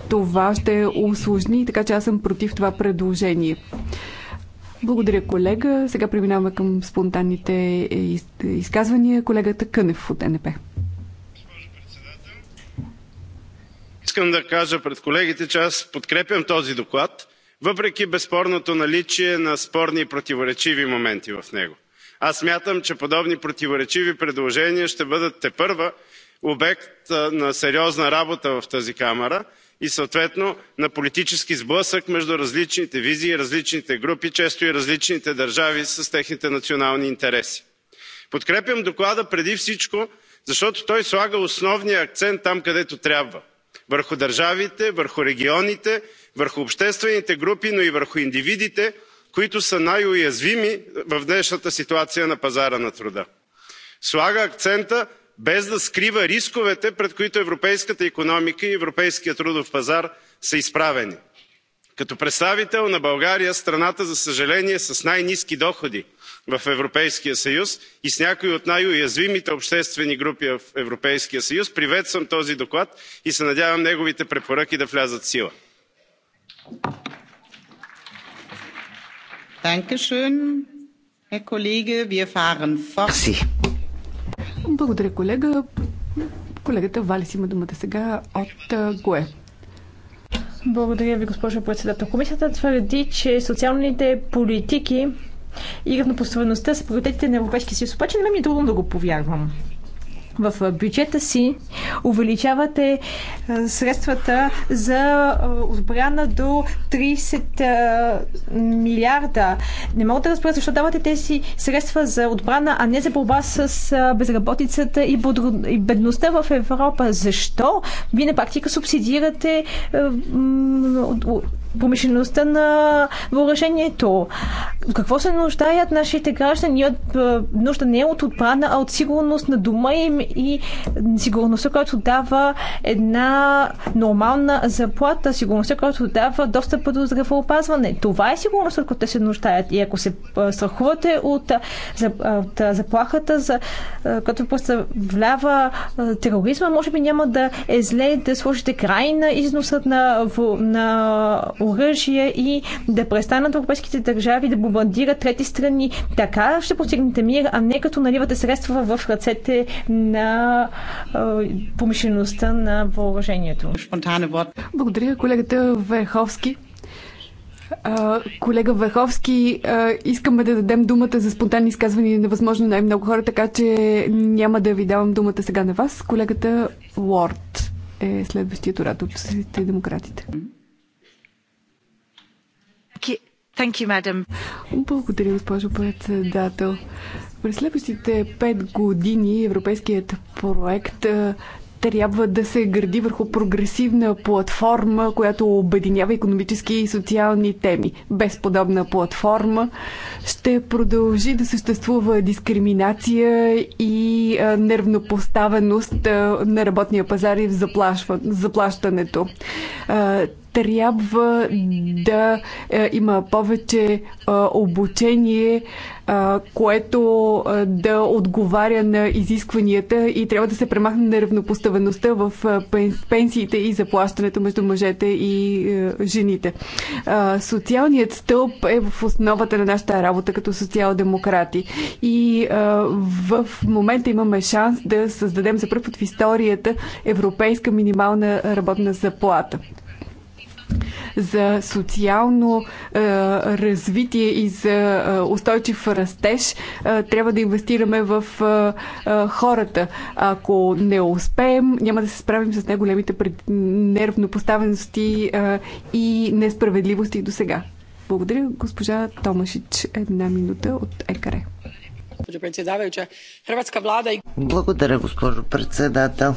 това ще осложни, така че аз съм против това предложение. Благодаря, колега. Сега преминаваме към спонтанните е, изказвания. Колегата Кънев от НП. Искам да кажа пред колегите, че аз подкрепям този доклад, въпреки безспорното наличие на спорни и противоречиви моменти в него. Аз смятам, че подобни противоречиви предложения ще бъдат те първа обект на сериозна работа в тази камара и съответно на политически сблъсък между различните визии различните групи често и различните държави с техните национални интереси. подкрепям доклада преди всичко защото той слага основния акцент там където трябва върху държавите върху регионите върху обществените групи но и върху индивидите които са най уязвими в днешната ситуация на пазара на труда. слага акцента без да скрива рисковете пред които европейската икономика и европейският трудов пазар са изправени. като представител на българя страната за съжаление с най ниски доходи в европейския съюз и с някои от най уязвимите обществени групи в европейския съюз приветствам този доклад и се надявам неговите препоръки да влязат в сила. Благодаря, колега. Колегата Валис има думата сега от ГОЕ. Благодаря ви, госпожо председател. Комисията твърди, че социалните политики и равнопоставеността са приоритетите на Европейския съюз. Обаче не ми е трудно да го повярвам в бюджета си увеличавате е, средствата за е, отбрана до 30 е, милиарда. Не мога да разбера защо давате тези средства за отбрана, а не за борба с безработицата и бедността в Европа. Защо? Вие на практика субсидирате промишлеността на въоръжението. Какво се нуждаят нашите граждани? От, нужда не е от отбрана, а от сигурност на дома им и сигурността, която дава една нормална заплата, сигурността, която дава достъп до здравеопазване. Това е сигурността, която те се нуждаят. И ако се страхувате от, от заплахата, за, като представлява тероризма, може би няма да е зле да сложите край на износът на, на оръжие и да престанат европейските държави да бомбардират трети страни. Така ще постигнете мир, а не като наливате средства в ръцете на помишлеността на въоръжението. Благодаря, колегата Верховски. Колега Върховски, искаме да дадем думата за спонтанни изказвания невъзможно е най-много хора, така че няма да ви давам думата сега на вас. Колегата Уорд е следващият оратор от демократите. You, Благодаря, госпожо председател. През следващите пет години европейският проект трябва да се гради върху прогресивна платформа, която обединява економически и социални теми. Без подобна платформа ще продължи да съществува дискриминация и неравнопоставеност на работния пазар и в заплащането трябва да е, има повече е, обучение, е, което да отговаря на изискванията и трябва да се премахне неравнопоставеността в пенсиите и заплащането между мъжете и жените. Социалният стълб е в основата на нашата работа като социал-демократи. И в момента имаме шанс да създадем за първ път в историята европейска минимална работна заплата за социално е, развитие и за е, устойчив растеж, е, трябва да инвестираме в е, е, хората. Ако не успеем, няма да се справим с най-големите пред... неравнопоставености е, и несправедливости до сега. Благодаря, госпожа Томашич. Една минута от ЕКАРЕ. Благодаря, госпожо председател.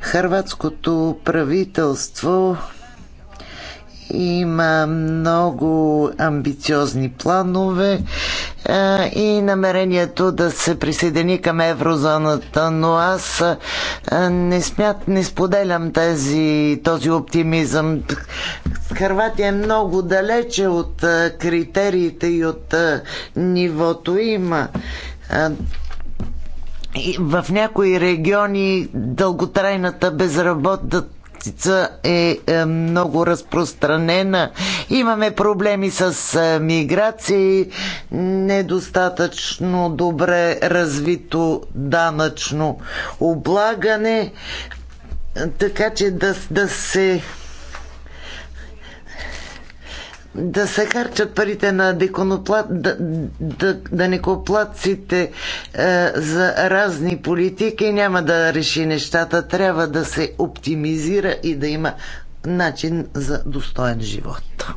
Хрватското правителство има много амбициозни планове и намерението да се присъедини към еврозоната, но аз не смят, не споделям тези, този оптимизъм. Харватия е много далече от критериите и от нивото има. в някои региони дълготрайната безработица безработица е, е много разпространена. Имаме проблеми с е, миграции, недостатъчно добре развито данъчно облагане, така че да, да се да се харчат парите на да, да, коплаците е, за разни политики няма да реши нещата. Трябва да се оптимизира и да има начин за достоен живот.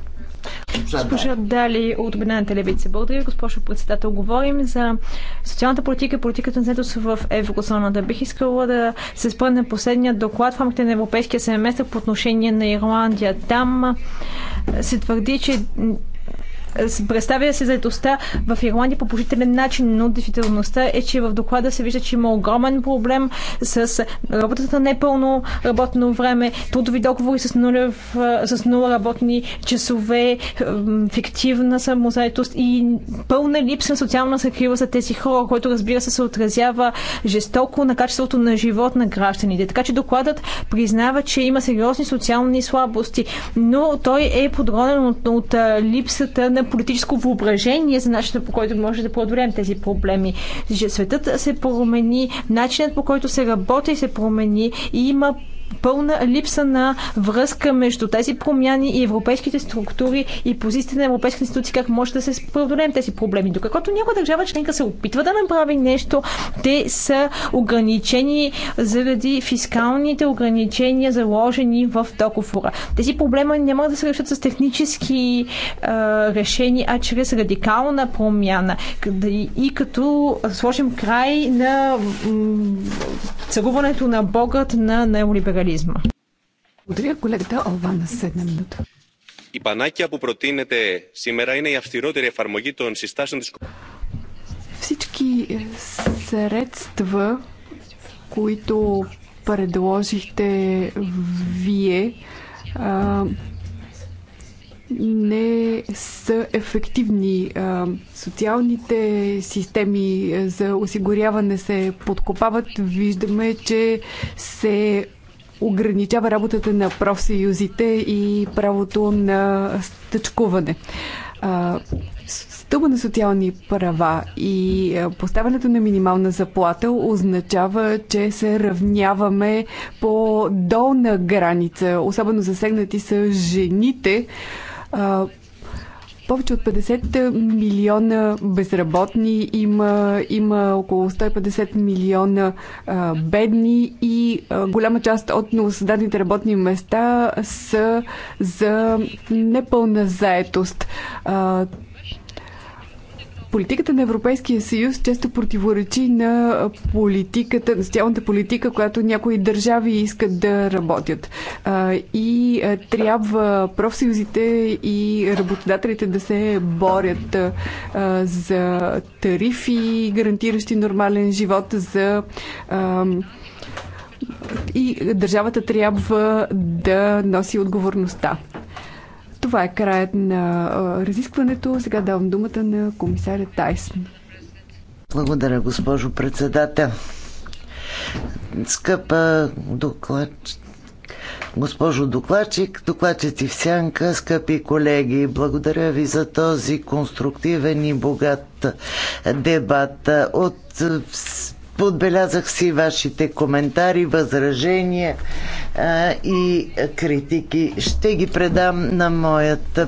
Госпожа Дали от Обединената левица. Благодаря, госпожо председател. Говорим за социалната политика и политиката на заедост в еврозоната. Бих искала да се спомня последния доклад в рамките на Европейския семестър по отношение на Ирландия. Там се твърди, че представя се заедостта в Ирландия по положителен начин, но действителността е, че в доклада се вижда, че има огромен проблем с е, работата на непълно работно време, трудови договори с нула, е, с нула работни часове, е, фиктивна самозаетост и пълна липса на социална закрива за тези хора, който разбира се се отразява жестоко на качеството на живот на гражданите. Така че докладът признава, че има сериозни социални слабости, но той е подронен от, от липсата на политическо въображение за начина по който може да преодолеем тези проблеми. Светът се промени, начинът по който се работи се промени и има пълна липса на връзка между тези промяни и европейските структури и позициите на европейските институции, как може да се преодолеем тези проблеми. Докато някоя държава членка се опитва да направи нещо, те са ограничени заради фискалните ограничения, заложени в договора. Тези не няма да се решат с технически е, решения, а чрез радикална промяна. И като сложим край на царуването на богът на неолиберализма плурализма. Благодаря, колегата Алвана, с една минута. Η πανάκια που προτείνεται σήμερα είναι η αυστηρότερη εφαρμογή των συστάσεων της Всички е, средства, които предложихте вие, а, не са ефективни. А, Социалните системи е, за осигуряване се подкопават. Виждаме, че се ограничава работата на профсъюзите и правото на стъчкуване. Стълба на социални права и поставянето на минимална заплата означава, че се равняваме по долна граница. Особено засегнати са жените повече от 50 милиона безработни има, има около 150 милиона а, бедни и а, голяма част от новосъздадените работни места са за непълна заетост. А, Политиката на Европейския съюз често противоречи на политиката, на социалната политика, която някои държави искат да работят. И трябва профсъюзите и работодателите да се борят за тарифи, гарантиращи нормален живот, за и държавата трябва да носи отговорността. Това е краят на разискването. Сега давам думата на комисаря Тайсън. Благодаря, госпожо председател. Скъпа доклад, госпожо докладчик, докладчици в сянка, скъпи колеги, благодаря ви за този конструктивен и богат дебат. От Подбелязах си вашите коментари, възражения а, и критики. Ще ги предам на моята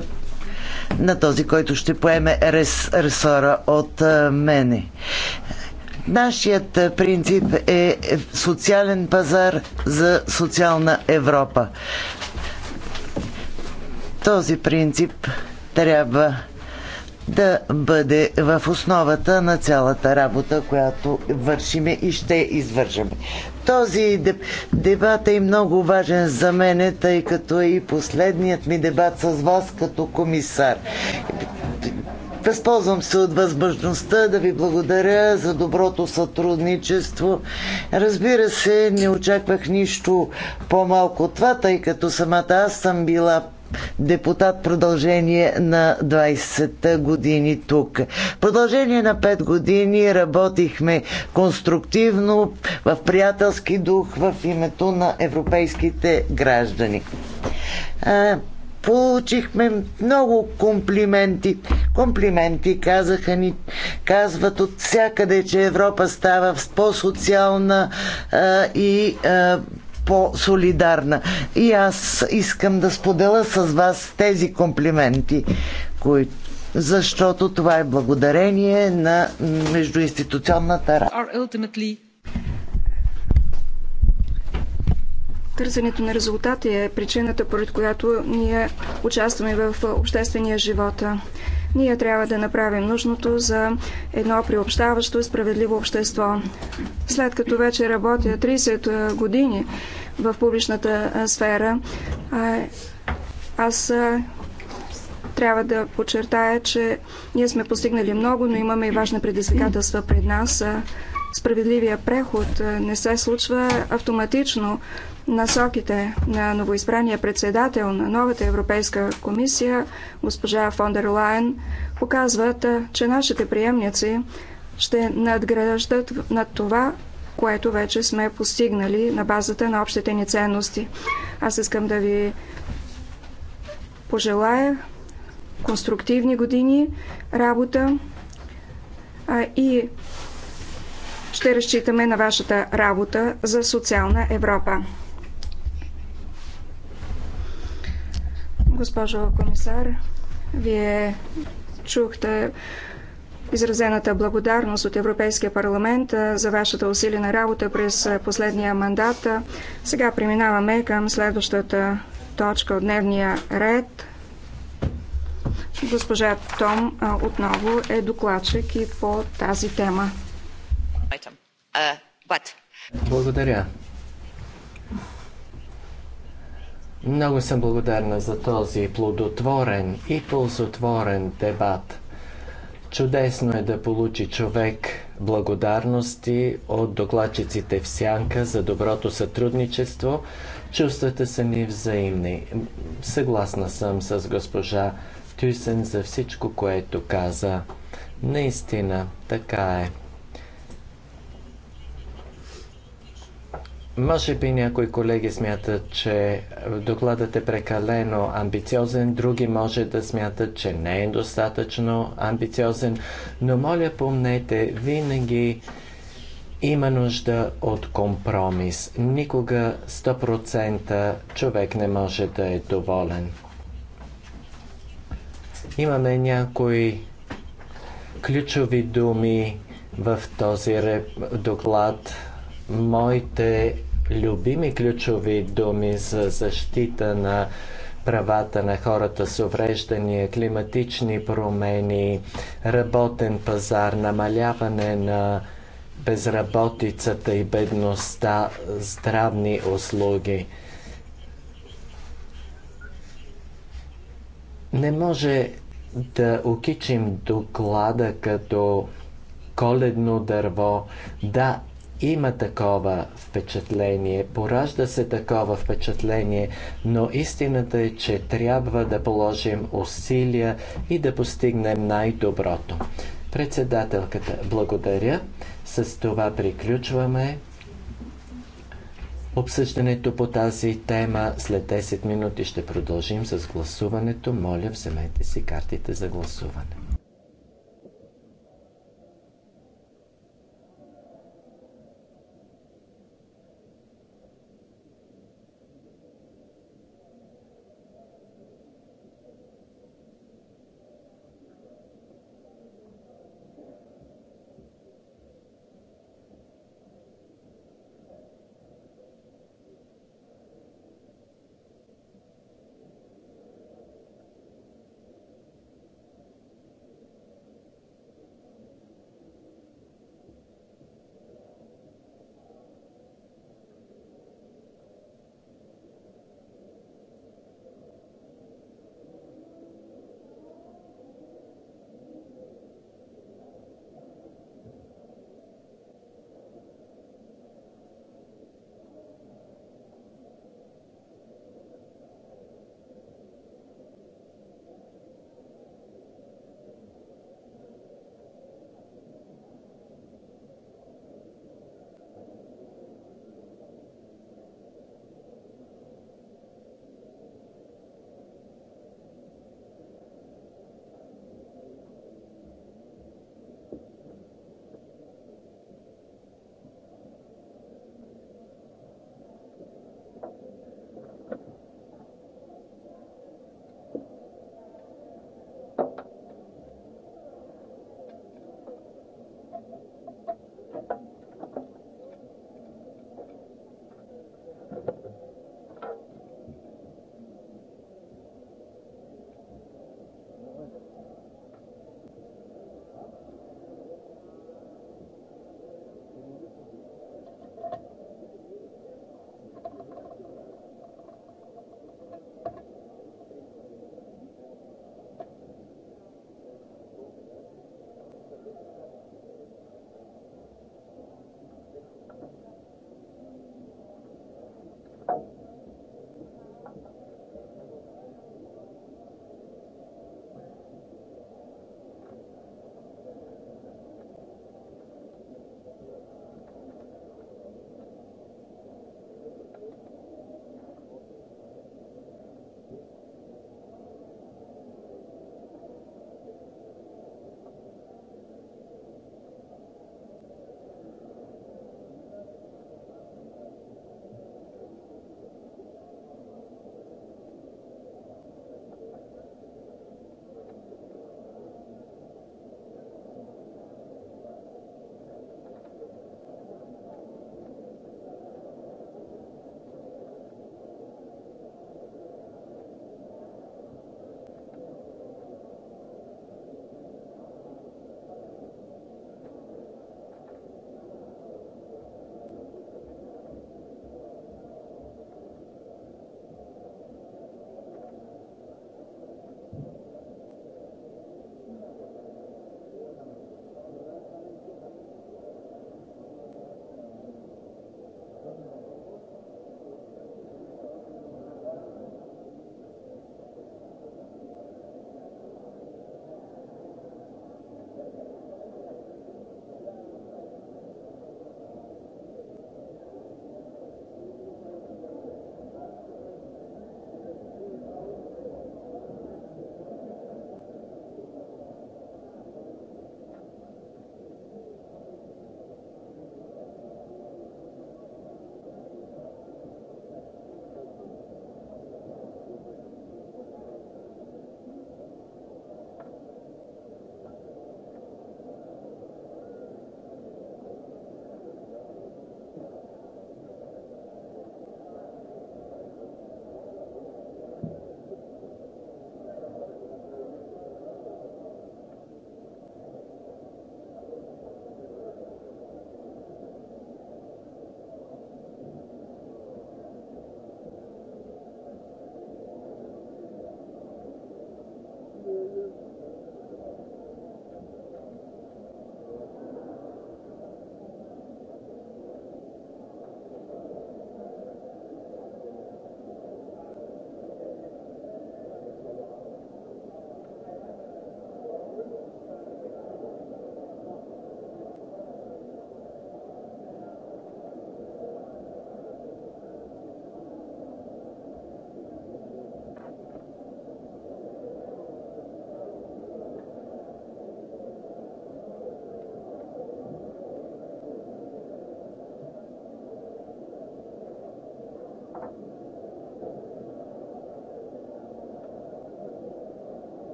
на този, който ще поеме рес, ресора от а, мене. Нашият принцип е социален пазар за социална Европа. Този принцип трябва да бъде в основата на цялата работа, която вършиме и ще извържаме. Този дебат е много важен за мен, тъй като е и последният ми дебат с вас като комисар. Възползвам се от възможността да ви благодаря за доброто сътрудничество. Разбира се, не очаквах нищо по-малко от това, тъй като самата аз съм била депутат продължение на 20 години тук. Продължение на 5 години работихме конструктивно, в приятелски дух, в името на европейските граждани. Получихме много комплименти. Комплименти казаха ни, казват от всякъде, че Европа става по-социална и а, по-солидарна. И аз искам да споделя с вас тези комплименти, които защото това е благодарение на междуинституционната работа. Търсенето на резултати е причината, поред която ние участваме в обществения живот. Ние трябва да направим нужното за едно приобщаващо и справедливо общество. След като вече работя 30 години в публичната сфера, аз трябва да подчертая, че ние сме постигнали много, но имаме и важни предизвикателства пред нас. Справедливия преход не се случва автоматично насоките на новоизбрания председател на новата Европейска комисия, госпожа фон дер Лайен, показват, че нашите приемници ще надграждат над това, което вече сме постигнали на базата на общите ни ценности. Аз искам да ви пожелая конструктивни години работа а, и ще разчитаме на вашата работа за социална Европа. Госпожо комисар, вие чухте изразената благодарност от Европейския парламент за вашата усилена работа през последния мандат. Сега преминаваме към следващата точка от дневния ред. Госпожа Том отново е докладчик и по тази тема. Uh, Благодаря. Много съм благодарна за този плодотворен и ползотворен дебат. Чудесно е да получи човек благодарности от докладчиците в сянка за доброто сътрудничество. Чувствата са ми взаимни. Съгласна съм с госпожа Тюсен за всичко, което каза. Наистина, така е. Може би някои колеги смятат, че докладът е прекалено амбициозен, други може да смятат, че не е достатъчно амбициозен, но моля помнете, винаги има нужда от компромис. Никога 100% човек не може да е доволен. Имаме някои ключови думи в този доклад. Моите любими ключови думи за защита на правата на хората с увреждания, климатични промени, работен пазар, намаляване на безработицата и бедността, здравни услуги. Не може да окичим доклада като коледно дърво. Да, има такова впечатление, поражда се такова впечатление, но истината е, че трябва да положим усилия и да постигнем най-доброто. Председателката, благодаря. С това приключваме обсъждането по тази тема. След 10 минути ще продължим с гласуването. Моля, вземете си картите за гласуване.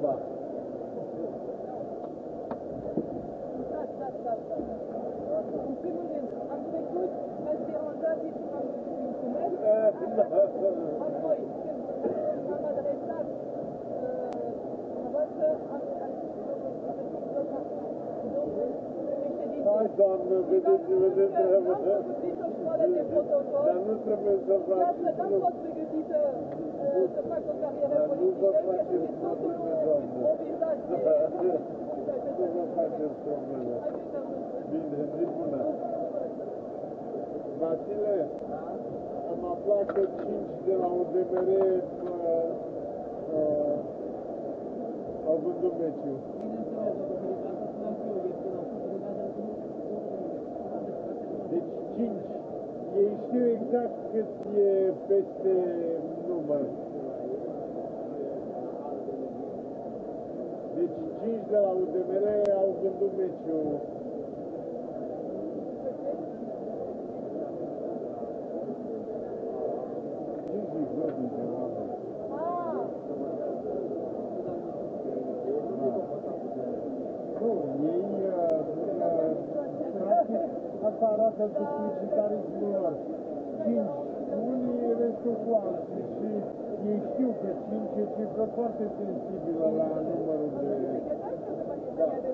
това. Doamnă, vedeți, vedeți, Dar nu trebuie să fac... Dar nu vă faceți персонажа. Bine, Vasile, am aflat că 5 de la UDMR uh, uh, au vândut meciul. Deci 5. Ei știu exact cât e peste număr. Deci 5 de la UDMR au gândit meciul arată cu publicitare junior. 5 iunie, restul cu alții știu că sunt, că sunt foarte sensibilă la numărul de... Da.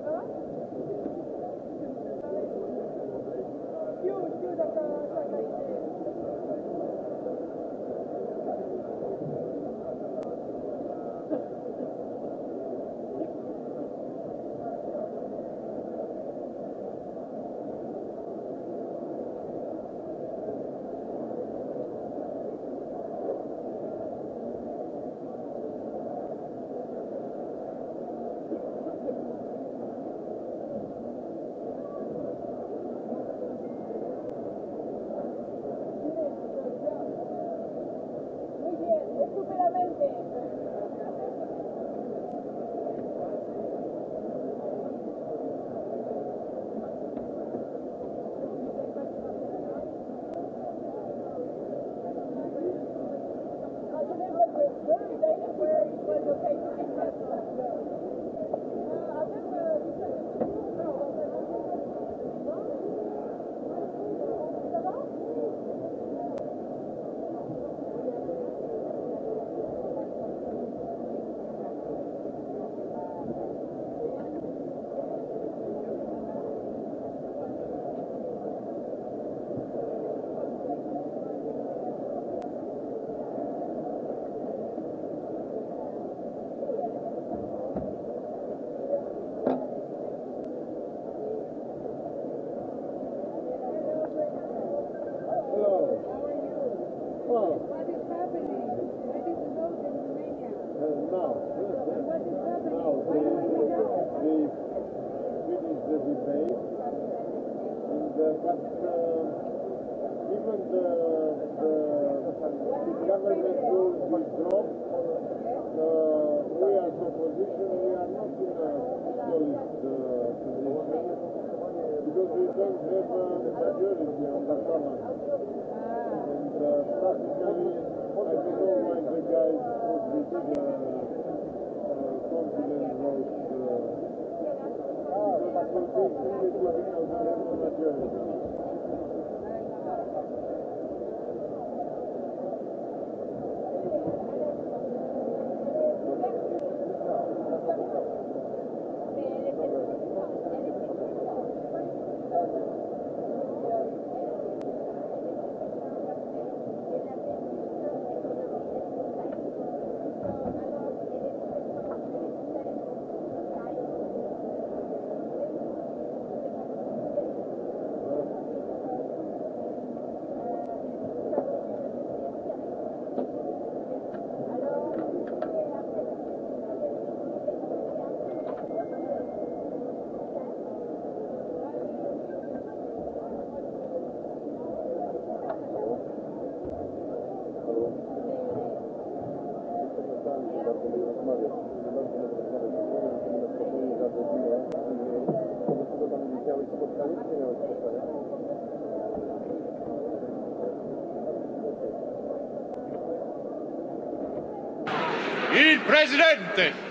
Il presidente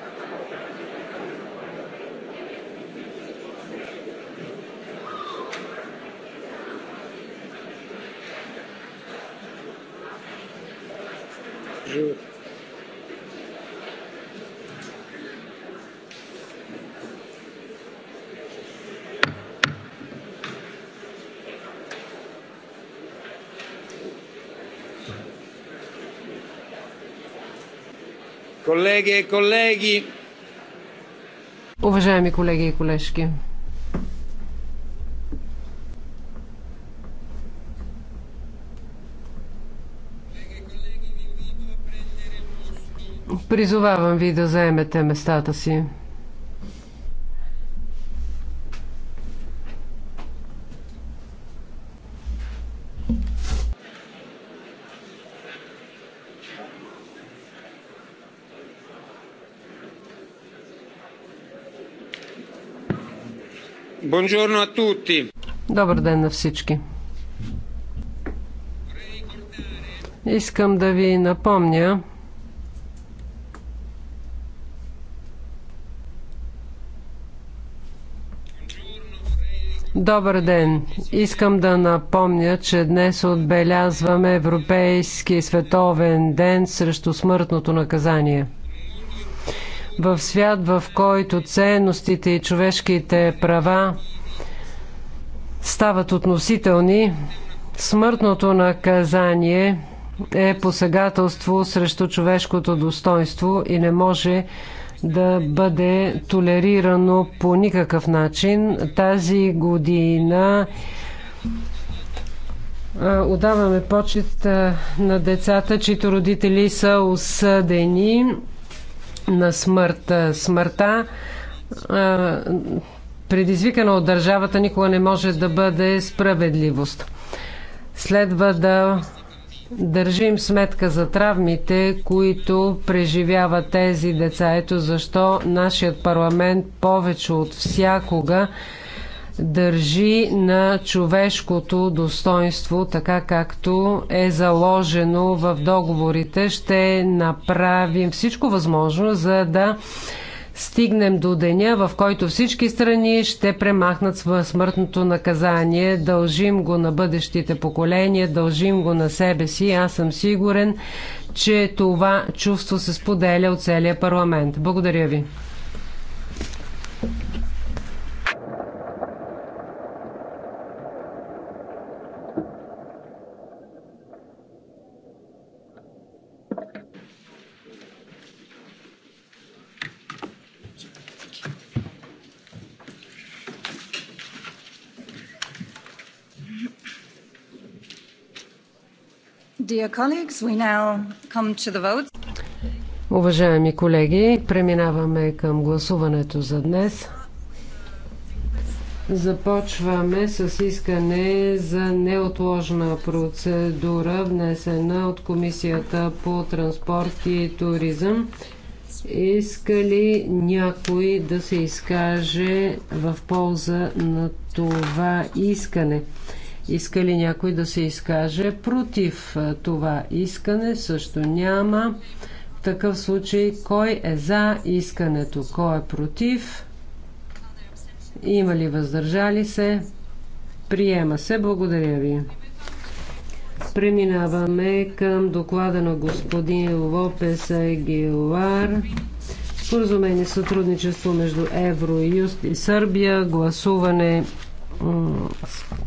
Колеги и колеги! Уважаеми колеги и колежки! Призовавам ви да заемете местата си. Buongiorno a tutti. Добър ден на всички. Искам да ви напомня, Добър ден! Искам да напомня, че днес отбелязваме Европейски световен ден срещу смъртното наказание. В свят, в който ценностите и човешките права стават относителни. Смъртното наказание е посегателство срещу човешкото достоинство и не може да бъде толерирано по никакъв начин. Тази година отдаваме почет на децата, чието родители са осъдени на смърт. Смъртта предизвикана от държавата, никога не може да бъде справедливост. Следва да държим сметка за травмите, които преживяват тези деца. Ето защо нашият парламент повече от всякога държи на човешкото достоинство, така както е заложено в договорите. Ще направим всичко възможно, за да стигнем до деня, в който всички страни ще премахнат смъртното наказание. Дължим го на бъдещите поколения, дължим го на себе си. Аз съм сигурен, че това чувство се споделя от целия парламент. Благодаря ви. Уважаеми колеги, преминаваме към гласуването за днес. Започваме с искане за неотложна процедура, внесена от Комисията по транспорт и туризъм. Иска ли някой да се изкаже в полза на това искане? Иска ли някой да се изкаже против това искане? Също няма. В такъв случай, кой е за искането? Кой е против? Има ли въздържали се? Приема се. Благодаря ви. Преминаваме към доклада на господин Лопес Агилар. Споразумение сътрудничество между Евроюст и Сърбия. Гласуване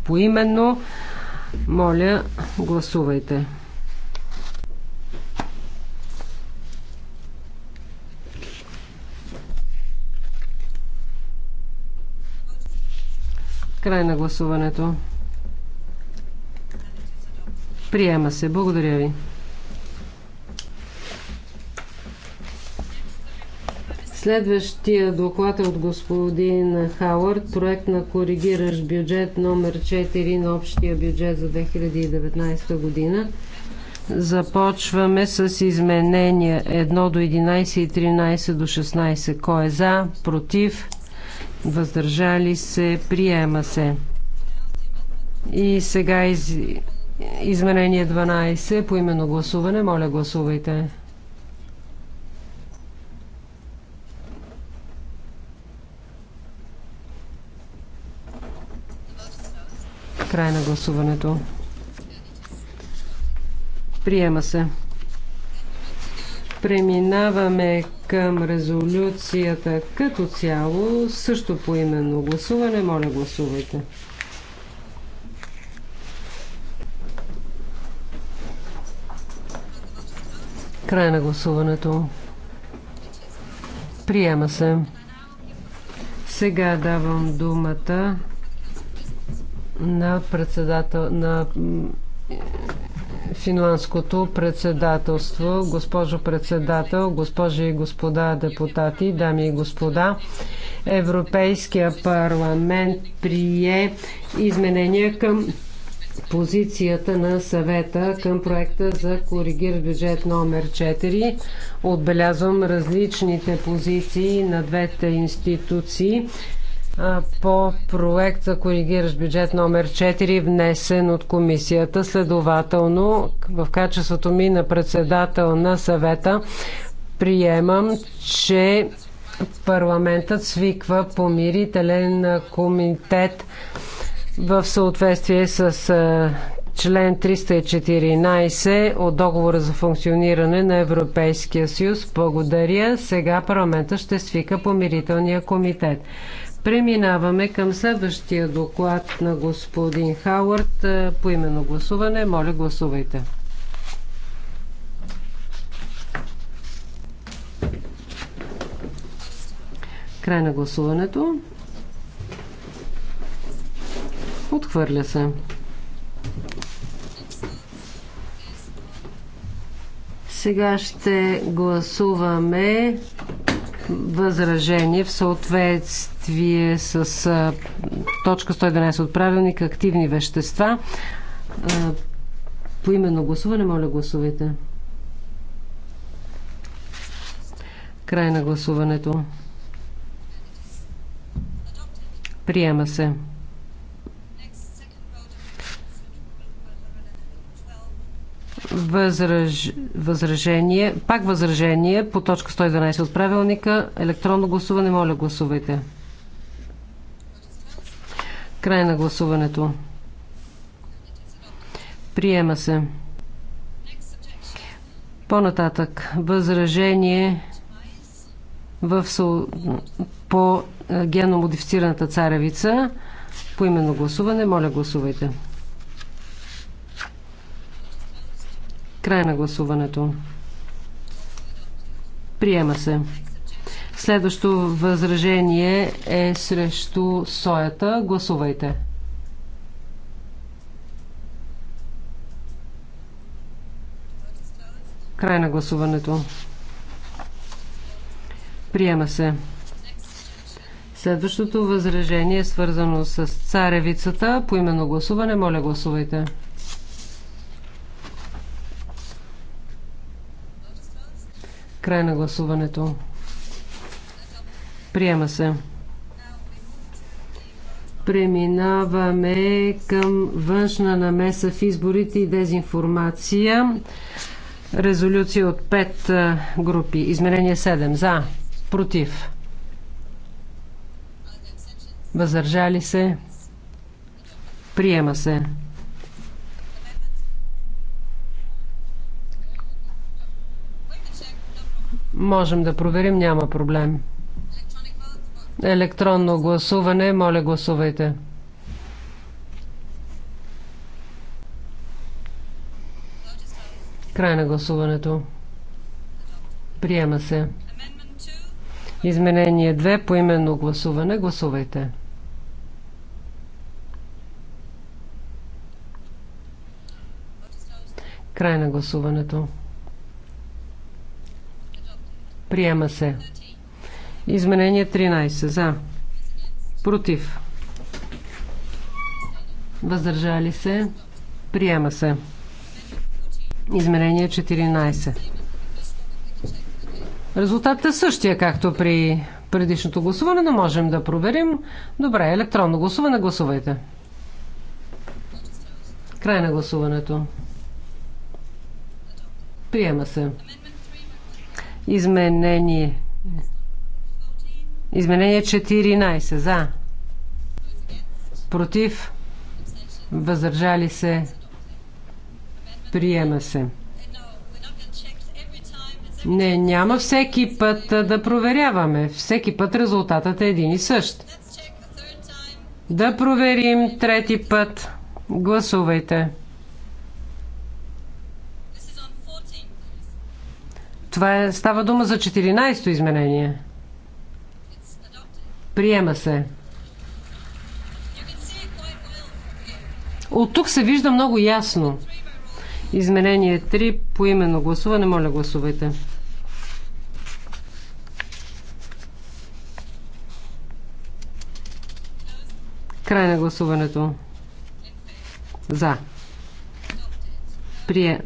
поименно. Моля, гласувайте. Край на гласуването. Приема се. Благодаря ви. Следващия доклад е от господин Хауърд, проект на коригиращ бюджет номер 4 на общия бюджет за 2019 година. Започваме с изменения 1 до 11 и 13 до 16. Кой е за? Против? Въздържали се? Приема се. И сега из... изменение 12 по именно гласуване. Моля, гласувайте. Край на гласуването. Приема се. Преминаваме към резолюцията като цяло, също по именно гласуване. Моля, гласувайте. Край на гласуването. Приема се. Сега давам думата на, председател, на финландското председателство. Госпожо председател, госпожи и господа депутати, дами и господа, Европейския парламент прие изменения към позицията на съвета към проекта за коригир бюджет номер 4. Отбелязвам различните позиции на двете институции по проект за коригираш бюджет номер 4, внесен от комисията. Следователно, в качеството ми на председател на съвета, приемам, че парламентът свиква помирителен комитет в съответствие с член 314 от договора за функциониране на Европейския съюз. Благодаря. Сега парламента ще свика помирителния комитет. Преминаваме към следващия доклад на господин Хауърд е, по именно гласуване. Моля, гласувайте. Край на гласуването. Отхвърля се. Сега ще гласуваме възражение в съответствие действие с точка 111 от правилника активни вещества. По именно гласуване, моля гласувайте. Край на гласуването. Приема се. Възраж... Възражение. Пак възражение по точка 111 от правилника. Електронно гласуване. Моля, гласувайте. Край на гласуването. Приема се. По-нататък. Възражение в, по е, геномодифицираната царевица. По именно гласуване. Моля, гласувайте. Край на гласуването. Приема се. Следващо възражение е срещу соята. Гласувайте. Край на гласуването. Приема се. Следващото възражение е свързано с царевицата. По именно гласуване, моля гласувайте. Край на гласуването. Приема се. Преминаваме към външна намеса в изборите и дезинформация. Резолюция от 5 групи. Измерение 7. За. Против. Възържали се. Приема се. Можем да проверим, няма проблем електронно гласуване. Моля, гласувайте. Край на гласуването. Приема се. Изменение 2 по именно гласуване. Гласувайте. Край на гласуването. Приема се. Изменение 13. За. Против. Въздържали се. Приема се. Изменение 14. Резултатът е същия, както при предишното гласуване, но можем да проверим. Добре, електронно гласуване, гласувайте. Край на гласуването. Приема се. Изменение Изменение 14. За. Против. Въздържали се. Приема се. Не, няма всеки път да проверяваме. Всеки път резултатът е един и същ. Да проверим трети път. Гласувайте. Това е, става дума за 14-то изменение. Приема се. От тук се вижда много ясно. Изменение 3 по именно гласуване. Моля, гласувайте. Край на гласуването. За. Прие...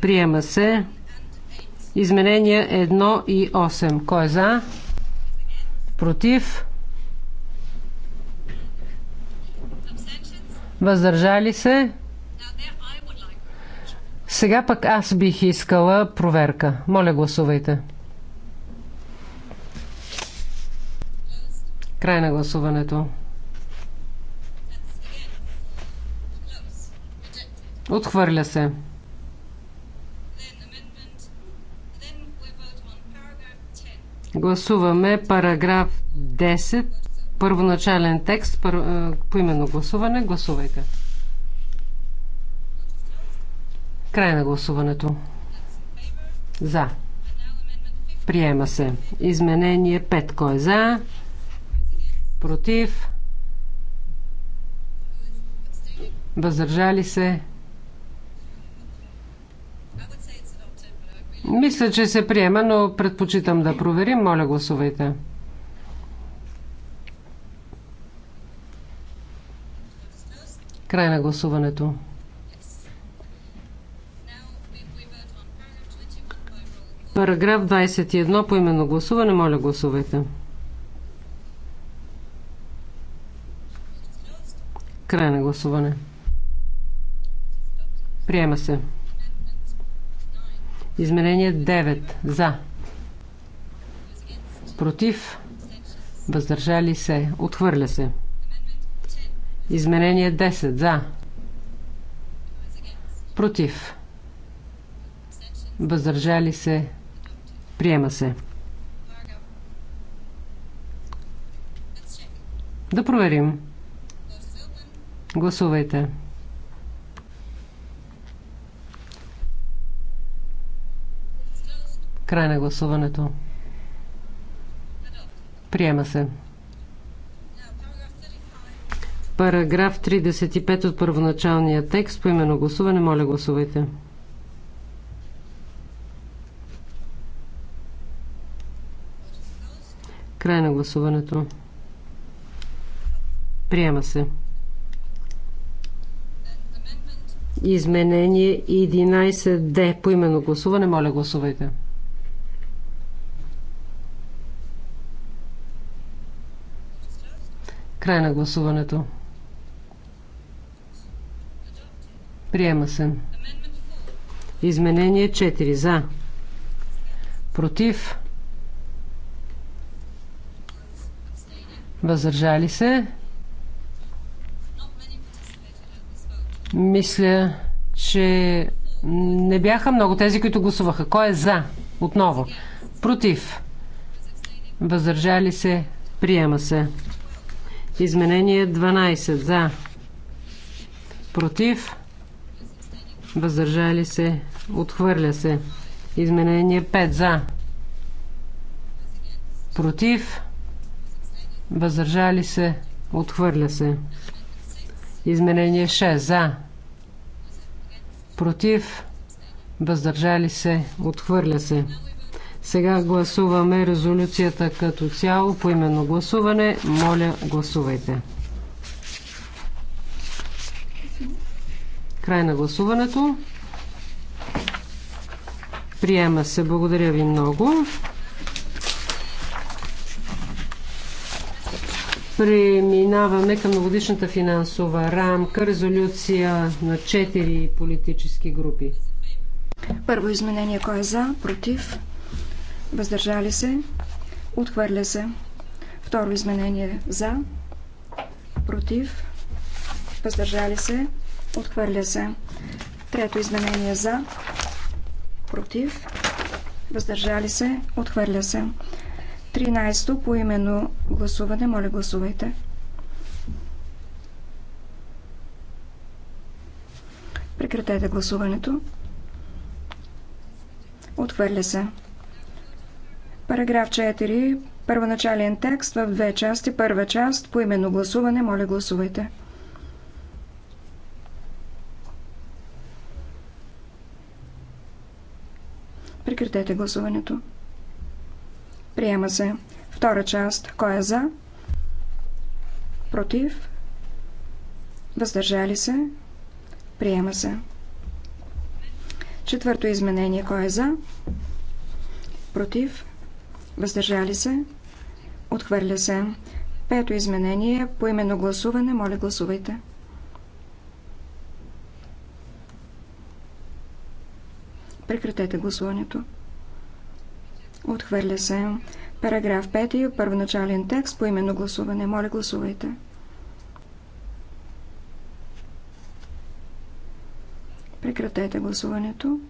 Приема се. Изменения 1 и 8. Кой е за? Против? Въздържали се? Сега пък аз бих искала проверка. Моля, гласувайте. Край на гласуването. Отхвърля се. Гласуваме параграф 10 първоначален текст, пър, е, по именно гласуване. Гласувайте. Край на гласуването. За. Приема се. Изменение 5. Кой е за? Против? Въздържали се? Мисля, че се приема, но предпочитам да проверим. Моля, гласувайте. Край на гласуването. Параграф 21 по именно гласуване. Моля, гласувайте. Край на гласуване. Приема се. Изменение 9. За. Против. Въздържали се. Отхвърля се. Изменение 10. За. Против. Въздържали се. Приема се. Да проверим. Гласувайте. Край на гласуването. Приема се. Параграф 35 от първоначалния текст. По именно гласуване, моля гласувайте. Край на гласуването. Приема се. Изменение 11D. По именно гласуване, моля гласувайте. Край на гласуването. Приема се. Изменение 4. За. Против. Въздържали се. Мисля, че не бяха много тези, които гласуваха. Кой е за? Отново. Против. Въздържали се. Приема се. Изменение 12. За. Против въздържали се, отхвърля се. Изменение 5 за, против, въздържали се, отхвърля се. Изменение 6 за, против, въздържали се, отхвърля се. Сега гласуваме резолюцията като цяло по именно гласуване. Моля, гласувайте. Край на гласуването. Приема се. Благодаря ви много. Преминаваме към многодишната финансова рамка, резолюция на 4 политически групи. Първо изменение. Кой е за? Против? Въздържали се? Отхвърля се. Второ изменение. За? Против? Въздържали се? Отхвърля се. Трето изменение за. Против. Въздържали се. Отхвърля се. 13-то по именно гласуване. Моля, гласувайте. Прекратете гласуването. Отхвърля се. Параграф 4. Първоначален текст в две части. Първа част по именно гласуване. Моля, гласувайте. Прекратете гласуването. Приема се. Втора част. Кой е за? Против? Въздържали се? Приема се. Четвърто изменение. Кой е за? Против? Въздържали се? Отхвърля се. Пето изменение. По именно гласуване. Моля гласувайте. Прекратете гласуването. Отхвърля се. Параграф 5. Първоначален текст по именно гласуване. Моля, гласувайте. Прекратете гласуването.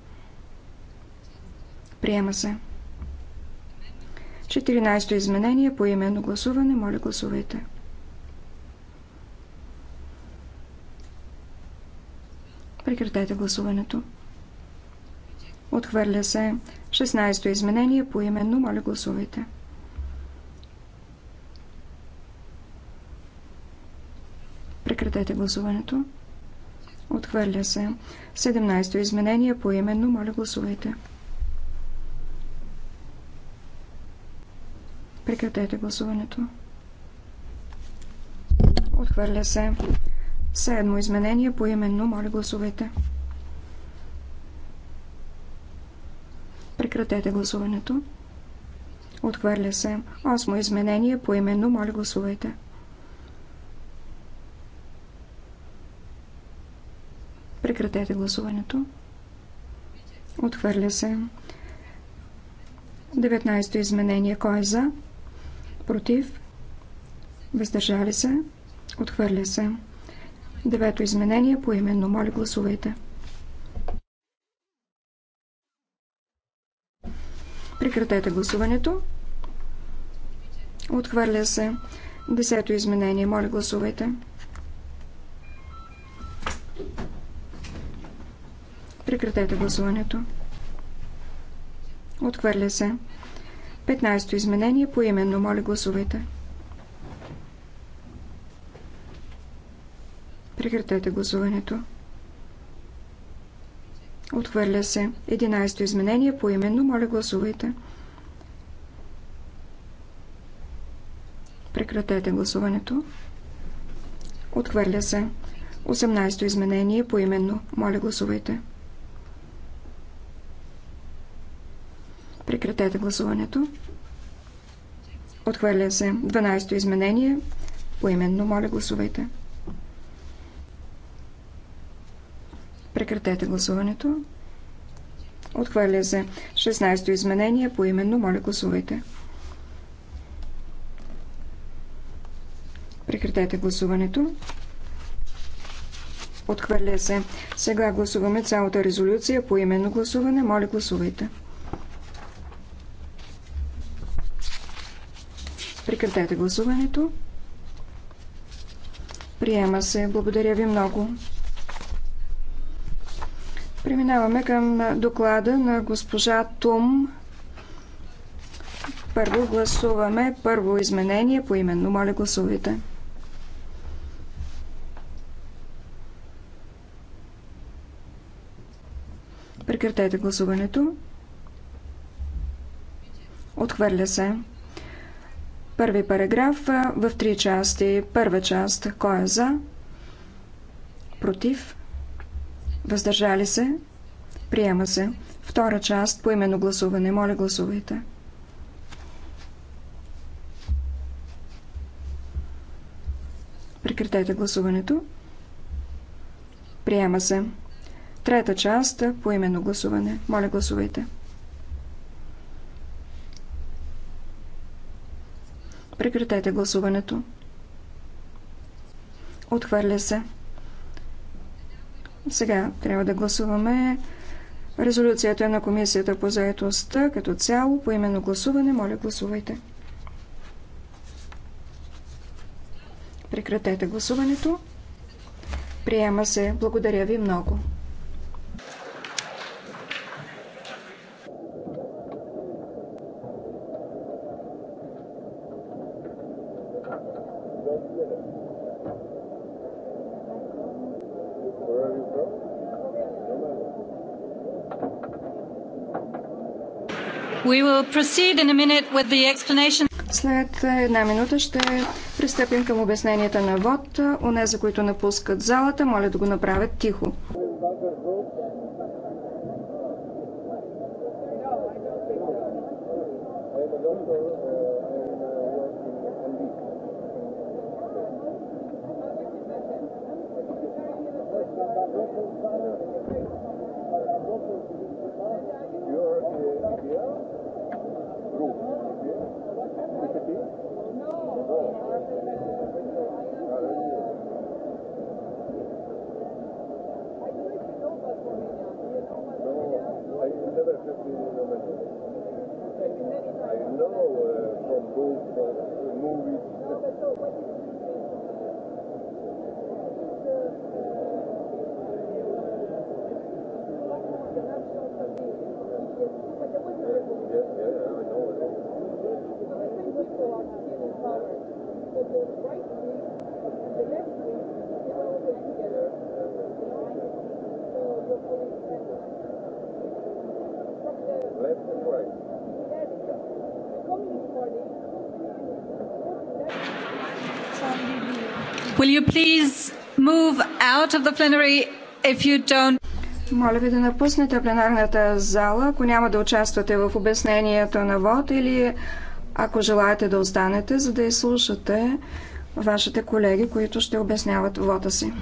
Приема се. 14-то изменение по именно гласуване. Моля, гласувайте. Прекратете гласуването. Отхвърля се. 16-то изменение по именно. Моля гласувайте. Прекратете гласуването. Отхвърля се. 17-то изменение по именно. Моля гласувайте. Прекратете гласуването. Отхвърля се. Седмо изменение по именно. Моля гласувайте. Прекратете гласуването. Отхвърля се. Осмо изменение по именно. Моля гласувайте. Прекратете гласуването. Отхвърля се. 19-то изменение. Кой е за? Против? Въздържали се? Отхвърля се. Девето изменение по именно. Моля гласувайте. Прекратете гласуването. Отхвърля се. Десето изменение. Моля, гласувайте. Прекратете гласуването. Отхвърля се. 15-то изменение по именно. Моля, гласувайте. Прекратете гласуването. Отхвърля се. 11-то изменение по именно. Моля гласувайте. Прекратете гласуването. Отхвърля се. 18-то изменение по именно. Моля гласувайте. Прекратете гласуването. Отхвърля се. 12-то изменение. Поименно, моля гласувайте. Прекратете гласуването. Отхвърля се. 16-то изменение по именно. Моля, гласувайте. Прекратете гласуването. Отхвърля се. Сега гласуваме цялата резолюция по именно гласуване. Моля, гласувайте. Прекратете гласуването. Приема се. Благодаря ви много. Преминаваме към доклада на госпожа Тум. Първо гласуваме първо изменение по именно. Моля, гласувайте. Прекратете гласуването. Отхвърля се. Първи параграф в три части. Първа част. Кой е за? Против? Въздържали се? Приема се. Втора част по именно гласуване. Моля, гласувайте. Прекратете гласуването. Приема се. Трета част по именно гласуване. Моля, гласувайте. Прекратете гласуването. Отхвърля се. Сега трябва да гласуваме резолюцията на Комисията по заедостта като цяло. По именно гласуване, моля гласувайте. Прекратете гласуването. Приема се. Благодаря ви много. След една минута ще пристъпим към обясненията на ВОД. Онези, които напускат залата, моля да го направят тихо. plenary, Моля ви да напуснете пленарната зала, ако няма да участвате в обяснението на вод или ако желаете да останете, за да изслушате вашите колеги, които ще обясняват вода си.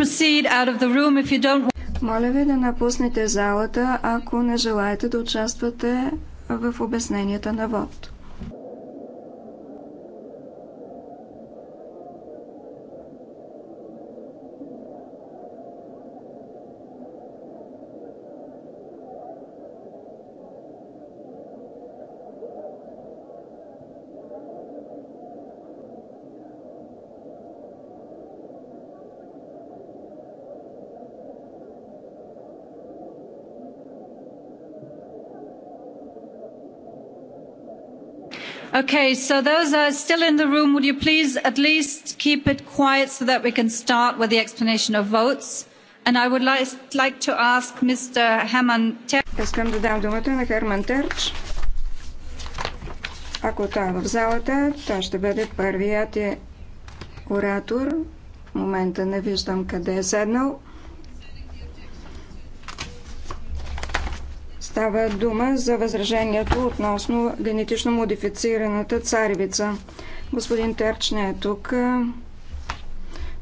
proceed out of the room if you don't... Моля ви да напуснете залата, ако не желаете да участвате в обясненията на вод. Okay, so those are still in the room, would you please at least keep it quiet so that we can start with the explanation of votes? And I would like, like to ask Mr. Herman Terch. to да дам думата Ако той е в залата, той ще бъде първият оратор. В момента не виждам къде е седнал. Става дума за възражението относно генетично модифицираната царевица. Господин Терч не е тук,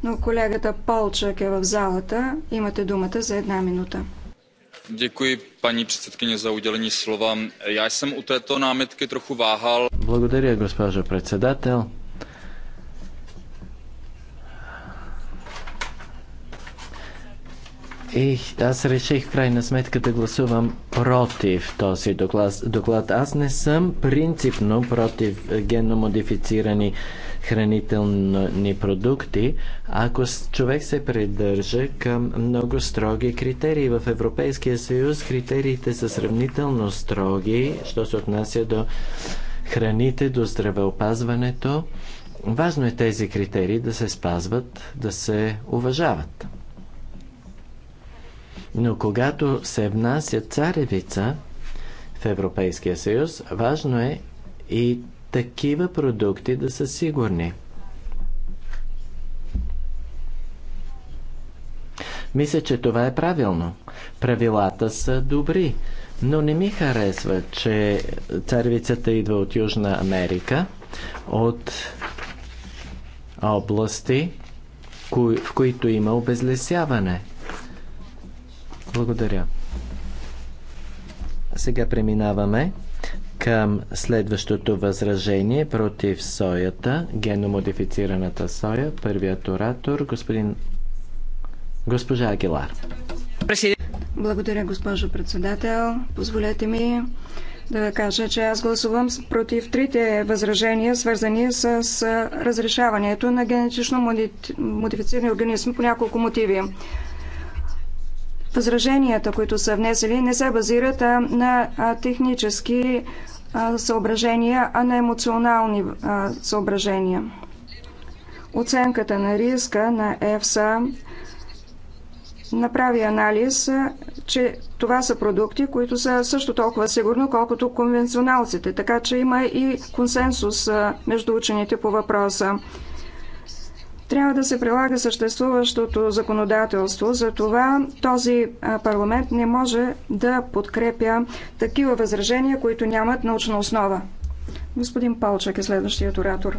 но колегата Полчък е в залата. Имате думата за една минута. Děkuji paní předsedkyně za udělení slova. Já jsem u této námitky trochu váhal. Благодаря, госпожа председател. И аз реших в крайна сметка да гласувам против този доклад. доклад. Аз не съм принципно против генномодифицирани модифицирани хранителни продукти, ако човек се придържа към много строги критерии. В Европейския съюз критериите са сравнително строги, що се отнася до храните, до здравеопазването. Важно е тези критерии да се спазват, да се уважават. Но когато се внася царевица в Европейския съюз, важно е и такива продукти да са сигурни. Мисля, че това е правилно. Правилата са добри, но не ми харесва, че царевицата идва от Южна Америка, от области, в които има обезлесяване – благодаря. Сега преминаваме към следващото възражение против соята, геномодифицираната соя. Първият оратор, господин... госпожа Агилар. Благодаря, госпожо председател. Позволете ми да кажа, че аз гласувам против трите възражения, свързани с разрешаването на генетично модифицирани организми по няколко мотиви възраженията, които са внесели, не се базират на технически съображения, а на емоционални съображения. Оценката на риска на ЕФСА направи анализ, че това са продукти, които са също толкова сигурно, колкото конвенционалците. Така че има и консенсус между учените по въпроса. Трябва да се прилага съществуващото законодателство, затова този парламент не може да подкрепя такива възражения, които нямат научна основа. Господин Палчак е следващият оратор.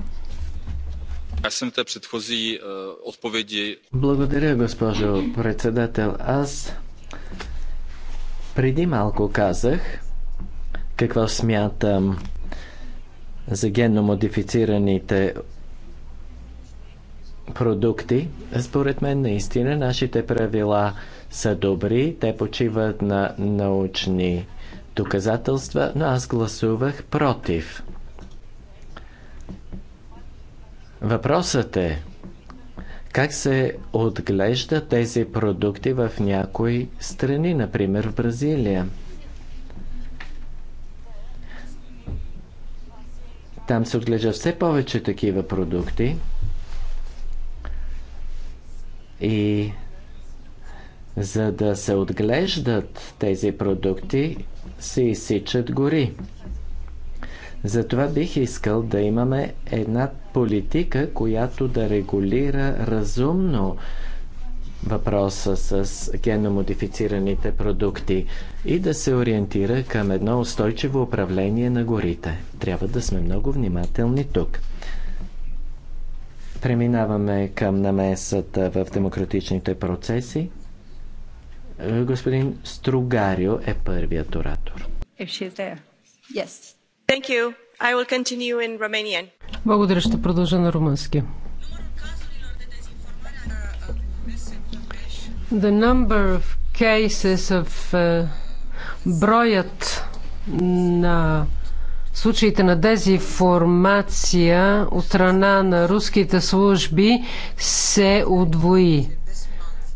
Аз съм те предходни отповеди. Благодаря, госпожо председател. Аз преди малко казах какво смятам за генно модифицираните продукти. Според мен наистина нашите правила са добри, те почиват на научни доказателства, но аз гласувах против. Въпросът е как се отглеждат тези продукти в някои страни, например в Бразилия. Там се отглеждат все повече такива продукти – и за да се отглеждат тези продукти, се изсичат гори. Затова бих искал да имаме една политика, която да регулира разумно въпроса с геномодифицираните продукти и да се ориентира към едно устойчиво управление на горите. Трябва да сме много внимателни тук. Преминаваме към намесата в демократичните процеси. Господин Стругарио е първият оратор. Благодаря, ще продължа на румънски. The number of cases of uh, броят на Случаите на дезинформация от страна на руските служби се удвои.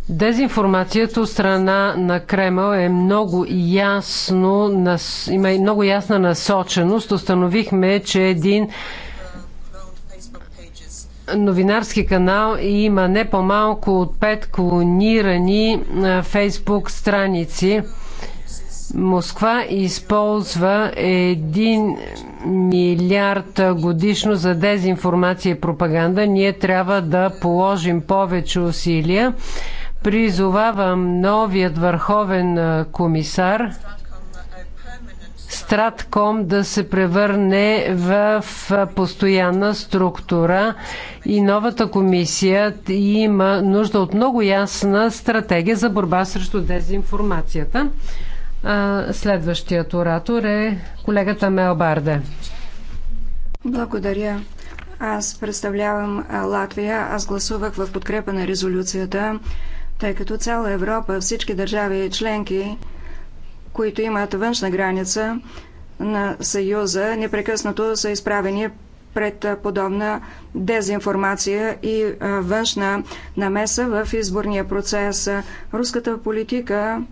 Дезинформацията от страна на Кремъл е много ясно, има и много ясна насоченост. Установихме, че един новинарски канал има не по-малко от пет клонирани фейсбук страници. Москва използва 1 милиард годишно за дезинформация и пропаганда. Ние трябва да положим повече усилия. Призовавам новият върховен комисар Стратком да се превърне в постоянна структура и новата комисия има нужда от много ясна стратегия за борба срещу дезинформацията. Следващият оратор е колегата Мел Барде. Благодаря. Аз представлявам Латвия. Аз гласувах в подкрепа на резолюцията, тъй като цяла Европа, всички държави и членки, които имат външна граница на Съюза, непрекъснато са изправени пред подобна дезинформация и външна намеса в изборния процес. Руската политика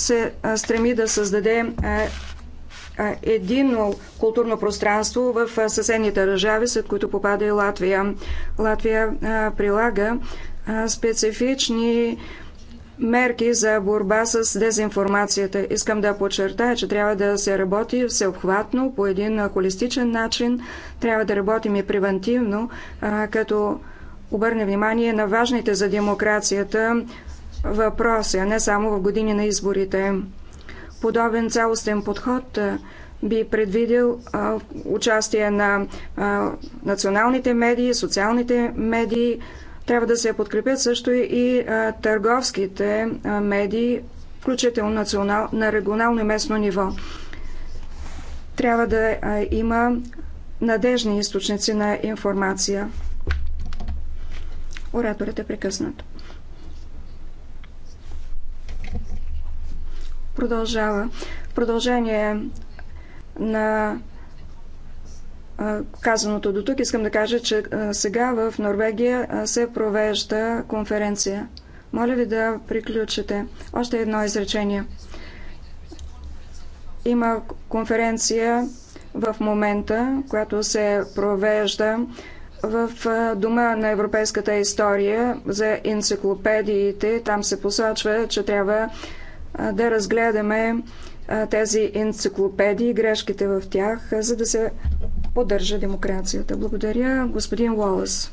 се стреми да създаде единно културно пространство в съседните държави, след които попада и Латвия. Латвия прилага специфични мерки за борба с дезинформацията. Искам да подчертая, че трябва да се работи всеобхватно, по един холистичен начин. Трябва да работим и превентивно, като обърне внимание на важните за демокрацията въпроси, а не само в години на изборите. Подобен цялостен подход би предвидил а, участие на а, националните медии, социалните медии. Трябва да се подкрепят също и а, търговските а, медии, включително национал, на регионално и местно ниво. Трябва да а, има надежни източници на информация. Ораторът е прекъснат. продължава. В продължение на казаното до тук, искам да кажа, че сега в Норвегия се провежда конференция. Моля ви да приключите. Още едно изречение. Има конференция в момента, която се провежда в Дома на европейската история за енциклопедиите. Там се посочва, че трябва да разгледаме тези енциклопедии, грешките в тях, за да се поддържа демокрацията. Благодаря, господин Уолъс.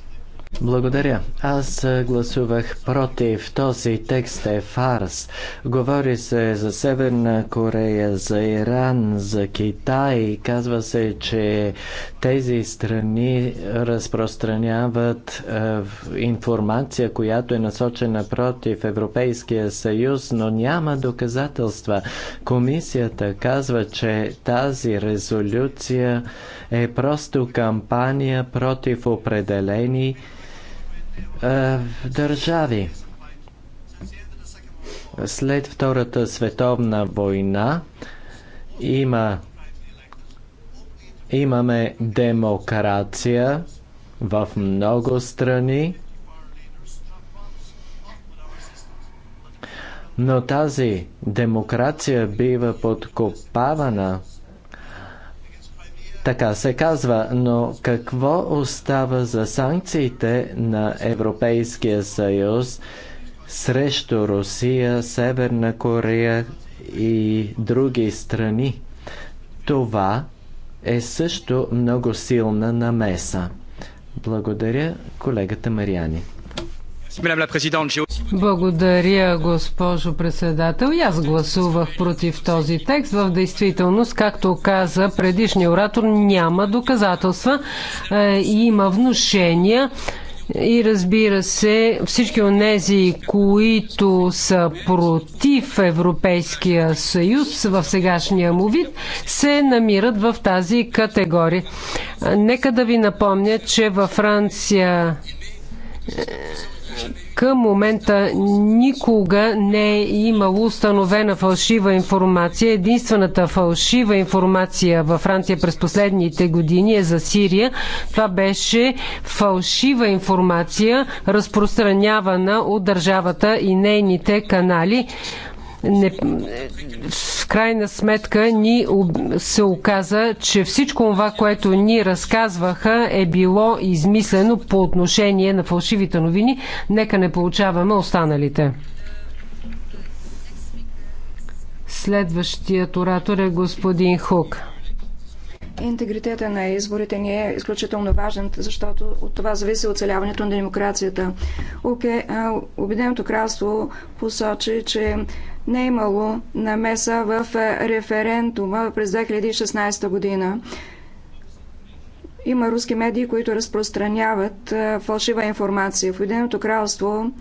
Благодаря. Аз гласувах против. Този текст е фарс. Говори се за Северна Корея, за Иран, за Китай. Казва се, че тези страни разпространяват е, информация, която е насочена против Европейския съюз, но няма доказателства. Комисията казва, че тази резолюция е просто кампания против определени е, държави. След Втората световна война има, имаме демокрация в много страни, но тази демокрация бива подкопавана – така се казва, но какво остава за санкциите на Европейския съюз срещу Русия, Северна Корея и други страни? Това е също много силна намеса. Благодаря колегата Мариани. Благодаря, госпожо председател. И аз гласувах против този текст. В действителност, както каза предишния оратор, няма доказателства. Е, има внушения. И разбира се, всички от тези, които са против Европейския съюз в сегашния му вид, се намират в тази категория. Нека да ви напомня, че във Франция към момента никога не е имало установена фалшива информация. Единствената фалшива информация във Франция през последните години е за Сирия. Това беше фалшива информация, разпространявана от държавата и нейните канали не, в крайна сметка ни се оказа, че всичко това, което ни разказваха, е било измислено по отношение на фалшивите новини. Нека не получаваме останалите. Следващият оратор е господин Хук. Интегритета на изборите ни е изключително важен, защото от това зависи оцеляването на демокрацията. Обединеното кралство посочи, че не е имало намеса в е, референдума през 2016 година. Има руски медии, които разпространяват е, фалшива информация. В Единеното кралство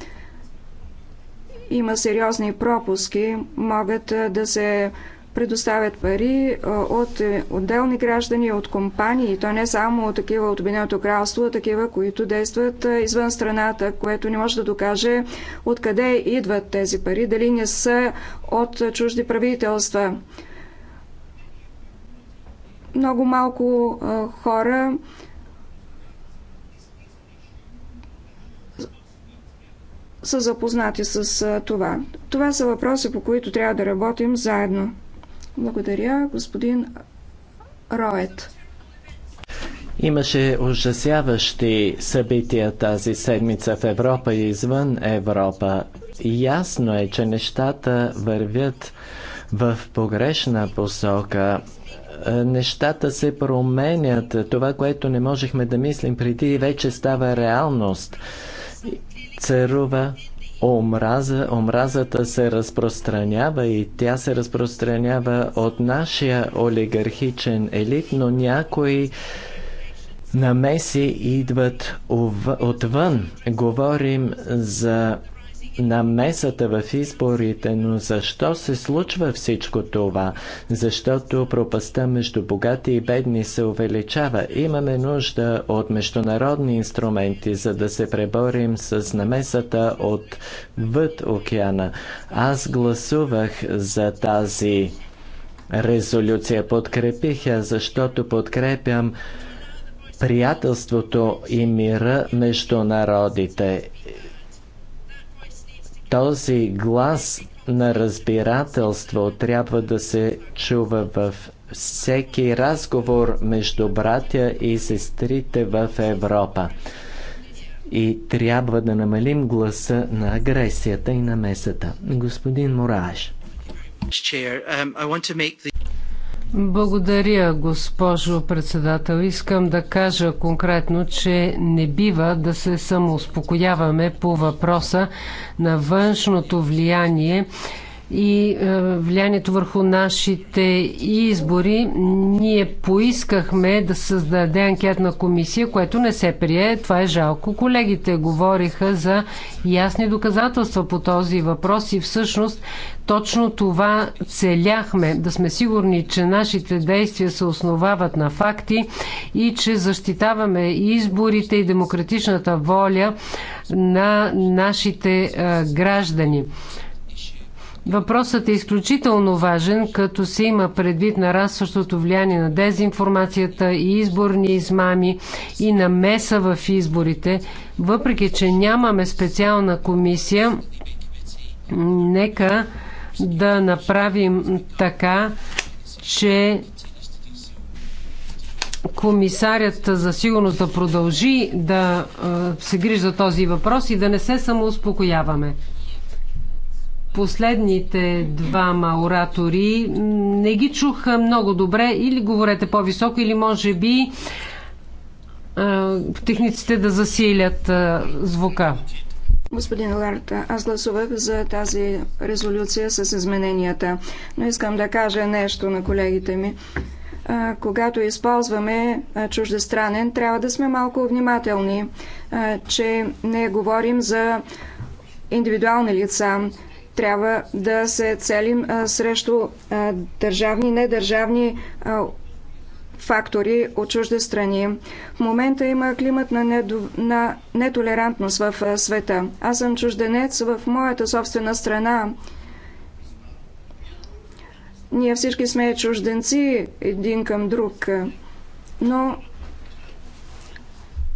има сериозни пропуски, могат е, да се предоставят пари от е, отделни граждани, от компании, то не само от такива от Обединеното кралство, а такива, които действат извън страната, което не може да докаже откъде идват тези пари, дали не са от чужди правителства. Много малко хора са запознати с това. Това са въпроси, по които трябва да работим заедно. Благодаря, господин Роет. Имаше ужасяващи събития тази седмица в Европа и извън Европа. Ясно е, че нещата вървят в погрешна посока. Е, нещата се променят. Това, което не можехме да мислим преди, вече става реалност. Царува омраза, омразата се разпространява и тя се разпространява от нашия олигархичен елит, но някои намеси идват отвън. Говорим за намесата в изборите, но защо се случва всичко това? Защото пропаста между богати и бедни се увеличава. Имаме нужда от международни инструменти, за да се преборим с намесата от въд океана. Аз гласувах за тази резолюция. Подкрепих я, защото подкрепям приятелството и мира между народите. Този глас на разбирателство трябва да се чува в всеки разговор между братя и сестрите в Европа. И трябва да намалим гласа на агресията и на месата. Господин Мураш. Благодаря, госпожо председател. Искам да кажа конкретно, че не бива да се самоуспокояваме по въпроса на външното влияние и е, влиянието върху нашите избори. Ние поискахме да създаде анкетна комисия, което не се прие. Това е жалко. Колегите говориха за ясни доказателства по този въпрос и всъщност точно това целяхме. Да сме сигурни, че нашите действия се основават на факти и че защитаваме изборите и демократичната воля на нашите е, граждани. Въпросът е изключително важен, като се има предвид на разсъщото влияние на дезинформацията и изборни измами и на меса в изборите. Въпреки, че нямаме специална комисия, нека да направим така, че комисарят за сигурност да продължи да се грижи за този въпрос и да не се самоуспокояваме. Последните двама оратори не ги чух много добре. Или говорете по-високо, или може би техниците да засилят звука. Господин Ларта, аз гласувах за тази резолюция с измененията, но искам да кажа нещо на колегите ми. Когато използваме чуждестранен, трябва да сме малко внимателни, че не говорим за индивидуални лица, трябва да се целим срещу държавни и недържавни фактори от чужди страни. В момента има климат на, недо... на нетолерантност в света. Аз съм чужденец в моята собствена страна. Ние всички сме чужденци един към друг. Но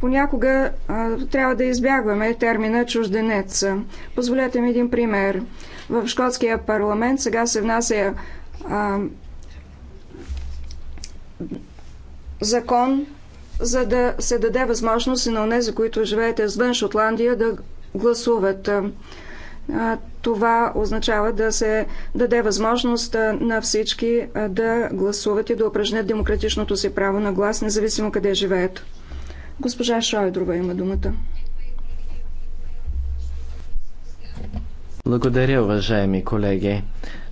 Понякога а, трябва да избягваме термина чужденец. Позволете ми един пример. В шкотския парламент сега се внася а, закон, за да се даде възможност и на онези, които живеете извън Шотландия, да гласуват. Това означава да се даде възможност на всички да гласуват и да упражнят демократичното си право на глас, независимо къде живеят. Госпожа Шойдрова има думата. Благодаря, уважаеми колеги.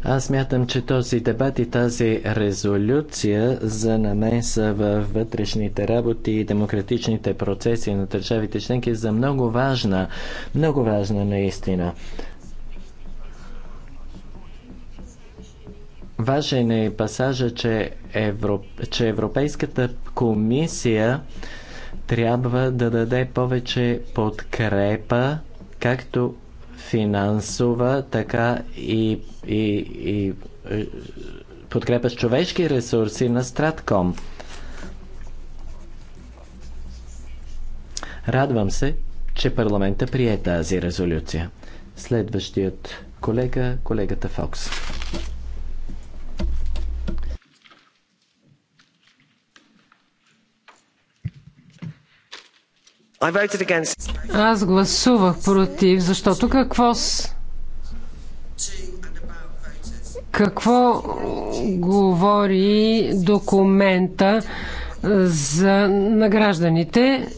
Аз мятам, че този дебат и тази резолюция за намеса в вътрешните работи и демократичните процеси на държавите членки е за много важна, много важна наистина. Важен е пасажа, че, Европ... че Европейската комисия трябва да даде повече подкрепа, както финансова, така и, и, и е, подкрепа с човешки ресурси на Стратком. Радвам се, че парламента прие тази резолюция. Следващият колега, колегата Фокс. Аз гласувах против, защото какво с... Какво говори документа е, за на гражданите?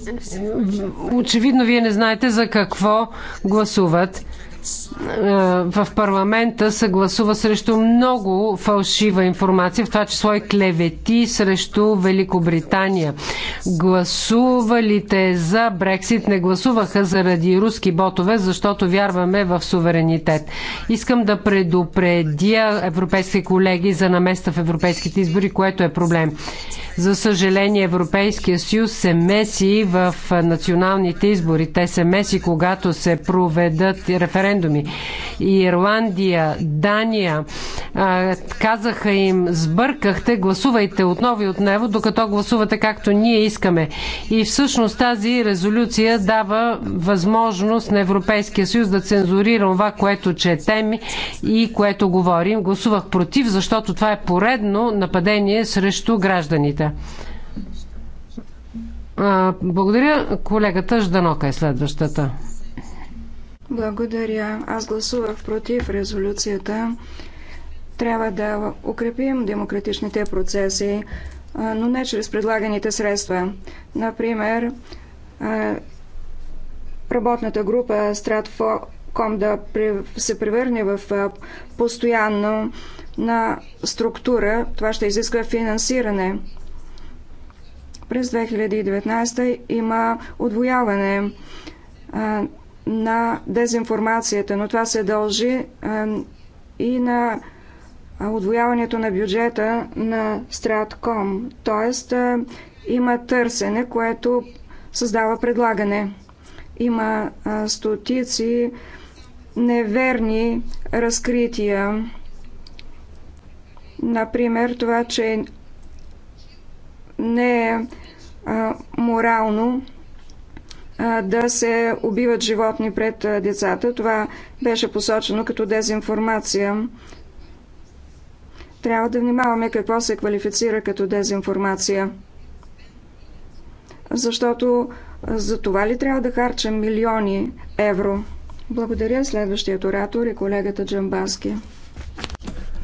Очевидно вие не знаете за какво гласуват. Е, в парламента се гласува срещу много фалшива информация, в това число и клевети срещу Великобритания. Гласувалите за Брексит не гласуваха заради руски ботове, защото вярваме в суверенитет. Искам да предупредя европейски колеги за наместа в европейските избори, което е проблем. За съжаление, Европейския съюз се меси в националните избори. Те се меси, когато се проведат референдуми референдуми. Ирландия, Дания а, казаха им сбъркахте, гласувайте отново и отново, докато гласувате както ние искаме. И всъщност тази резолюция дава възможност на Европейския съюз да цензурира това, което четем и което говорим. Гласувах против, защото това е поредно нападение срещу гражданите. Благодаря. Колегата Жданока е следващата. Благодаря. Аз гласувах против резолюцията. Трябва да укрепим демократичните процеси, но не чрез предлаганите средства. Например, работната група Стратфоком да се превърне в постоянно на структура. Това ще изисква финансиране. През 2019 има отвояване на дезинформацията, но това се дължи е, и на отвояването на бюджета на Стратком. Тоест е, има търсене, което създава предлагане. Има стотици неверни разкрития. Например, това, че не е морално да се убиват животни пред децата. Това беше посочено като дезинформация. Трябва да внимаваме какво се квалифицира като дезинформация. Защото за това ли трябва да харчам милиони евро? Благодаря. Следващият оратор е колегата Джамбаски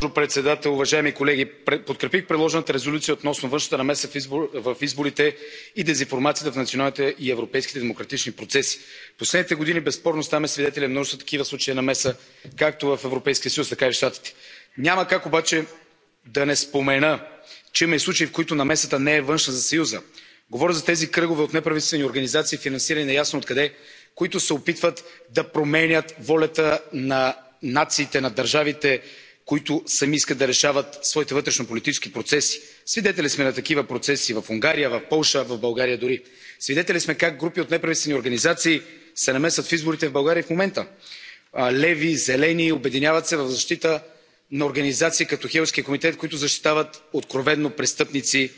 госпожо председател уважаеми колеги! подкрепих предложената резолюция относно външната намеса в изборите и дезинформацията в националните и европейските демократични процеси. в последните години безспорно ставаме свидетели на множество такива случаи на намеса както в европейския съюз така и в щатите. няма как обаче да не спомена че има и случаи в които намесата не е външна за съюза. говоря за тези кръгове от неправителствени организации финансирани неясно откъде които се опитват да променят волята на нациите на държавите които сами искат да решават своите вътрешнополитически процеси. Свидетели сме на такива процеси в Унгария, в Полша, в България дори. Свидетели сме как групи от неправителствени организации се намесват в изборите в България в момента. Леви, зелени обединяват се в защита на организации като Хелския комитет, които защитават откровено престъпници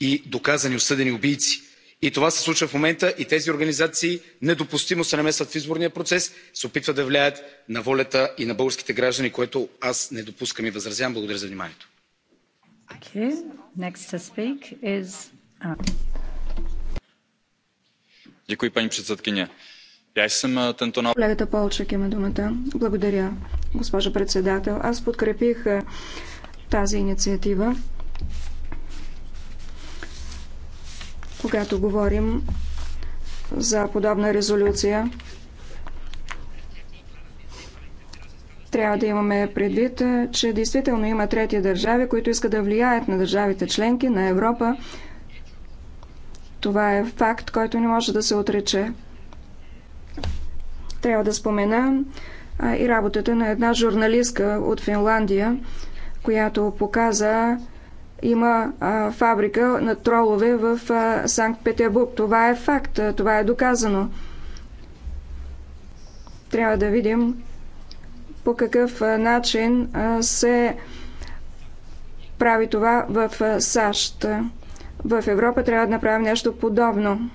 и доказани осъдени убийци и това се случва в момента и тези организации недопустимо се намесват в изборния процес и се опитват да влияят на волята и на българските граждани което аз не допускам и възразявам. благодаря за вниманието. Uh, paní předsedkyně. Já jsem eh, tento návrh... Благодаря, председател. Аз подкрепих е, тази инициатива. когато говорим за подобна резолюция. Трябва да имаме предвид, че действително има трети държави, които искат да влияят на държавите членки, на Европа. Това е факт, който не може да се отрече. Трябва да спомена и работата на една журналистка от Финландия, която показа има а, фабрика на тролове в Санкт-Петербург. Това е факт, това е доказано. Трябва да видим по какъв начин се прави това в САЩ. В Европа трябва да направим нещо подобно.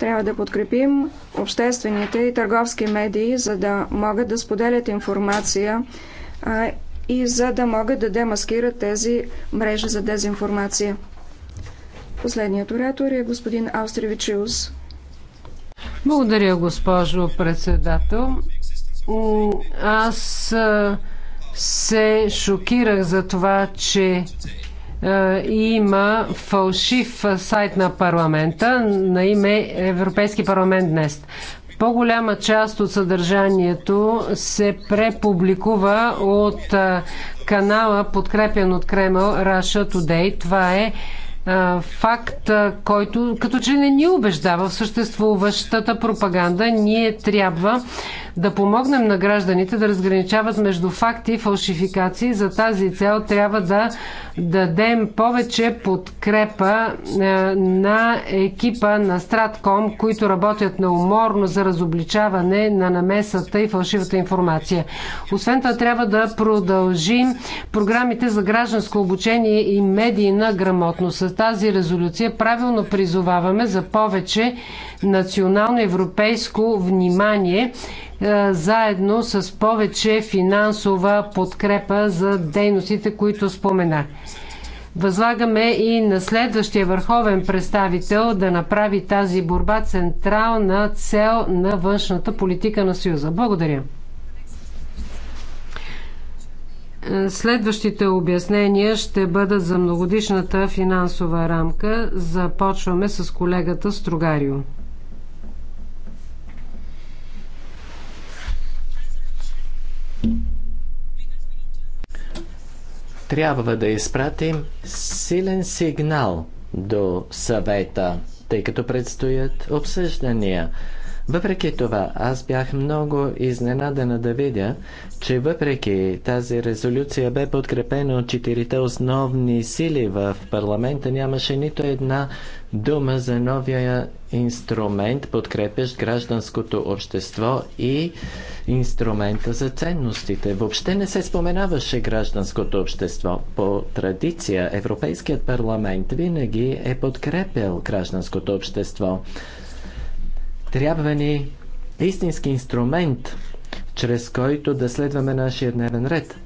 Трябва да подкрепим обществените и търговски медии, за да могат да споделят информация и за да могат да демаскират тези мрежи за дезинформация. Последният оратор е господин Аустревичиус. Благодаря, госпожо председател. Аз се шокирах за това, че има фалшив сайт на парламента на име Европейски парламент днес. По-голяма част от съдържанието се препубликува от канала, подкрепен от Кремъл, Russia Today. Това е факт, който като че не ни убеждава в съществуващата пропаганда. Ние трябва да помогнем на гражданите да разграничават между факти и фалшификации. За тази цел трябва да дадем повече подкрепа е, на екипа на Стратком, които работят неуморно за разобличаване на намесата и фалшивата информация. Освен това трябва да продължим програмите за гражданско обучение и медийна грамотност. С тази резолюция правилно призоваваме за повече национално европейско внимание е, заедно с повече финансова подкрепа за дейностите, които споменах. Възлагаме и на следващия върховен представител да направи тази борба централна цел на външната политика на Съюза. Благодаря. Е, следващите обяснения ще бъдат за многодишната финансова рамка. Започваме с колегата Строгарио. Трябва да изпратим силен сигнал до съвета, тъй като предстоят обсъждания. Въпреки това, аз бях много изненадана да видя, че въпреки тази резолюция бе подкрепена от четирите основни сили в парламента, нямаше нито една дума за новия инструмент, подкрепящ гражданското общество и инструмента за ценностите. Въобще не се споменаваше гражданското общество. По традиция Европейският парламент винаги е подкрепял гражданското общество. Трябва ни истински инструмент, чрез който да следваме нашия дневен ред.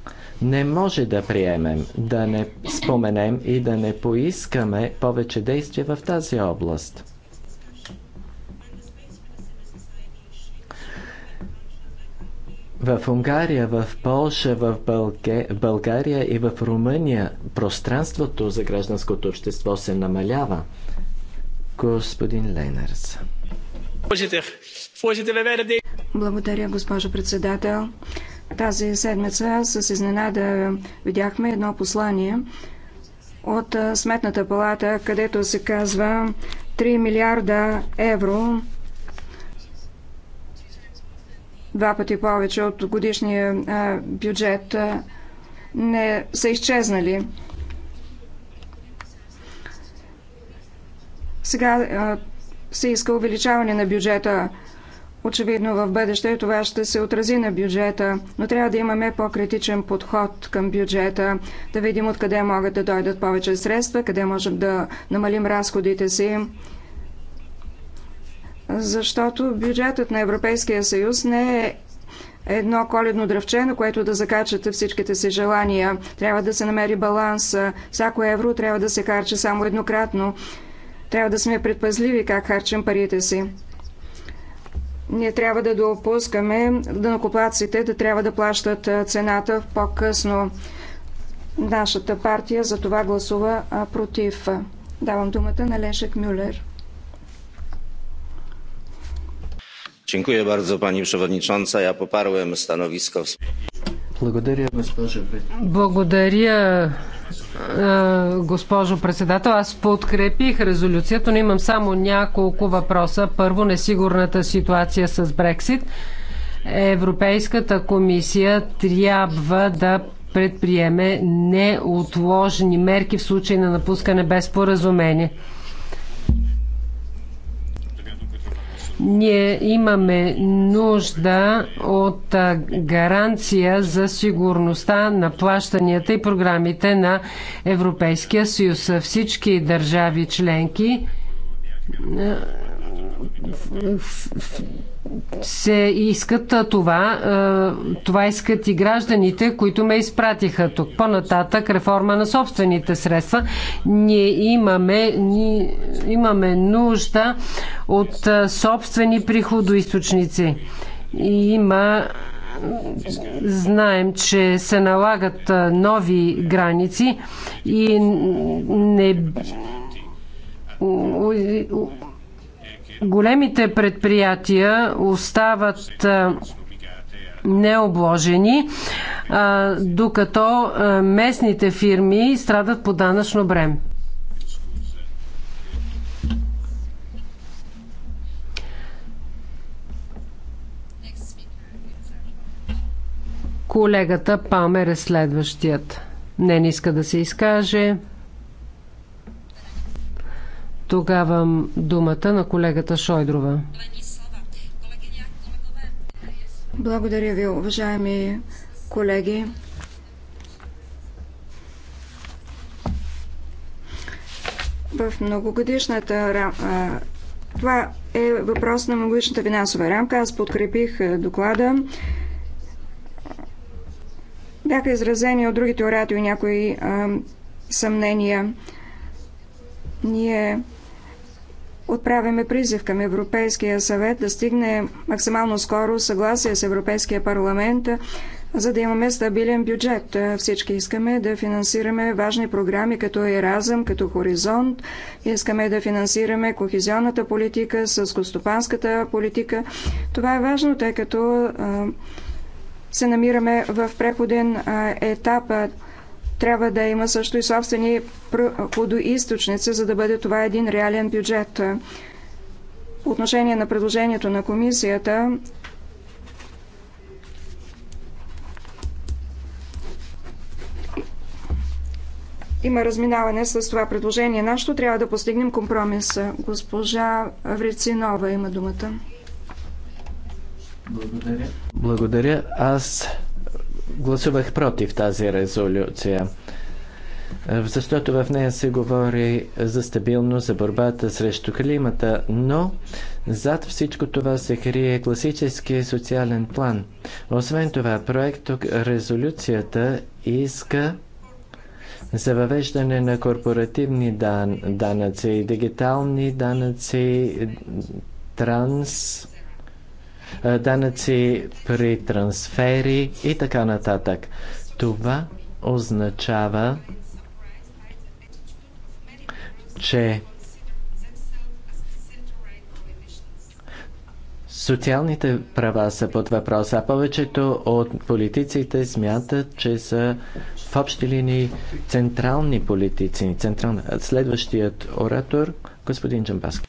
Не може да приемем, да не споменем и да не поискаме повече действия в тази област. В Унгария, в Полша, в Бълге, България и в Румъния пространството за гражданското общество се намалява. Господин Ленерс. Благодаря, госпожо председател. Тази седмица с изненада видяхме едно послание от Сметната палата, където се казва 3 милиарда евро, два пъти повече от годишния бюджет, не са изчезнали. Сега се иска увеличаване на бюджета. Очевидно в бъдеще това ще се отрази на бюджета, но трябва да имаме по-критичен подход към бюджета, да видим откъде могат да дойдат повече средства, къде можем да намалим разходите си защото бюджетът на Европейския съюз не е едно коледно дръвче, на което да закачате всичките си желания. Трябва да се намери баланс. Всяко евро трябва да се харчи само еднократно. Трябва да сме предпазливи как харчим парите си. Ние трябва да допускаме данокоплаците да трябва да плащат цената по-късно. Нашата партия за това гласува против. Давам думата на Лешек Мюлер. Dziękuję bardzo pani przewodnicząca. Ja poparłem stanowisko. Благодаря, госпожо. Благодаря, госпожо председател. Аз подкрепих резолюцията, но имам само няколко въпроса. Първо, несигурната ситуация с Брексит. Европейската комисия трябва да предприеме неотложни мерки в случай на напускане без поразумение. Ние имаме нужда от гаранция за сигурността на плащанията и програмите на Европейския съюз. Всички държави членки се искат това. Това искат и гражданите, които ме изпратиха тук. По-нататък реформа на собствените средства. Ние имаме, ние имаме нужда от собствени приходоисточници. И има знаем, че се налагат нови граници и не Големите предприятия остават необложени, докато местните фирми страдат по данъчно бреме. Колегата Памер е следващият. Не, не иска да се изкаже. Тогава думата на колегата Шойдрова. Благодаря ви, уважаеми колеги. В многогодишната рамка. Това е въпрос на многогодишната финансова рамка. Аз подкрепих доклада. Бяха изразени от другите оратори някои съмнения. Ние Отправяме призив към Европейския съвет да стигне максимално скоро съгласие с Европейския парламент, за да имаме стабилен бюджет. Всички искаме да финансираме важни програми като Еразъм, като Хоризонт. Искаме да финансираме кохезионната политика, сълскостопанската политика. Това е важно, тъй като се намираме в преходен етап. Трябва да има също и собствени водоисточници, за да бъде това един реален бюджет. По отношение на предложението на комисията, има разминаване с това предложение. Нашето трябва да постигнем компромис. Госпожа Врецинова има думата. Благодаря. Благодаря. Аз гласувах против тази резолюция, защото в нея се говори за стабилност, за борбата срещу климата, но зад всичко това се крие класически социален план. Освен това, проектът резолюцията иска за въвеждане на корпоративни дан, данъци, дигитални данъци, транс данъци при трансфери и така нататък. Това означава, че Социалните права са под въпрос, а повечето от политиците смятат, че са в общи линии централни политици. Централ... Следващият оратор, господин Джамбаски.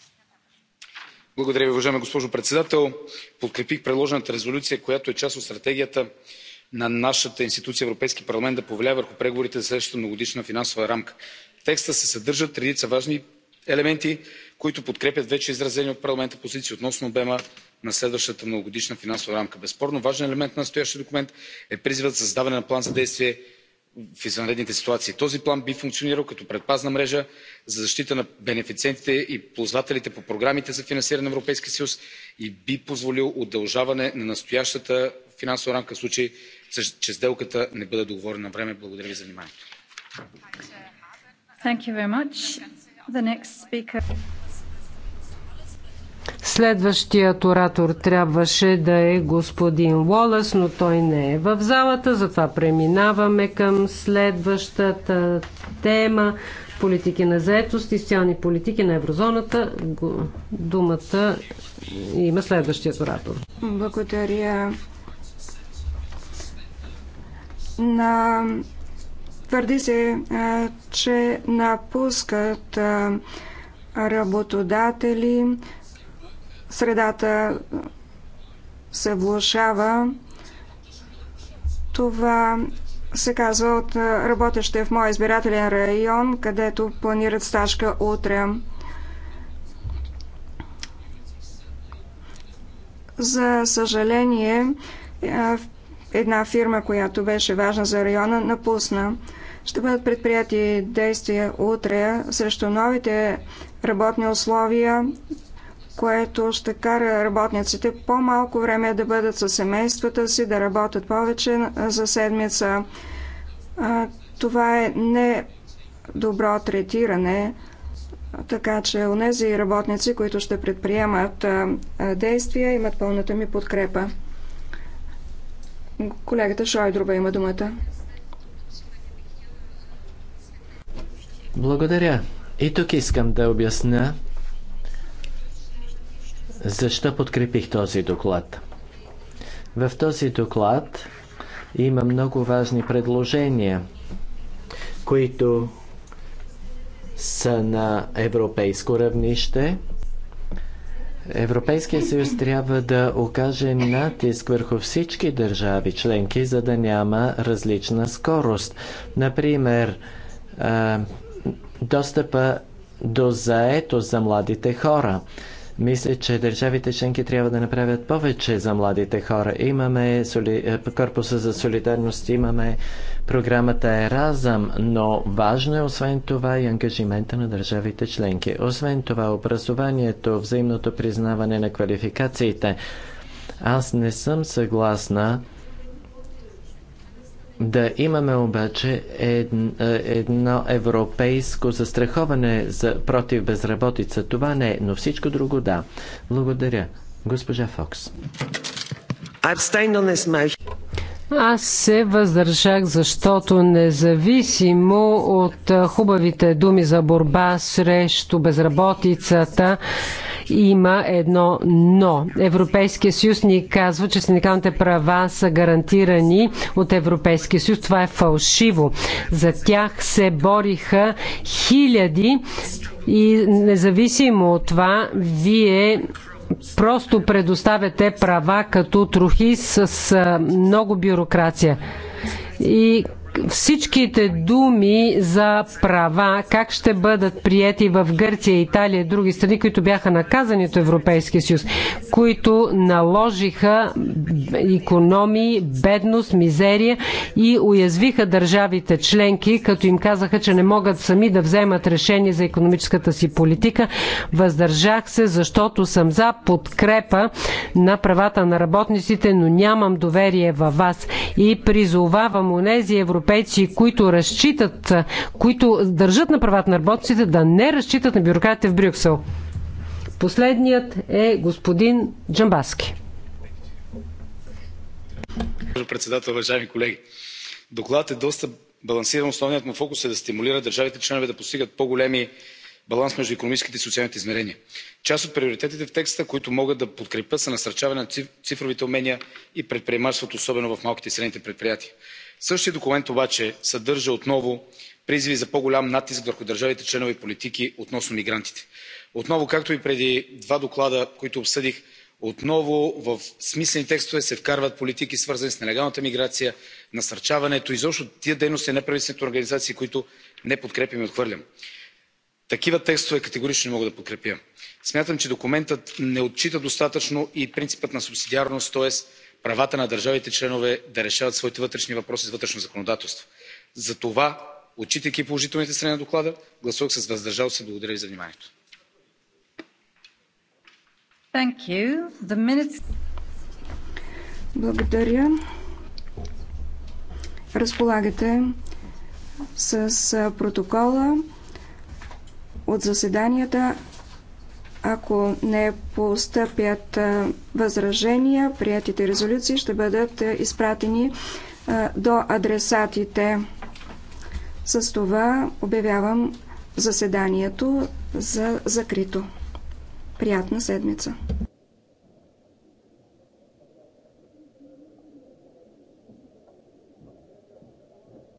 Благодаря уважаема госпожо председател. подкрепих предложената резолюция която е част от стратегията на нашата институция европейския парламент да повлияе върху преговорите за следващата многогодишна финансова рамка. в текста се съдържат редица важни елементи които подкрепят вече изразени от парламента позиции относно обема на следващата многогодишна финансова рамка. безспорно важен елемент на настоящия документ е призивът за създаване на план за действие в извънредните ситуации. Този план би функционирал като предпазна мрежа за защита на бенефициентите и ползвателите по програмите за финансиране на Европейския съюз и би позволил удължаване на настоящата финансова рамка, в случай че сделката не бъде договорена навреме. Благодаря ви за вниманието. Следващият оратор трябваше да е господин Уолъс, но той не е в залата, затова преминаваме към следващата тема политики на заетост и социални политики на еврозоната. Думата има следващият оратор. Благодаря. На... Твърди се, че напускат работодатели, средата се влушава. Това се казва от работещите в моя избирателен район, където планират стажка утре. За съжаление, е, една фирма, която беше важна за района, напусна. Ще бъдат предприяти действия утре срещу новите работни условия което ще кара работниците по-малко време да бъдат със семействата си, да работят повече за седмица. Това е не добро третиране, така че нези работници, които ще предприемат действия, имат пълната ми подкрепа. Колегата Шойдруба има думата. Благодаря. И тук искам да обясня защо подкрепих този доклад? В този доклад има много важни предложения, които са на европейско равнище. Европейския съюз трябва да окаже натиск върху всички държави членки, за да няма различна скорост. Например, достъпа до заето за младите хора. Мисля, че държавите членки трябва да направят повече за младите хора. Имаме соли... Е, Корпуса за солидарност, имаме програмата Еразъм, но важно е освен това и ангажимента на държавите членки. Освен това, образованието, взаимното признаване на квалификациите. Аз не съм съгласна да имаме обаче е, едно европейско застраховане за, против безработица. Това не е, но всичко друго да. Благодаря. Госпожа Фокс. Аз се въздържах, защото независимо от е, хубавите думи за борба срещу безработицата, има едно но. Европейския съюз ни казва, че синдикалните права са гарантирани от Европейския съюз. Това е фалшиво. За тях се бориха хиляди и независимо от това, вие просто предоставяте права като трохи с много бюрокрация. И всичките думи за права, как ще бъдат приети в Гърция, Италия и други страни, които бяха наказани от Европейския съюз, които наложиха економии, бедност, мизерия и уязвиха държавите членки, като им казаха, че не могат сами да вземат решение за економическата си политика. Въздържах се, защото съм за подкрепа на правата на работниците, но нямам доверие във вас и призовавам нези европейски европейци, които разчитат, които държат на правата на работниците, да не разчитат на бюрократите в Брюксел. Последният е господин Джамбаски. Госпожо председател, уважаеми колеги, докладът е доста балансиран. Основният му фокус е да стимулира държавите членове да постигат по-големи баланс между економическите и социалните измерения. Част от приоритетите в текста, които могат да подкрепят, са насърчаване на цифровите умения и предприемачеството, особено в малките и средните предприятия същият документ обаче съдържа отново призиви за по голям натиск върху държавите членки политики относно мигрантите. Отново, както и преди два доклада, които обсъдих, отново в смислени текстове се вкарват политики, свързани с нелегалната миграция, насърчаването, изобщо тия дейности на неправителствените организации, които не подкрепям и отхвърлям. Такива текстове категорично не мога да подкрепя. Смятам, че документът не отчита достатъчно и принципът на субсидиарност, т.е правата на държавите членове да решават своите вътрешни въпроси с вътрешно законодателство. затова отчитайки положителните страни на доклада гласувах с въздържал се. благодаря ви за вниманието. Благодаря. Разполагате с протокола от заседанията ако не постъпят възражения, приятите резолюции ще бъдат изпратени до адресатите. С това обявявам заседанието за закрито. Приятна седмица!